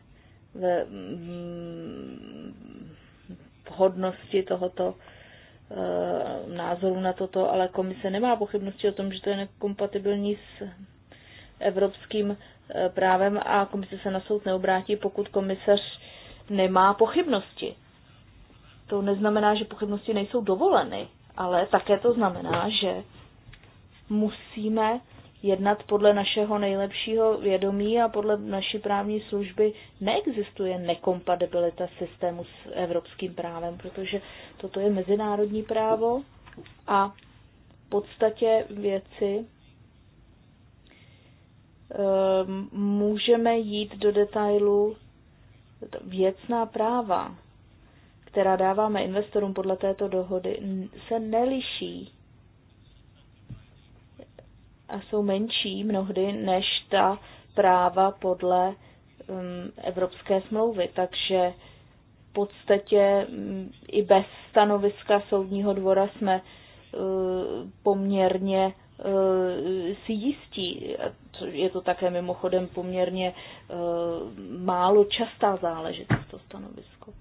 ve vhodnosti tohoto eh, názoru na toto, ale komise nemá pochybnosti o tom, že to je nekompatibilní s evropským E, právem a komise se na soud neobrátí, pokud komisař nemá pochybnosti. To neznamená, že pochybnosti nejsou dovoleny, ale také to znamená, že musíme jednat podle našeho nejlepšího vědomí a podle naší právní služby neexistuje nekompatibilita systému s evropským právem, protože toto je mezinárodní právo a v podstatě věci Ehm, můžeme jít do detailu věcná práva, která dáváme investorům podle této dohody, se neliší a jsou menší mnohdy než ta práva podle um, Evropské smlouvy. Takže v podstatě um, i bez stanoviska soudního dvora jsme uh, poměrně Eh, si jistí. Je to také mimochodem poměrně eh, málo častá záležitost to stanovisko.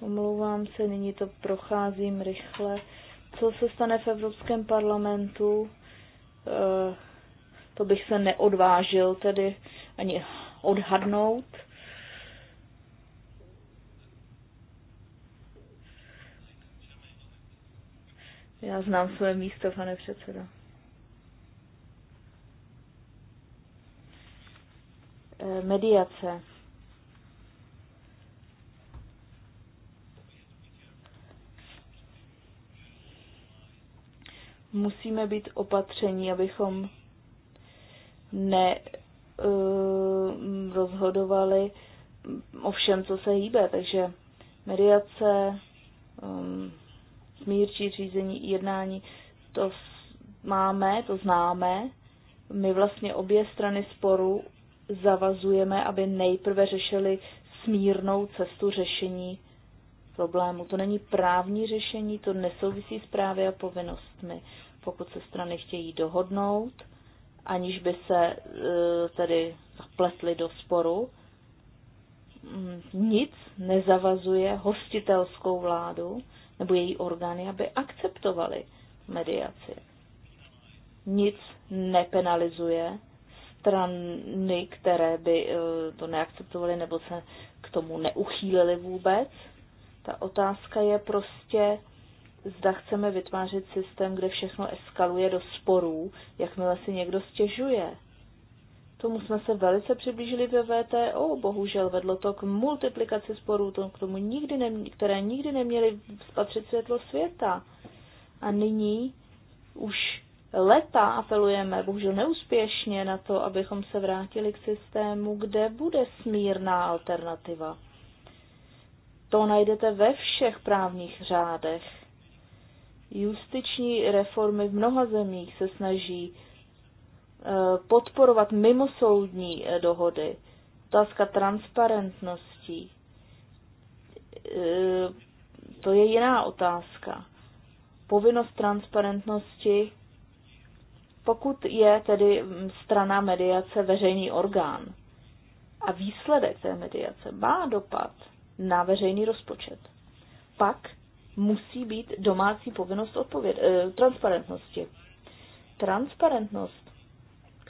Omlouvám se, nyní to procházím rychle. Co se stane v Evropském parlamentu? Eh, to bych se neodvážil tedy ani odhadnout. Já znám své místo, pane předsedo. Eh, mediace. Musíme být opatření, abychom ne uh, rozhodovali o všem, co se hýbe. Takže mediace, um, smírčí řízení, jednání, to máme, to známe. My vlastně obě strany sporu zavazujeme, aby nejprve řešili smírnou cestu řešení problému. To není právní řešení, to nesouvisí s právy a povinnostmi. Pokud se strany chtějí dohodnout, aniž by se e, tedy zapletli do sporu, nic nezavazuje hostitelskou vládu nebo její orgány, aby akceptovali mediaci. Nic nepenalizuje strany, které by eh, to neakceptovaly nebo se k tomu neuchýlily vůbec. Ta otázka je prostě, zda chceme vytvářet systém, kde všechno eskaluje do sporů, jakmile si někdo stěžuje. Tomu jsme se velice přiblížili ve VTO, bohužel vedlo to k multiplikaci sporů, to k tomu nikdy ne, které nikdy neměly spatřit světlo světa. A nyní už leta apelujeme, bohužel neúspěšně, na to, abychom se vrátili k systému, kde bude smírná alternativa. To najdete ve všech právních řádech. Justiční reformy v mnoha zemích se snaží Eh, podporovat mimosoudní eh, dohody, otázka transparentnosti, eh, to je jiná otázka. Povinnost transparentnosti, pokud je tedy mm, strana mediace veřejný orgán a výsledek té mediace má dopad na veřejný rozpočet, pak musí být domácí povinnost odpověd, eh, transparentnosti. Transparentnost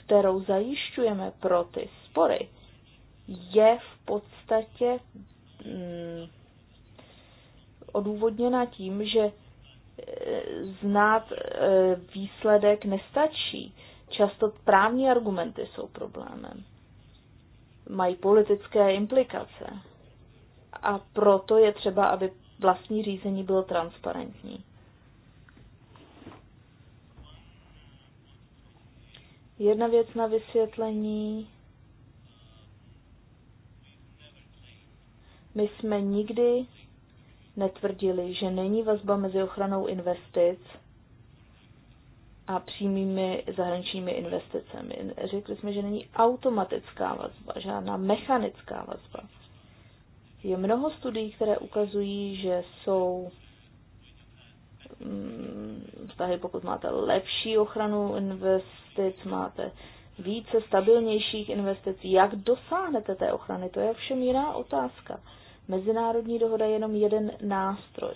kterou zajišťujeme pro ty spory, je v podstatě mm, odůvodněna tím, že e, znát e, výsledek nestačí. Často právní argumenty jsou problémem. Mají politické implikace. A proto je třeba, aby vlastní řízení bylo transparentní. Jedna věc na vysvětlení. My jsme nikdy netvrdili, že není vazba mezi ochranou investic a přímými zahraničními investicemi. Řekli jsme, že není automatická vazba, žádná mechanická vazba. Je mnoho studií, které ukazují, že jsou mm, vztahy, pokud máte lepší ochranu investic, investic, máte více stabilnějších investic. Jak dosáhnete té ochrany? To je ovšem jiná otázka. Mezinárodní dohoda je jenom jeden nástroj.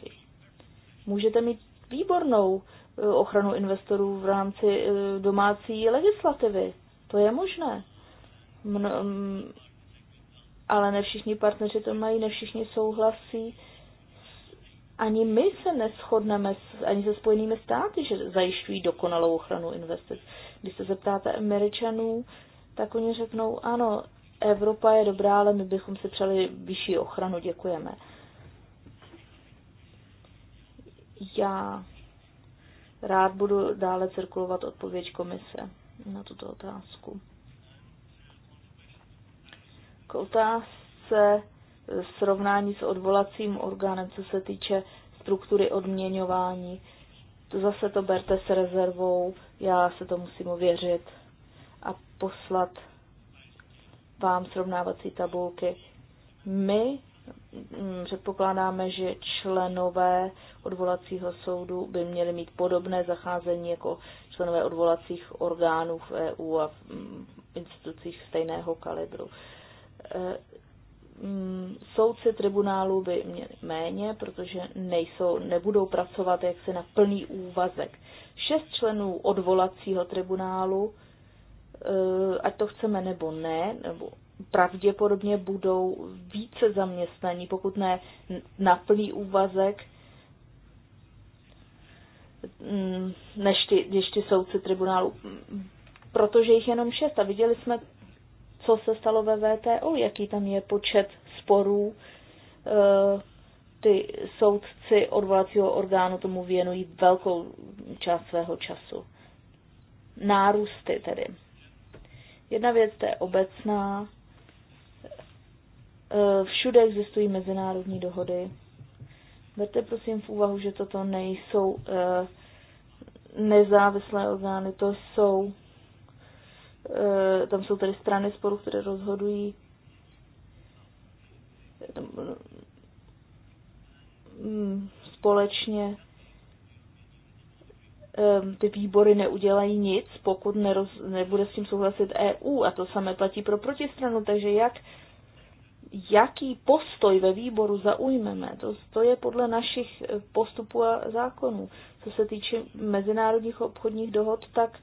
Můžete mít výbornou eh, ochranu investorů v rámci eh, domácí legislativy. To je možné. Mno, mm, ale ne všichni partneři to mají, ne všichni souhlasí ani my se neschodneme s, ani se Spojenými státy, že zajišťují dokonalou ochranu investic. Když se zeptáte Američanů, tak oni řeknou, ano, Evropa je dobrá, ale my bychom si přeli vyšší ochranu, děkujeme. Já rád budu dále cirkulovat odpověď komise na tuto otázku. K otázce srovnání s odvolacím orgánem, co se týče struktury odměňování. Zase to berte s rezervou, já se to musím ověřit a poslat vám srovnávací tabulky. My mm, předpokládáme, že členové odvolacího soudu by měli mít podobné zacházení jako členové odvolacích orgánů v EU a v mm, institucích stejného kalibru. E, Mm, soudci tribunálu by měli méně, protože nejsou, nebudou pracovat jaksi na plný úvazek. Šest členů odvolacího tribunálu, eh, ať to chceme nebo ne, nebo pravděpodobně budou více zaměstnaní, pokud ne na plný úvazek, mm, než ty, když ty soudci tribunálu, protože jich jenom šest a viděli jsme co se stalo ve VTO, jaký tam je počet sporů. E, ty soudci odvolacího orgánu tomu věnují velkou část svého času. Nárůsty tedy. Jedna věc, to je obecná. E, všude existují mezinárodní dohody. Berte prosím v úvahu, že toto nejsou e, nezávislé orgány, to jsou Eh, tam jsou tedy strany sporu, které rozhodují tam, mm, společně ty výbory neudělají nic, pokud neroz, nebude s tím souhlasit EU. A to samé platí pro protistranu. Takže jak, jaký postoj ve výboru zaujmeme, to, to je podle našich eh, postupů a zákonů. Co se týče mezinárodních obchodních dohod, tak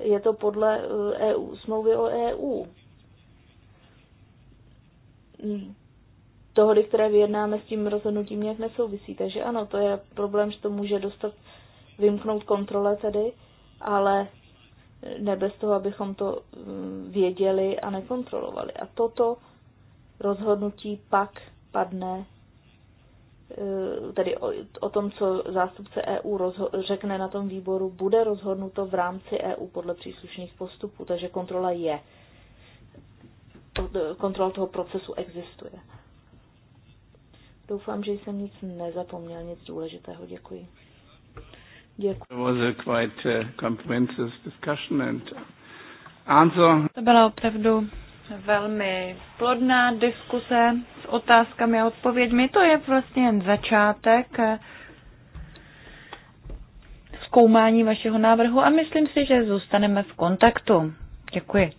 je to podle EU, eh, e smlouvy o EU. Dohody, které vyjednáme s tím rozhodnutím, nějak nesouvisí. Takže ano, to je problém, že to může dostat vymknout kontrole tedy, ale ne bez toho, abychom to mm, věděli a nekontrolovali. A toto rozhodnutí pak padne Eh, tedy o, o tom, co zástupce EU rozho- řekne na tom výboru, bude rozhodnuto v rámci EU podle příslušných postupů, takže kontrola je. Eh, kontrola toho procesu existuje. Doufám, že jsem nic nezapomněl, nic důležitého. Děkuji. Děkuji. Eh, to byla opravdu velmi plodná diskuse s otázkami a odpověďmi. To je vlastně jen začátek zkoumání vašeho návrhu a myslím si, že zůstaneme v kontaktu. Děkuji.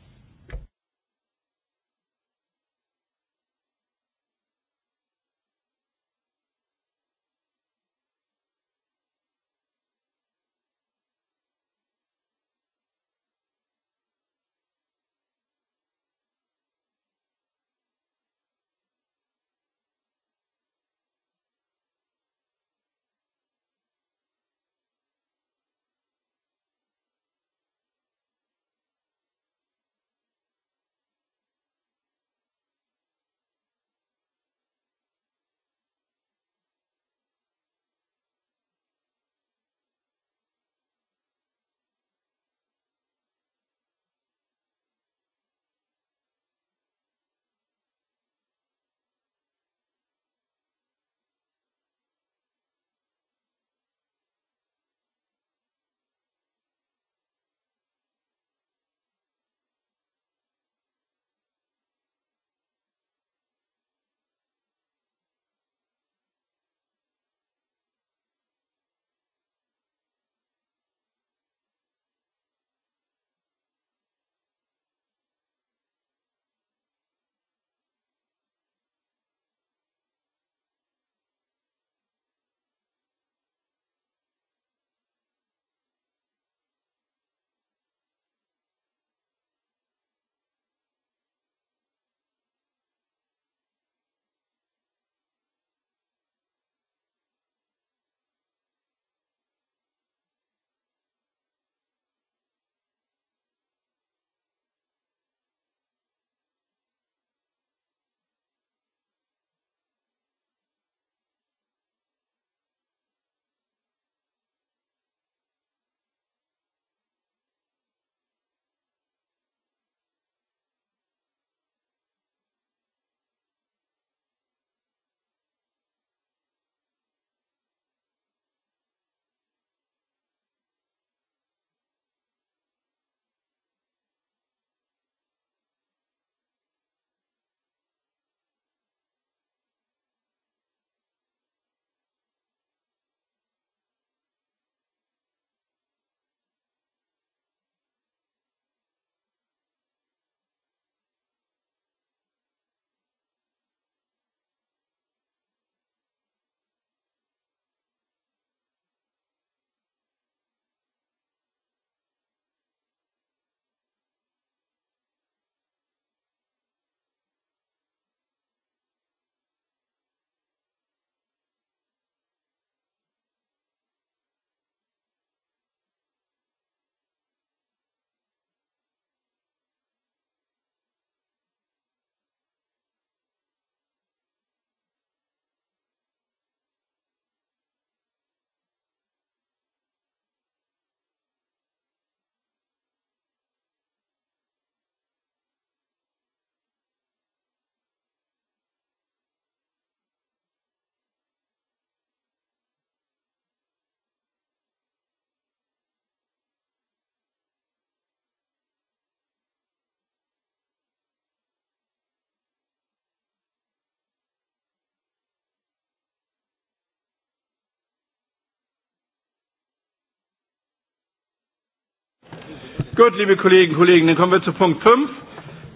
Gut, liebe Kollegen, Kollegen, dann kommen wir zu Punkt 5,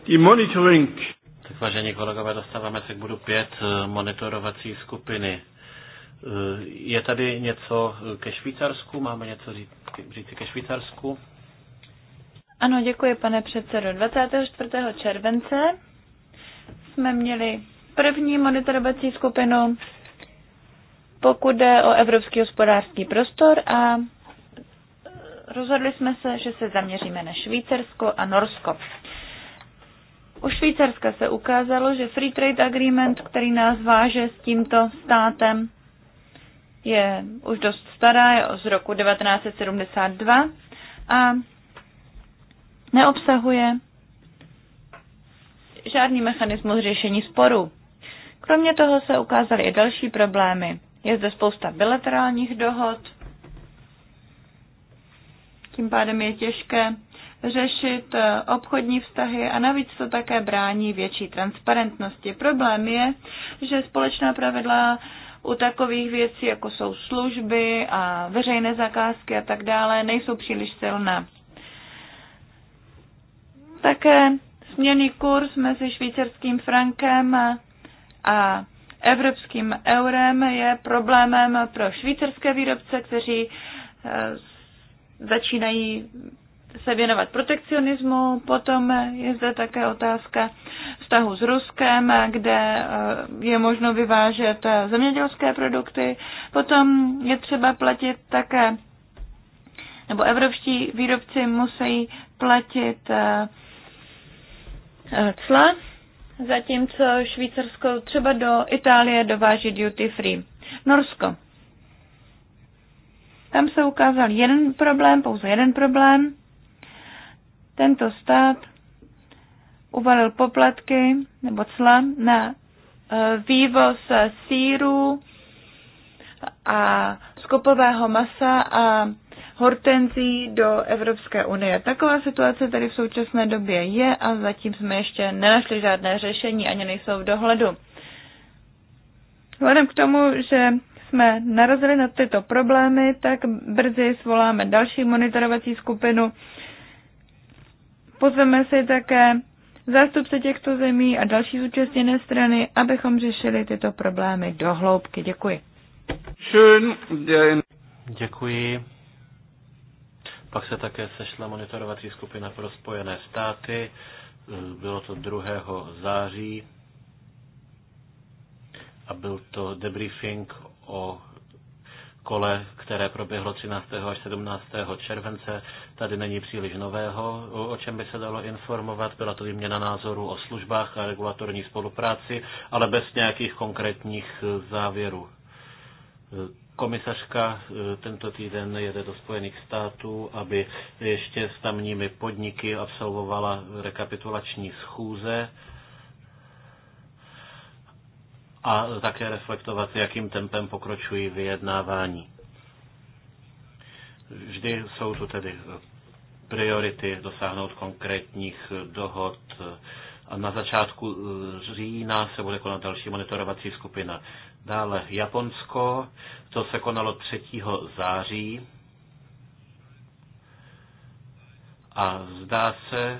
die Monitoring. Tak vážení kolegové, dostáváme se k bodu 5, eh, monitorovací skupiny. Eh, je tady něco ke Švýcarsku? Máme něco říct, ke Švýcarsku? Ano, děkuji, pane předsedo. 24. července jsme měli první monitorovací skupinu, pokud jde o evropský hospodářský prostor a Rozhodli jsme se, že se zaměříme na Švýcarsko a Norsko. U Švýcarska se ukázalo, že Free Trade Agreement, který nás váže s tímto státem, je už dost stará, je z roku 1972 a neobsahuje žádný mechanismus řešení sporů. Kromě toho se ukázaly i další problémy. Je zde spousta bilaterálních dohod, tím pádem je těžké řešit eh, obchodní vztahy a navíc to také brání větší transparentnosti. Problém je, že společná pravidla u takových věcí, jako jsou služby a veřejné zakázky a tak dále, nejsou příliš silná. Také směný kurz mezi švýcarským frankem a evropským eurem je problémem pro švýcarské výrobce, kteří eh, začínají se věnovat protekcionismu, potom je zde také otázka vztahu s Ruskem, kde eh, je možno vyvážet eh, zemědělské produkty, potom je třeba platit také, nebo evropští výrobci musí platit eh, cla, zatímco Švýcarsko třeba do Itálie dováží duty free. Norsko. Tam se ukázal jeden problém, pouze jeden problém. Tento stát uvalil poplatky nebo cla na e, vývoz síru a skopového masa a hortenzí do Evropské unie. Taková situace tady v současné době je a zatím jsme ještě nenašli žádné řešení, ani nejsou v dohledu. Vzhledem k tomu, že jsme narazili na tyto problémy, tak brzy svoláme další monitorovací skupinu. Pozveme si také zástupce těchto zemí a další zúčastněné strany, abychom řešili tyto problémy do hloubky. Děkuji. Děkuji. Pak se také sešla monitorovací skupina pro Spojené státy. Bylo to 2. září a byl to debriefing o kole, které proběhlo 13. až 17. července. Tady není příliš nového, o čem by se dalo informovat. Byla to výměna názorů o službách a regulatorní spolupráci, ale bez nějakých konkrétních eh, závěrů. Eh, komisařka eh, tento týden jede do Spojených států, aby ještě s tamními podniky absolvovala rekapitulační schůze a také reflektovat, jakým tempem pokročují vyjednávání. Vždy jsou tu tedy priority dosáhnout konkrétních dohod. A na začátku října se bude konat další monitorovací skupina. Dále Japonsko, to se konalo 3. září. A zdá se,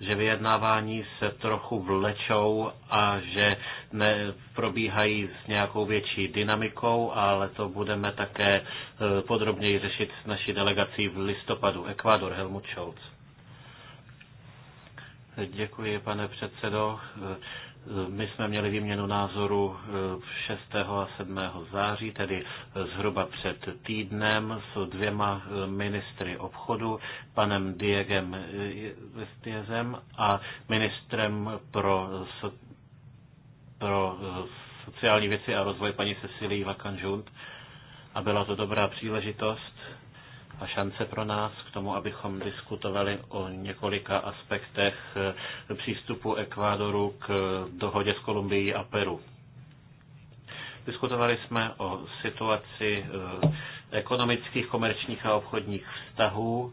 že vyjednávání se trochu vlečou a že ne, probíhají s nějakou větší dynamikou, ale to budeme také e, podrobněji řešit s naší delegací v listopadu. Ekvádor, Helmut Scholz. Děkuji, pane předsedo. My jsme měli výměnu názoru 6. Eh, a 7. září, tedy eh, zhruba před týdnem s dvěma eh, ministry obchodu, panem Diegem Vestiezem a ministrem pro, so, pro sociální věci a rozvoj paní Cecilii Vakanžund. A byla to dobrá příležitost a šance pro nás k tomu, abychom diskutovali o několika aspektech eh, přístupu Ekvádoru k eh, dohodě s Kolumbií a Peru. Diskutovali jsme o situaci eh, ekonomických, komerčních a obchodních vztahů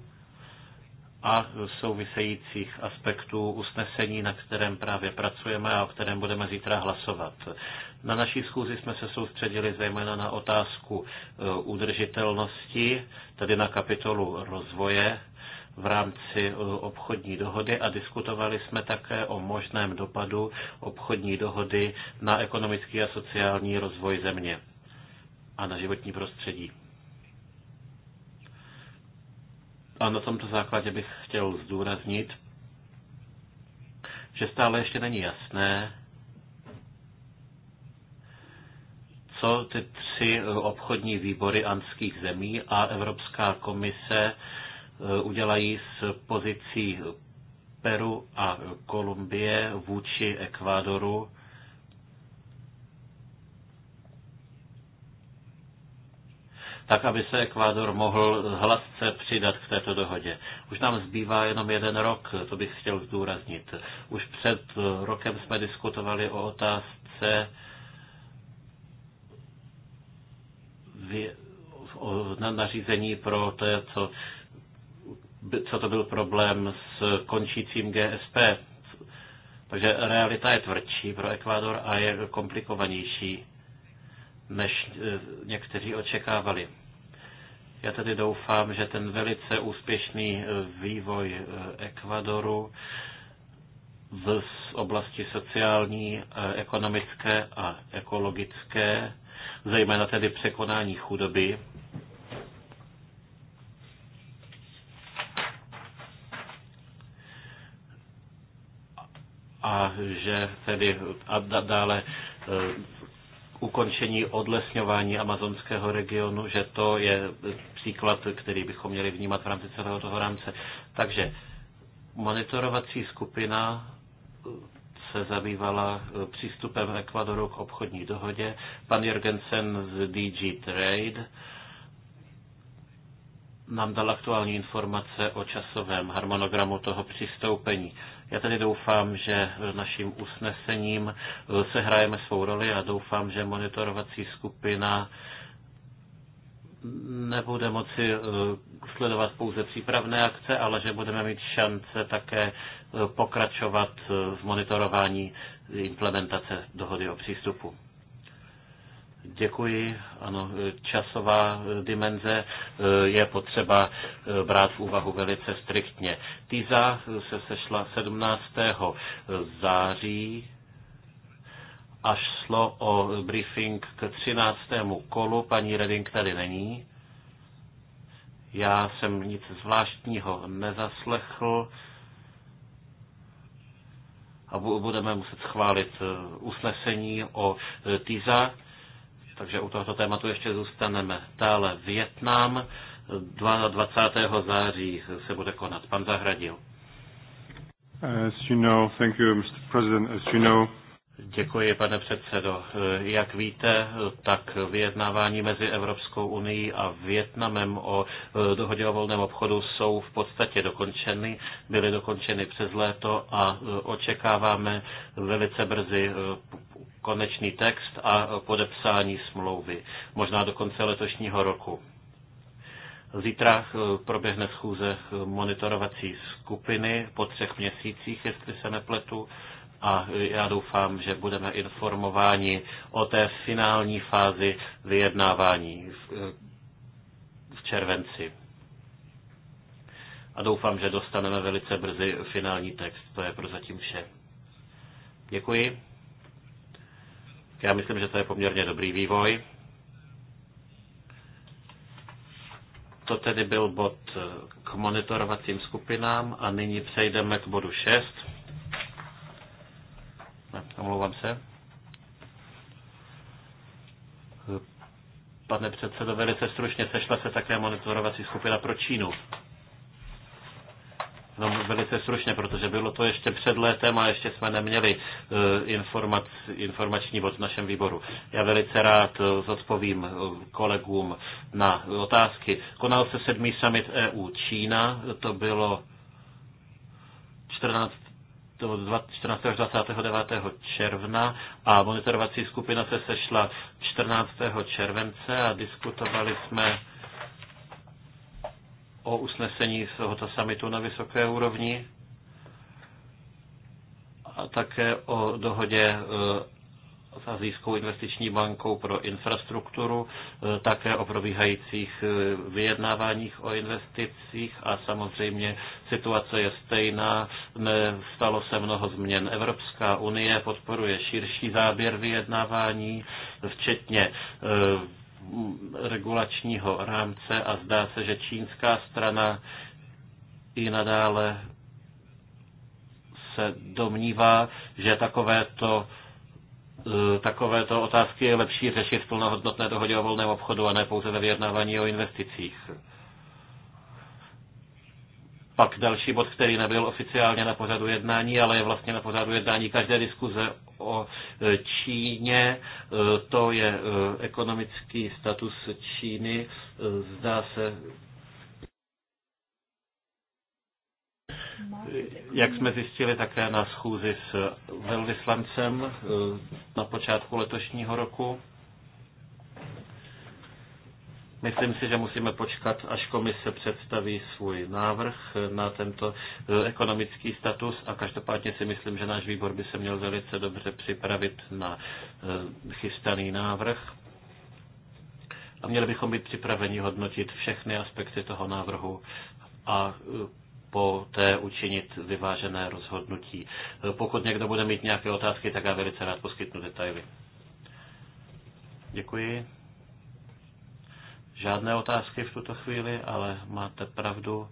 a souvisejících aspektů usnesení, na kterém právě pracujeme a o kterém budeme zítra hlasovat. Na naší schůzi jsme se soustředili zejména na otázku e, udržitelnosti, tedy na kapitolu rozvoje v rámci e, obchodní dohody a diskutovali jsme také o možném dopadu obchodní dohody na ekonomický a sociální rozvoj země a na životní prostředí. A na tomto základě bych chtěl zdůraznit, že stále ještě není jasné, co ty tři eh, obchodní výbory anských zemí a Evropská komise eh, udělají s pozicí Peru a Kolumbie vůči Ekvádoru tak aby se Ekvádor mohl hladce přidat k této dohodě. Už nám zbývá jenom jeden rok, to bych chtěl zdůraznit. Už před eh, rokem jsme diskutovali o otázce na nařízení pro to, co, co to byl problém s končícím GSP. Takže realita je tvrdší pro Ekvádor a je komplikovanější, než eh, někteří očekávali. Já tedy doufám, že ten velice úspěšný eh, vývoj eh, Ekvadoru v oblasti sociální, eh, ekonomické a ekologické, zejména tedy překonání chudoby, a že tedy a dále ukončení odlesňování amazonského regionu, že to je příklad, který bychom měli vnímat v rámci celého toho rámce. Takže monitorovací skupina se zabývala přístupem Ekvadoru k obchodní dohodě. Pan Jorgensen z DG Trade nám dal aktuální informace o časovém harmonogramu toho přistoupení. Já tedy doufám, že naším usnesením se hrajeme svou roli a doufám, že monitorovací skupina nebude moci eh, sledovat pouze přípravné akce, ale že budeme mít šance také eh, pokračovat eh, v monitorování implementace dohody o přístupu. Děkuji. Ano, časová dimenze eh, je potřeba eh, brát v úvahu velice striktně. Týza se sešla 17. září a šlo o briefing k 13. kolu. Paní Reding tady není. Já jsem nic zvláštního nezaslechl a budeme muset schválit eh, usnesení o TISA takže u tohoto tématu ještě zůstaneme. Dále Větnam 22. září se bude konat. Pan Zahradil. As you know, thank you, Mr. President. As you know, Děkuji, pane předsedo. Jak víte, tak vyjednávání mezi Evropskou unii a Větnamem o eh, dohodě o volném obchodu jsou v podstatě dokončeny. Byly dokončeny přes léto a eh, očekáváme velice brzy eh, konečný text a podepsání smlouvy, možná do konce letošního roku. Zítra proběhne schůze monitorovací skupiny po třech měsících, jestli se nepletu a já doufám, že budeme informováni o té finální fázi vyjednávání v, v červenci. A doufám, že dostaneme velice brzy finální text. To je prozatím vše. Děkuji. Já myslím, že to je poměrně dobrý vývoj. To tedy byl bod k monitorovacím skupinám a nyní přejdeme k bodu 6 ne, omlouvám se. Pane předsedo, velice stručně sešla se také monitorovací skupina pro Čínu. No, velice stručně, protože bylo to ještě před létem a ještě jsme neměli e, informac, informační bod v našem výboru. Já velice rád e, zodpovím e, kolegům na otázky. Konal se sedmý summit EU Čína, to bylo 14. 14. až 29. června a monitorovací skupina se sešla 14. července a diskutovali jsme o usnesení z tohoto samitu na vysoké úrovni a také o dohodě e, s Azijskou investiční bankou pro infrastrukturu, eh, také o probíhajících eh, vyjednáváních o investicích a samozřejmě situace je stejná, stalo se mnoho změn. Evropská unie podporuje širší záběr vyjednávání, včetně eh, regulačního rámce a zdá se, že čínská strana i nadále se domnívá, že takovéto E, takovéto otázky je lepší řešit v plnohodnotné dohodě o volném obchodu a ne pouze ve vyjednávání o investicích. Pak další bod, který nebyl oficiálně na pořadu jednání, ale je vlastně na pořadu jednání každé diskuze o e, Číně, e, to je ekonomický status Číny. Zdá se, Jak jsme zjistili také na schůzi s velvyslancem eh, na počátku letošního roku, Myslím si, že musíme počkat, až komise představí svůj návrh na tento eh, ekonomický status a každopádně si myslím, že náš výbor by se měl velice dobře připravit na eh, chystaný návrh. A měli bychom být připraveni hodnotit všechny aspekty toho návrhu a poté učinit vyvážené rozhodnutí. Pokud někdo bude mít nějaké otázky, tak já velice rád poskytnu detaily. Děkuji. Žádné otázky v tuto chvíli, ale máte pravdu.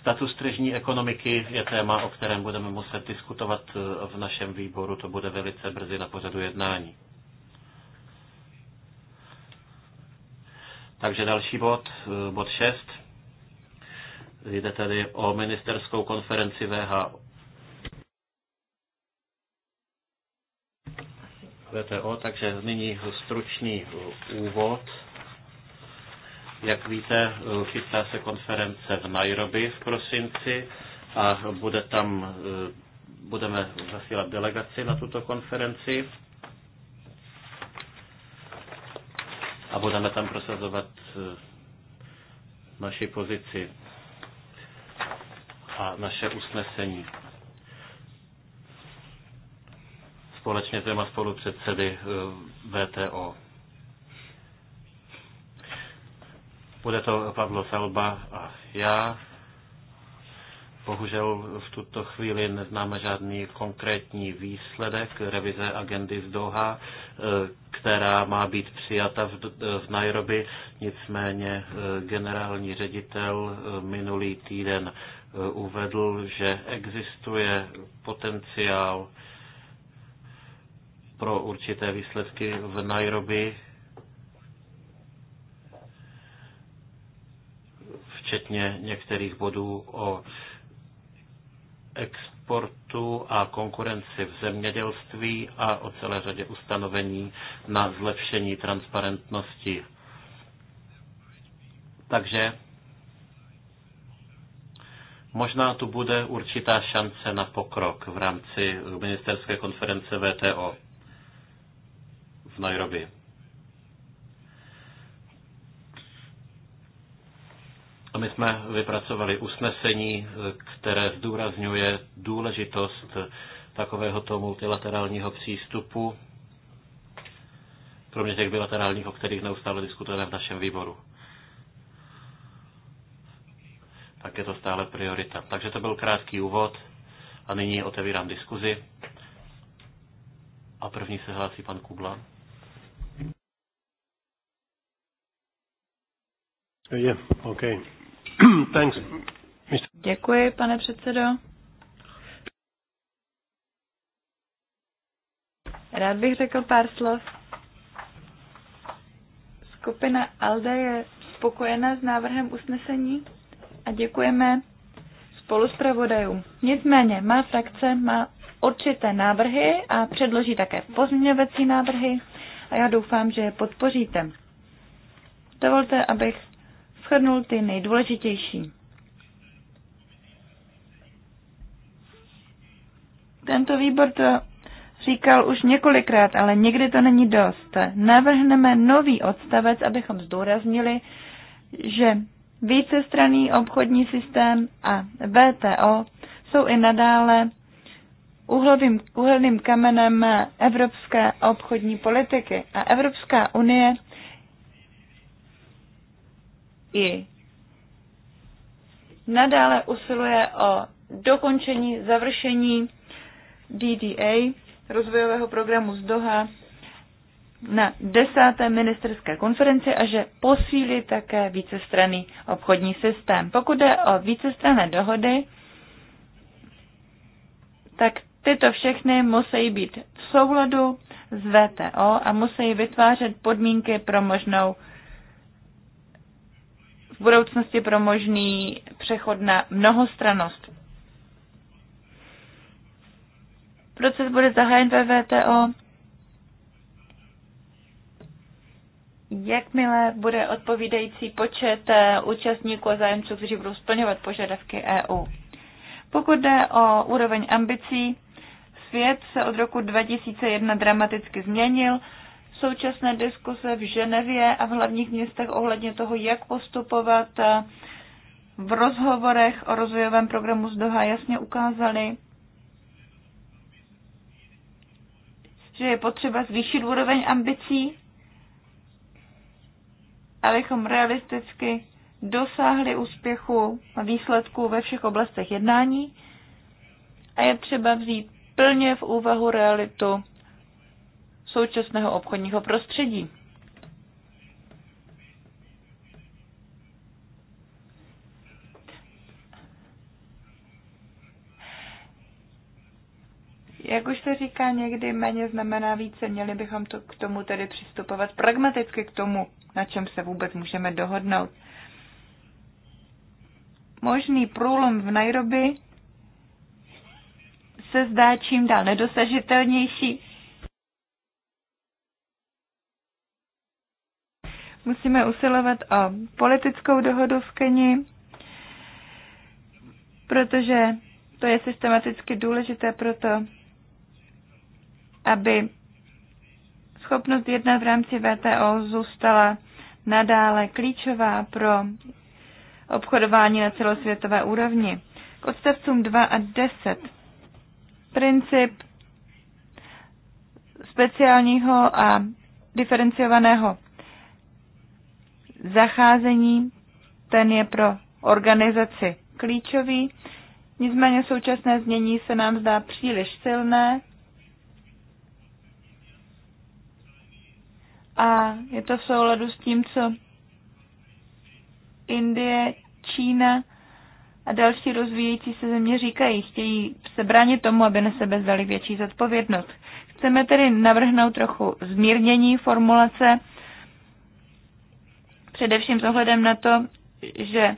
Status tržní ekonomiky je téma, o kterém budeme muset diskutovat v našem výboru. To bude velice brzy na pořadu jednání. Takže další bod, eh, bod 6. Jde tedy o ministerskou konferenci VHO. VTO, takže nyní stručný eh, úvod. Jak víte, eh, chystá se konference v Nairobi v prosinci a bude tam, budeme zasílat delegaci na tuto konferenci. a budeme tam prosazovat eh, naši pozici a naše usnesení. Společně s dvěma spolupředsedy eh, VTO. Bude to Pavlo Salba a já Bohužel v tuto chvíli neznáme žádný konkrétní výsledek revize agendy z Doha, e, která má být přijata v, Nairobi. Nicméně e, generální ředitel e, minulý týden uvedl, že existuje potenciál pro určité výsledky v Nairobi, včetně některých bodů o exportu a konkurenci v zemědělství a o celé řadě ustanovení na zlepšení transparentnosti. Takže možná tu bude určitá šance na pokrok v rámci ministerské konference VTO v Nairobi. A my jsme vypracovali usnesení, které zdůrazňuje důležitost takovéhoto multilaterálního přístupu, kromě těch bilaterálních, o kterých neustále diskutujeme v našem výboru. Tak je to stále priorita. Takže to byl krátký úvod a nyní otevírám diskuzi. A první se hlásí pan Kubla. Yeah, okay. Thanks, Děkuji, pane předsedo. Rád bych řekl pár slov. Skupina ALDE je spokojená s návrhem usnesení a děkujeme spoluspravodajům. Nicméně má frakce, má určité návrhy a předloží také pozměňovací návrhy a já doufám, že je podpoříte. Dovolte, abych schrnul ty nejdůležitější. Tento výbor to říkal už několikrát, ale někdy to není dost. Navrhneme nový odstavec, abychom zdůraznili, že vícestranný obchodní systém a VTO jsou i nadále uhlovým, uhelným kamenem evropské obchodní politiky. A Evropská unie i nadále usiluje o dokončení, završení DDA, rozvojového programu z Doha, na desáté ministerské konferenci a že posílí také vícestranný obchodní systém. Pokud jde o vícestranné dohody, tak tyto všechny musí být v souladu s VTO a musí vytvářet podmínky pro možnou budoucnosti pro možný přechod na mnohostranost. Proces bude zahájen ve VTO. Jakmile bude odpovídající počet eh, účastníků a zájemců, kteří budou splňovat požadavky EU. Pokud jde o úroveň ambicí, svět se od roku 2001 dramaticky změnil současné diskuse v Ženevě a v hlavních městech ohledně toho, jak postupovat eh, v rozhovorech o rozvojovém programu z Doha jasně ukázaly, že je potřeba zvýšit úroveň ambicí, abychom realisticky dosáhli úspěchu a výsledků ve všech oblastech jednání a je třeba vzít plně v úvahu realitu současného obchodního prostředí. Jak už se říká, někdy méně znamená více. Měli bychom to, k tomu tedy přistupovat pragmaticky k tomu, na čem se vůbec můžeme dohodnout. Možný průlom v Nairobi se zdá čím dál nedosažitelnější. Musíme usilovat o politickou dohodu v Keni, protože to je systematicky důležité proto, aby schopnost jednat v rámci VTO zůstala nadále klíčová pro obchodování na celosvětové úrovni. K odstavcům 2 a 10. Princip speciálního a diferenciovaného zacházení, ten je pro organizaci klíčový. Nicméně současné znění se nám zdá příliš silné a je to v souladu s tím, co Indie, Čína a další rozvíjející se země říkají. Chtějí se bránit tomu, aby na sebe zdali větší zodpovědnost. Chceme tedy navrhnout trochu zmírnění formulace, Především s ohledem na to, že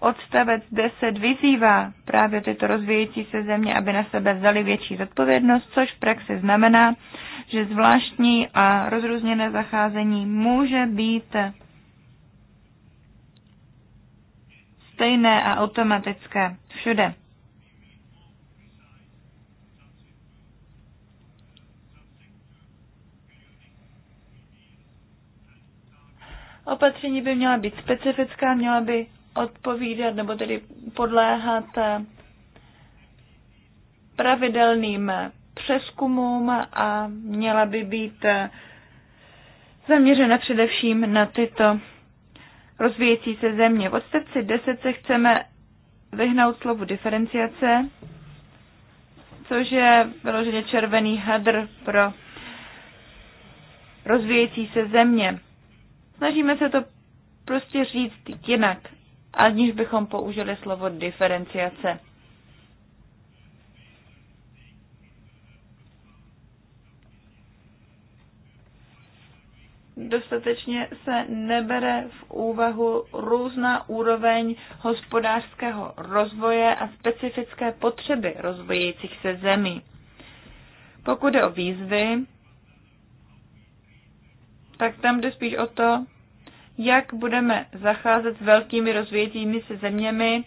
odstavec 10 vyzývá právě tyto rozvíjející se země, aby na sebe vzali větší zodpovědnost, což v praxi znamená, že zvláštní a rozrůzněné zacházení může být stejné a automatické všude. Opatření by měla být specifická, měla by odpovídat nebo tedy podléhat eh, pravidelným eh, přeskumům a měla by být eh, zaměřena především na tyto rozvíjející se země. V odstavci 10 se chceme vyhnout slovu diferenciace, což je vyloženě červený hadr pro rozvíjející se země. Snažíme se to prostě říct jinak, aniž bychom použili slovo diferenciace. dostatečně se nebere v úvahu různá úroveň hospodářského rozvoje a specifické potřeby rozvojících se zemí. Pokud je o výzvy, tak tam jde spíš o to, jak budeme zacházet s velkými rozvíjejícími se zeměmi.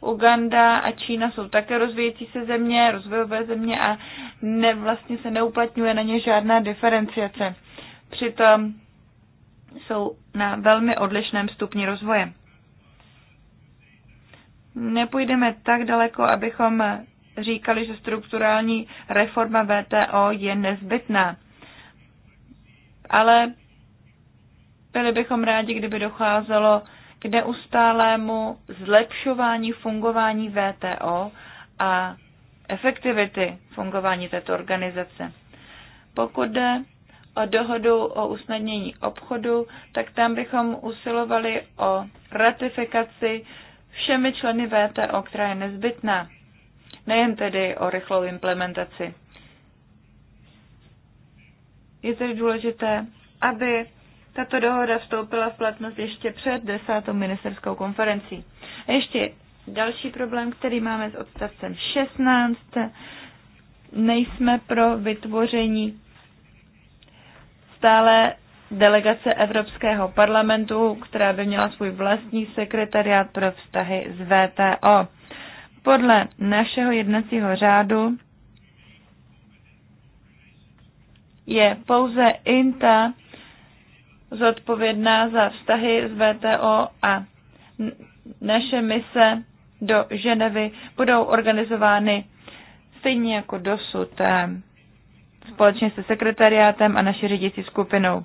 Uganda a Čína jsou také rozvíjející se země, rozvojové země a ne, vlastně se neuplatňuje na ně žádná diferenciace. Přitom jsou na velmi odlišném stupni rozvoje. Nepůjdeme tak daleko, abychom říkali, že strukturální reforma VTO je nezbytná. Ale byli bychom rádi, kdyby docházelo k neustálému zlepšování fungování VTO a efektivity fungování této organizace. Pokud jde o dohodu o usnadnění obchodu, tak tam bychom usilovali o ratifikaci všemi členy VTO, která je nezbytná, nejen tedy o rychlou implementaci. Je tedy důležité, aby tato dohoda vstoupila v platnost ještě před desátou ministerskou konferencí. A ještě další problém, který máme s odstavcem 16. Nejsme pro vytvoření stále delegace Evropského parlamentu, která by měla svůj vlastní sekretariát pro vztahy s VTO. Podle našeho jednacího řádu je pouze INTA zodpovědná za vztahy s VTO a naše mise do Ženevy budou organizovány stejně jako dosud eh, společně se sekretariátem a naší řídící skupinou.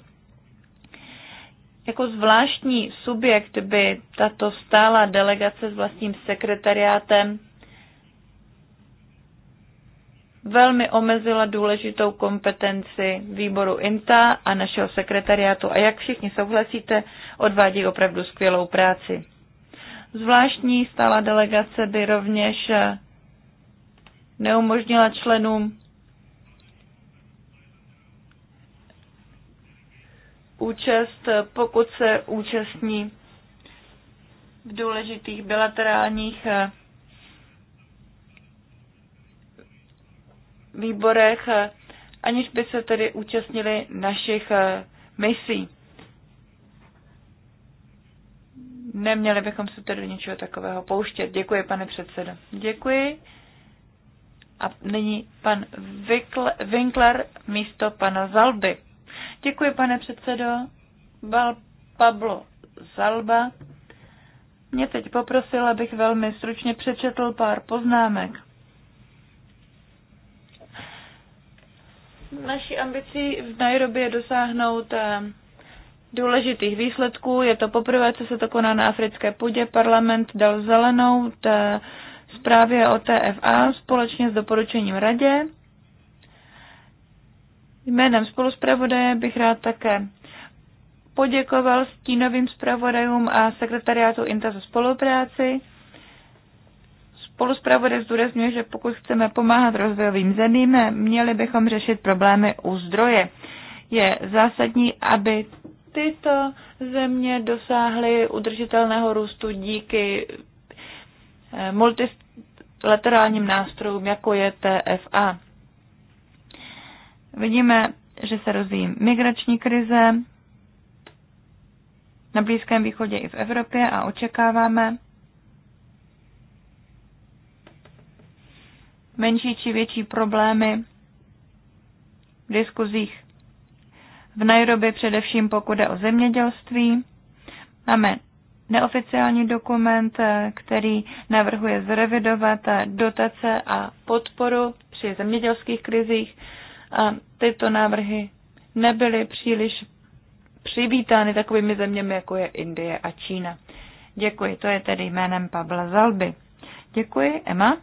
Jako zvláštní subjekt by tato stála delegace s vlastním sekretariátem velmi omezila důležitou kompetenci výboru INTA a našeho sekretariátu a jak všichni souhlasíte, odvádí opravdu skvělou práci. Zvláštní stála delegace by rovněž eh, neumožnila členům účast, eh, pokud se účastní v důležitých bilaterálních eh, výborech, eh, aniž by se tedy účastnili našich eh, misí. Neměli bychom se tedy něčeho takového pouštět. Děkuji, pane předsedo. Děkuji. A nyní pan Winkler místo pana Zalby. Děkuji, pane předsedo. Bal Pablo Zalba. Mě teď poprosil, abych velmi stručně přečetl pár poznámek. Naší ambicí v Nairobi je dosáhnout eh, důležitých výsledků. Je to poprvé, co se to koná na africké půdě. Parlament dal zelenou té zprávě o TFA společně s doporučením radě. Jménem spoluspravodaje bych rád také poděkoval stínovým zpravodajům a sekretariátu INTA za spolupráci. Spoluzpravodaj zdůrazňuje, že pokud chceme pomáhat rozvojovým zemím, měli bychom řešit problémy u zdroje. Je zásadní, aby tyto země dosáhly udržitelného růstu díky eh, multilaterálním nástrojům, jako je TFA. Vidíme, že se rozvíjí migrační krize na Blízkém východě i v Evropě a očekáváme, menší či větší problémy v diskuzích v Nairobi, především pokud jde o zemědělství. Máme neoficiální dokument, který navrhuje zrevidovat dotace a podporu při zemědělských krizích. A tyto návrhy nebyly příliš přivítány takovými zeměmi, jako je Indie a Čína. Děkuji, to je tedy jménem Pavla Zalby. Děkuji, Emma.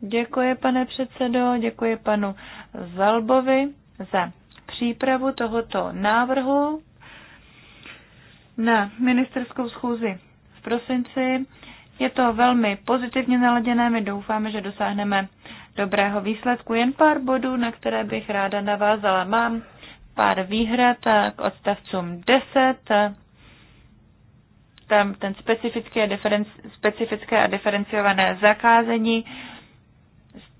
Děkuji, pane předsedo, děkuji panu Zalbovi za přípravu tohoto návrhu na ministerskou schůzi v prosinci. Je to velmi pozitivně naladěné, my doufáme, že dosáhneme dobrého výsledku. Jen pár bodů, na které bych ráda navázala. Mám pár výhrad k odstavcům 10. Tam ten specifické, diferenci, specifické a diferenciované zakázení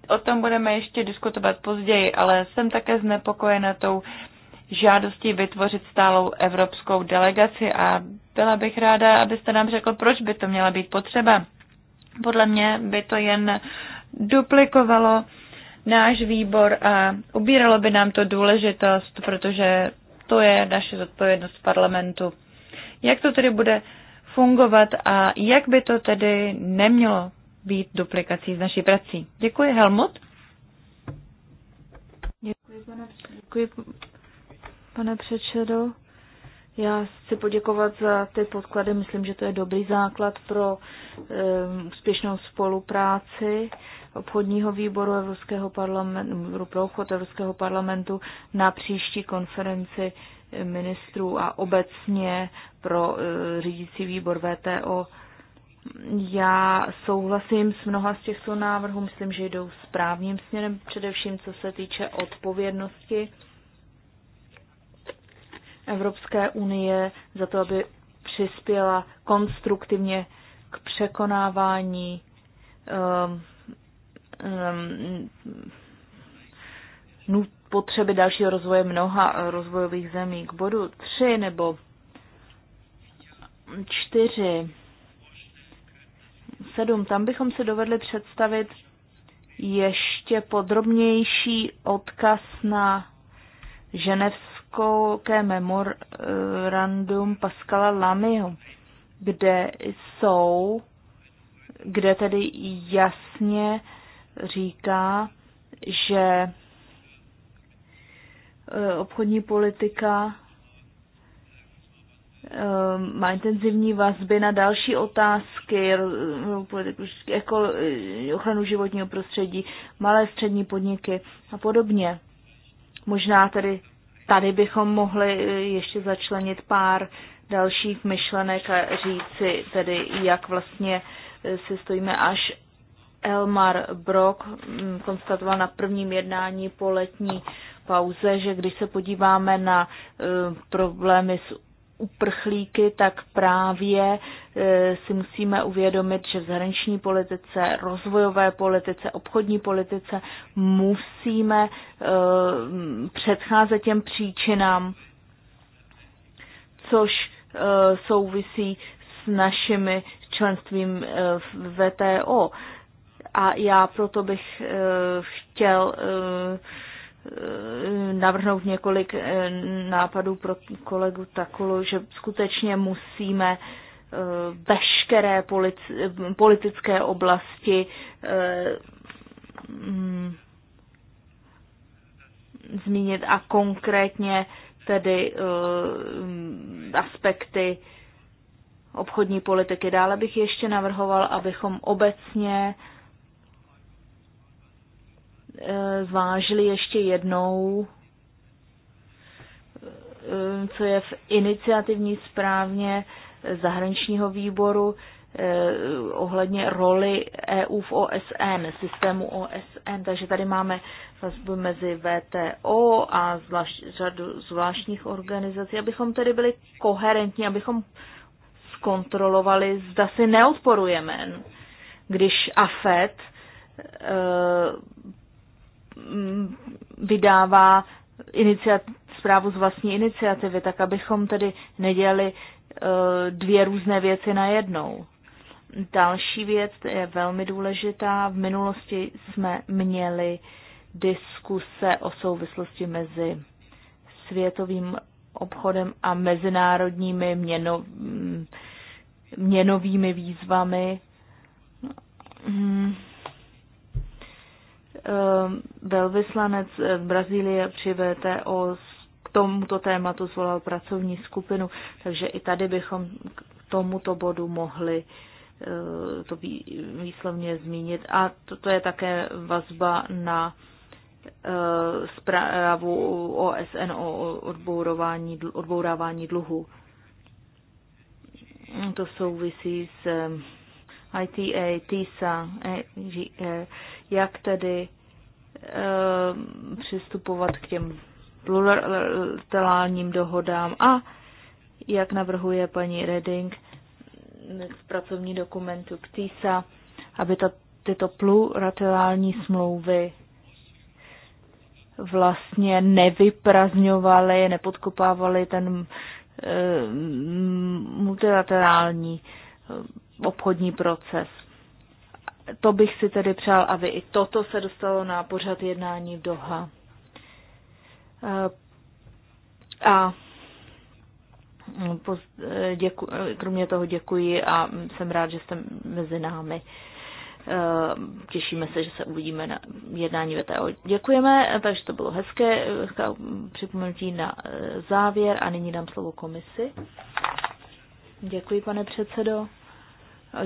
O tom budeme ještě diskutovat později, ale jsem také znepokojena tou žádostí vytvořit stálou evropskou delegaci a byla bych ráda, abyste nám řekl, proč by to měla být potřeba. Podle mě by to jen duplikovalo náš výbor a ubíralo by nám to důležitost, protože to je naše zodpovědnost parlamentu. Jak to tedy bude fungovat a jak by to tedy nemělo být duplikací z naší prací. Děkuji, Helmut. Děkuji, pane, děkuji, pane předsedo. Já chci poděkovat za ty podklady. Myslím, že to je dobrý základ pro um, úspěšnou spolupráci obchodního výboru Evropského parlamentu, pro obchod Evropského parlamentu na příští konferenci ministrů a obecně pro uh, řídící výbor VTO. Já souhlasím s mnoha z těchto návrhů, myslím, že jdou správným směrem, především co se týče odpovědnosti Evropské unie za to, aby přispěla konstruktivně k překonávání um, um, potřeby dalšího rozvoje mnoha rozvojových zemí. K bodu 3 nebo 4 7. Tam bychom si dovedli představit ještě podrobnější odkaz na ženevské memorandum Pascala Lamyho, kde jsou, kde tedy jasně říká, že eh, obchodní politika Ehm, má intenzivní vazby na další otázky, jako ochranu životního prostředí, malé střední podniky a podobně. Možná tady, tady bychom mohli eh, ještě začlenit pár dalších myšlenek a říci tedy, jak vlastně eh, si stojíme až Elmar Brock mm, konstatoval na prvním jednání po letní pauze, že když se podíváme na eh, problémy s uprchlíky, tak právě e, si musíme uvědomit, že v zahraniční politice, rozvojové politice, obchodní politice musíme e, předcházet těm příčinám, což e, souvisí s našimi členstvím v VTO. A já proto bych chtěl navrhnout několik eh, nápadů pro kolegu Takulu, že skutečně musíme eh, veškeré politické oblasti eh, mm, zmínit a konkrétně tedy aspekty obchodní politiky. Dále bych ještě navrhoval, abychom obecně Eh, zvážili ještě jednou, eh, co je v iniciativní správně zahraničního výboru eh, ohledně roli EU v OSN, systému OSN. Takže tady máme vazbu mezi VTO a zvlášť, řadu zvláštních organizací, abychom tedy byli koherentní, abychom zkontrolovali, zda si neodporujeme, když AFET Mm, vydává zprávu z vlastní iniciativy, tak abychom tedy nedělali e, dvě různé věci najednou. Další věc je velmi důležitá. V minulosti jsme měli diskuse o souvislosti mezi světovým obchodem a mezinárodními měno, mm, měnovými výzvami. Mm. Eh, velvyslanec eh, Brazílie při VTO k tomuto tématu zvolal pracovní skupinu, takže i tady bychom k tomuto bodu mohli eh, to výslovně zmínit. A toto je také vazba na zprávu OSN o odbourování, odbourávání dluhu. To souvisí s ITA, TISA, jak tedy Eh, přistupovat k těm pluralitálním dohodám a, jak navrhuje paní Redding v pracovní dokumentu k TISA, aby ta, tyto pluralitální smlouvy vlastně nevyprazňovaly, nepodkopávaly ten e, multilaterální eh, obchodní proces to bych si tedy přál, aby i toto se dostalo na pořad jednání v Doha. Eh, a mm, eh, eh, kromě toho děkuji a mm, jsem rád, že jste mezi námi. Těšíme se, že se uvidíme na jednání VTO. Děkujeme, takže to bylo hezké připomenutí na závěr a nyní dám slovo komisi. Děkuji, pane předsedo.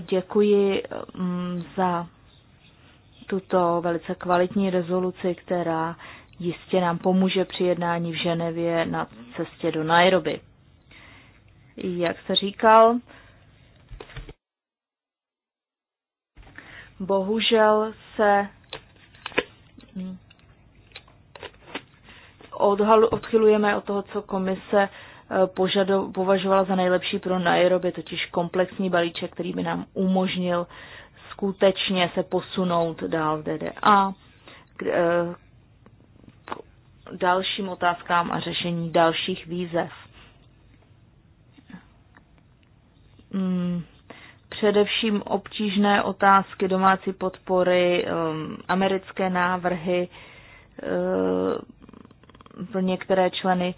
Děkuji mm, za tuto velice kvalitní rezoluci, která jistě nám pomůže při jednání v Ženevě na cestě do Nairobi. Jak se říkal, bohužel se odchylujeme od toho, co komise požado, považovala za nejlepší pro Nairobi, totiž komplexní balíček, který by nám umožnil skutečně se posunout dál v DDA, k, eh, k dalším otázkám a řešení dalších výzev. Hmm především obtížné otázky domácí podpory, ehm, americké návrhy eh, pro některé členy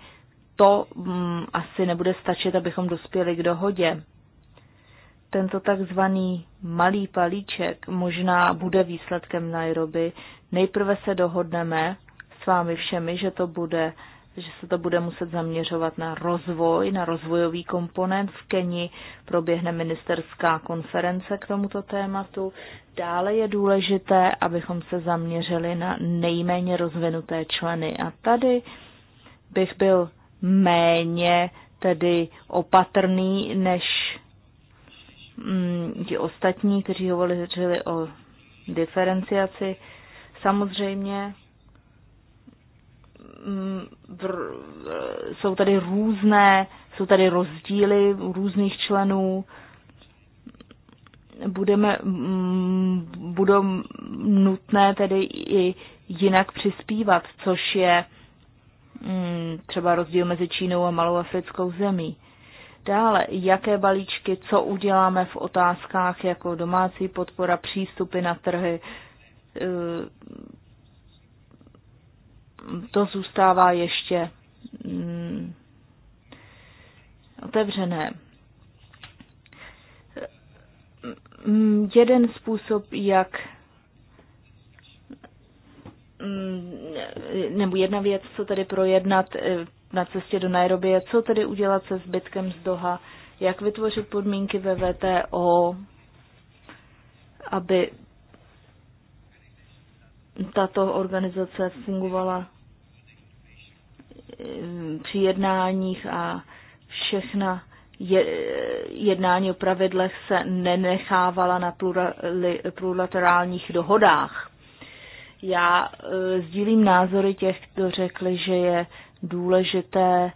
to mm, asi nebude stačit, abychom dospěli k dohodě. Tento takzvaný malý palíček možná bude výsledkem Nairobi. Nejprve se dohodneme s vámi všemi, že to bude že se to bude muset zaměřovat na rozvoj, na rozvojový komponent. V Keni proběhne ministerská konference k tomuto tématu. Dále je důležité, abychom se zaměřili na nejméně rozvinuté členy. A tady bych byl méně tedy opatrný než mm, ti ostatní, kteří hovořili o diferenciaci. Samozřejmě mm, v, e, jsou tady různé, jsou tady rozdíly různých členů. Budeme, mm, budou nutné tedy i jinak přispívat, což je Mm, třeba rozdíl mezi Čínou a malou africkou zemí. Dále, jaké balíčky, co uděláme v otázkách jako domácí podpora, přístupy na trhy, eh, to zůstává ještě mm, otevřené. Mm, jeden způsob, jak Mm, nebo jedna věc, co tedy projednat eh, na cestě do Nairobi je, co tedy udělat se zbytkem z Doha, jak vytvořit podmínky ve VTO, aby tato organizace fungovala eh, při jednáních a všechna eh, jednání o pravidlech se nenechávala na plurilaterálních dohodách. Já e, sdílím názory těch, kdo řekli, že je důležité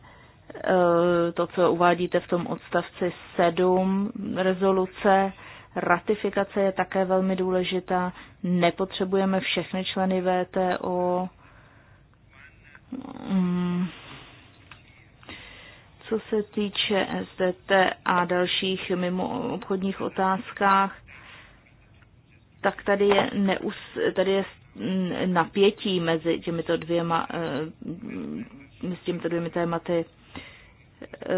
e, to, co uvádíte v tom odstavci 7 rezoluce. Ratifikace je také velmi důležitá. Nepotřebujeme všechny členy VTO. Mm. Co se týče SDT a dalších mimo obchodních otázkách, tak tady je, neus, tady je Mm, napětí mezi těmito dvěma, eh, s těmito dvěmi tématy. Eh,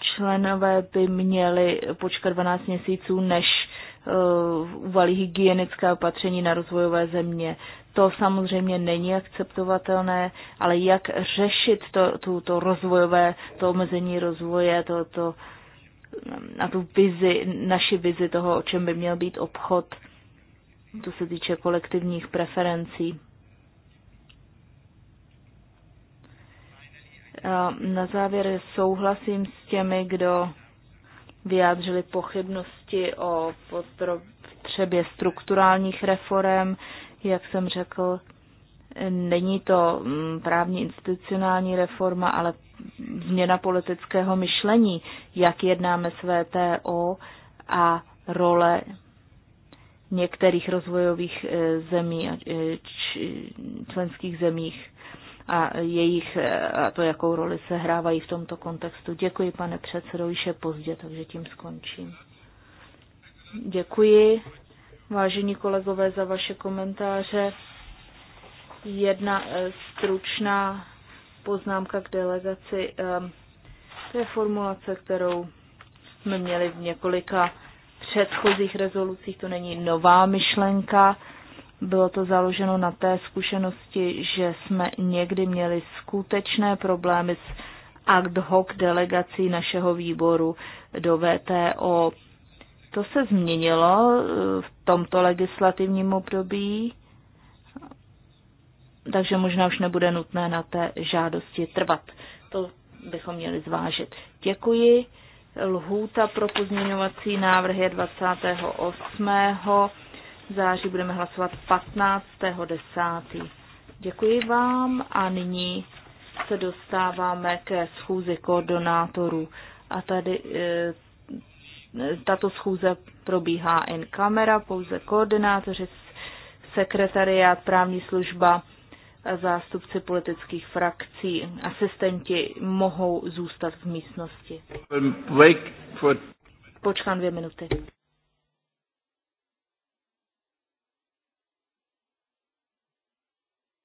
členové by měli počkat 12 měsíců, než eh, uvalí hygienické opatření na rozvojové země. To samozřejmě není akceptovatelné, ale jak řešit to, to, to rozvojové, to omezení rozvoje, to, to, na tu vizi, naši vizi toho, o čem by měl být obchod, co se týče kolektivních preferencí. A na závěr souhlasím s těmi, kdo vyjádřili pochybnosti o potřebě strukturálních reform. Jak jsem řekl, není to mm, právní institucionální reforma, ale změna politického myšlení, jak jednáme s VTO a role některých rozvojových eh, zemí a eh, členských zemích a jejich, eh, a to, jakou roli se hrávají v tomto kontextu. Děkuji, pane předsedo, již je pozdě, takže tím skončím. Děkuji, vážení kolegové, za vaše komentáře. Jedna stručná poznámka k delegaci. To je formulace, kterou jsme měli v několika předchozích rezolucích, to není nová myšlenka. Bylo to založeno na té zkušenosti, že jsme někdy měli skutečné problémy s ad hoc delegací našeho výboru do VTO. To se změnilo eh, v tomto legislativním období, takže možná už nebude nutné na té žádosti trvat. To bychom měli zvážit. Děkuji. Lhůta pro pozměňovací návrh je 28. září, budeme hlasovat 15. 10. Děkuji vám a nyní se dostáváme ke schůzi koordinátorů. A tady e, tato schůze probíhá in kamera, pouze koordinátoři, sekretariát, právní služba, zástupci politických frakcí, asistenti mohou zůstat v místnosti. Počkám dvě minuty.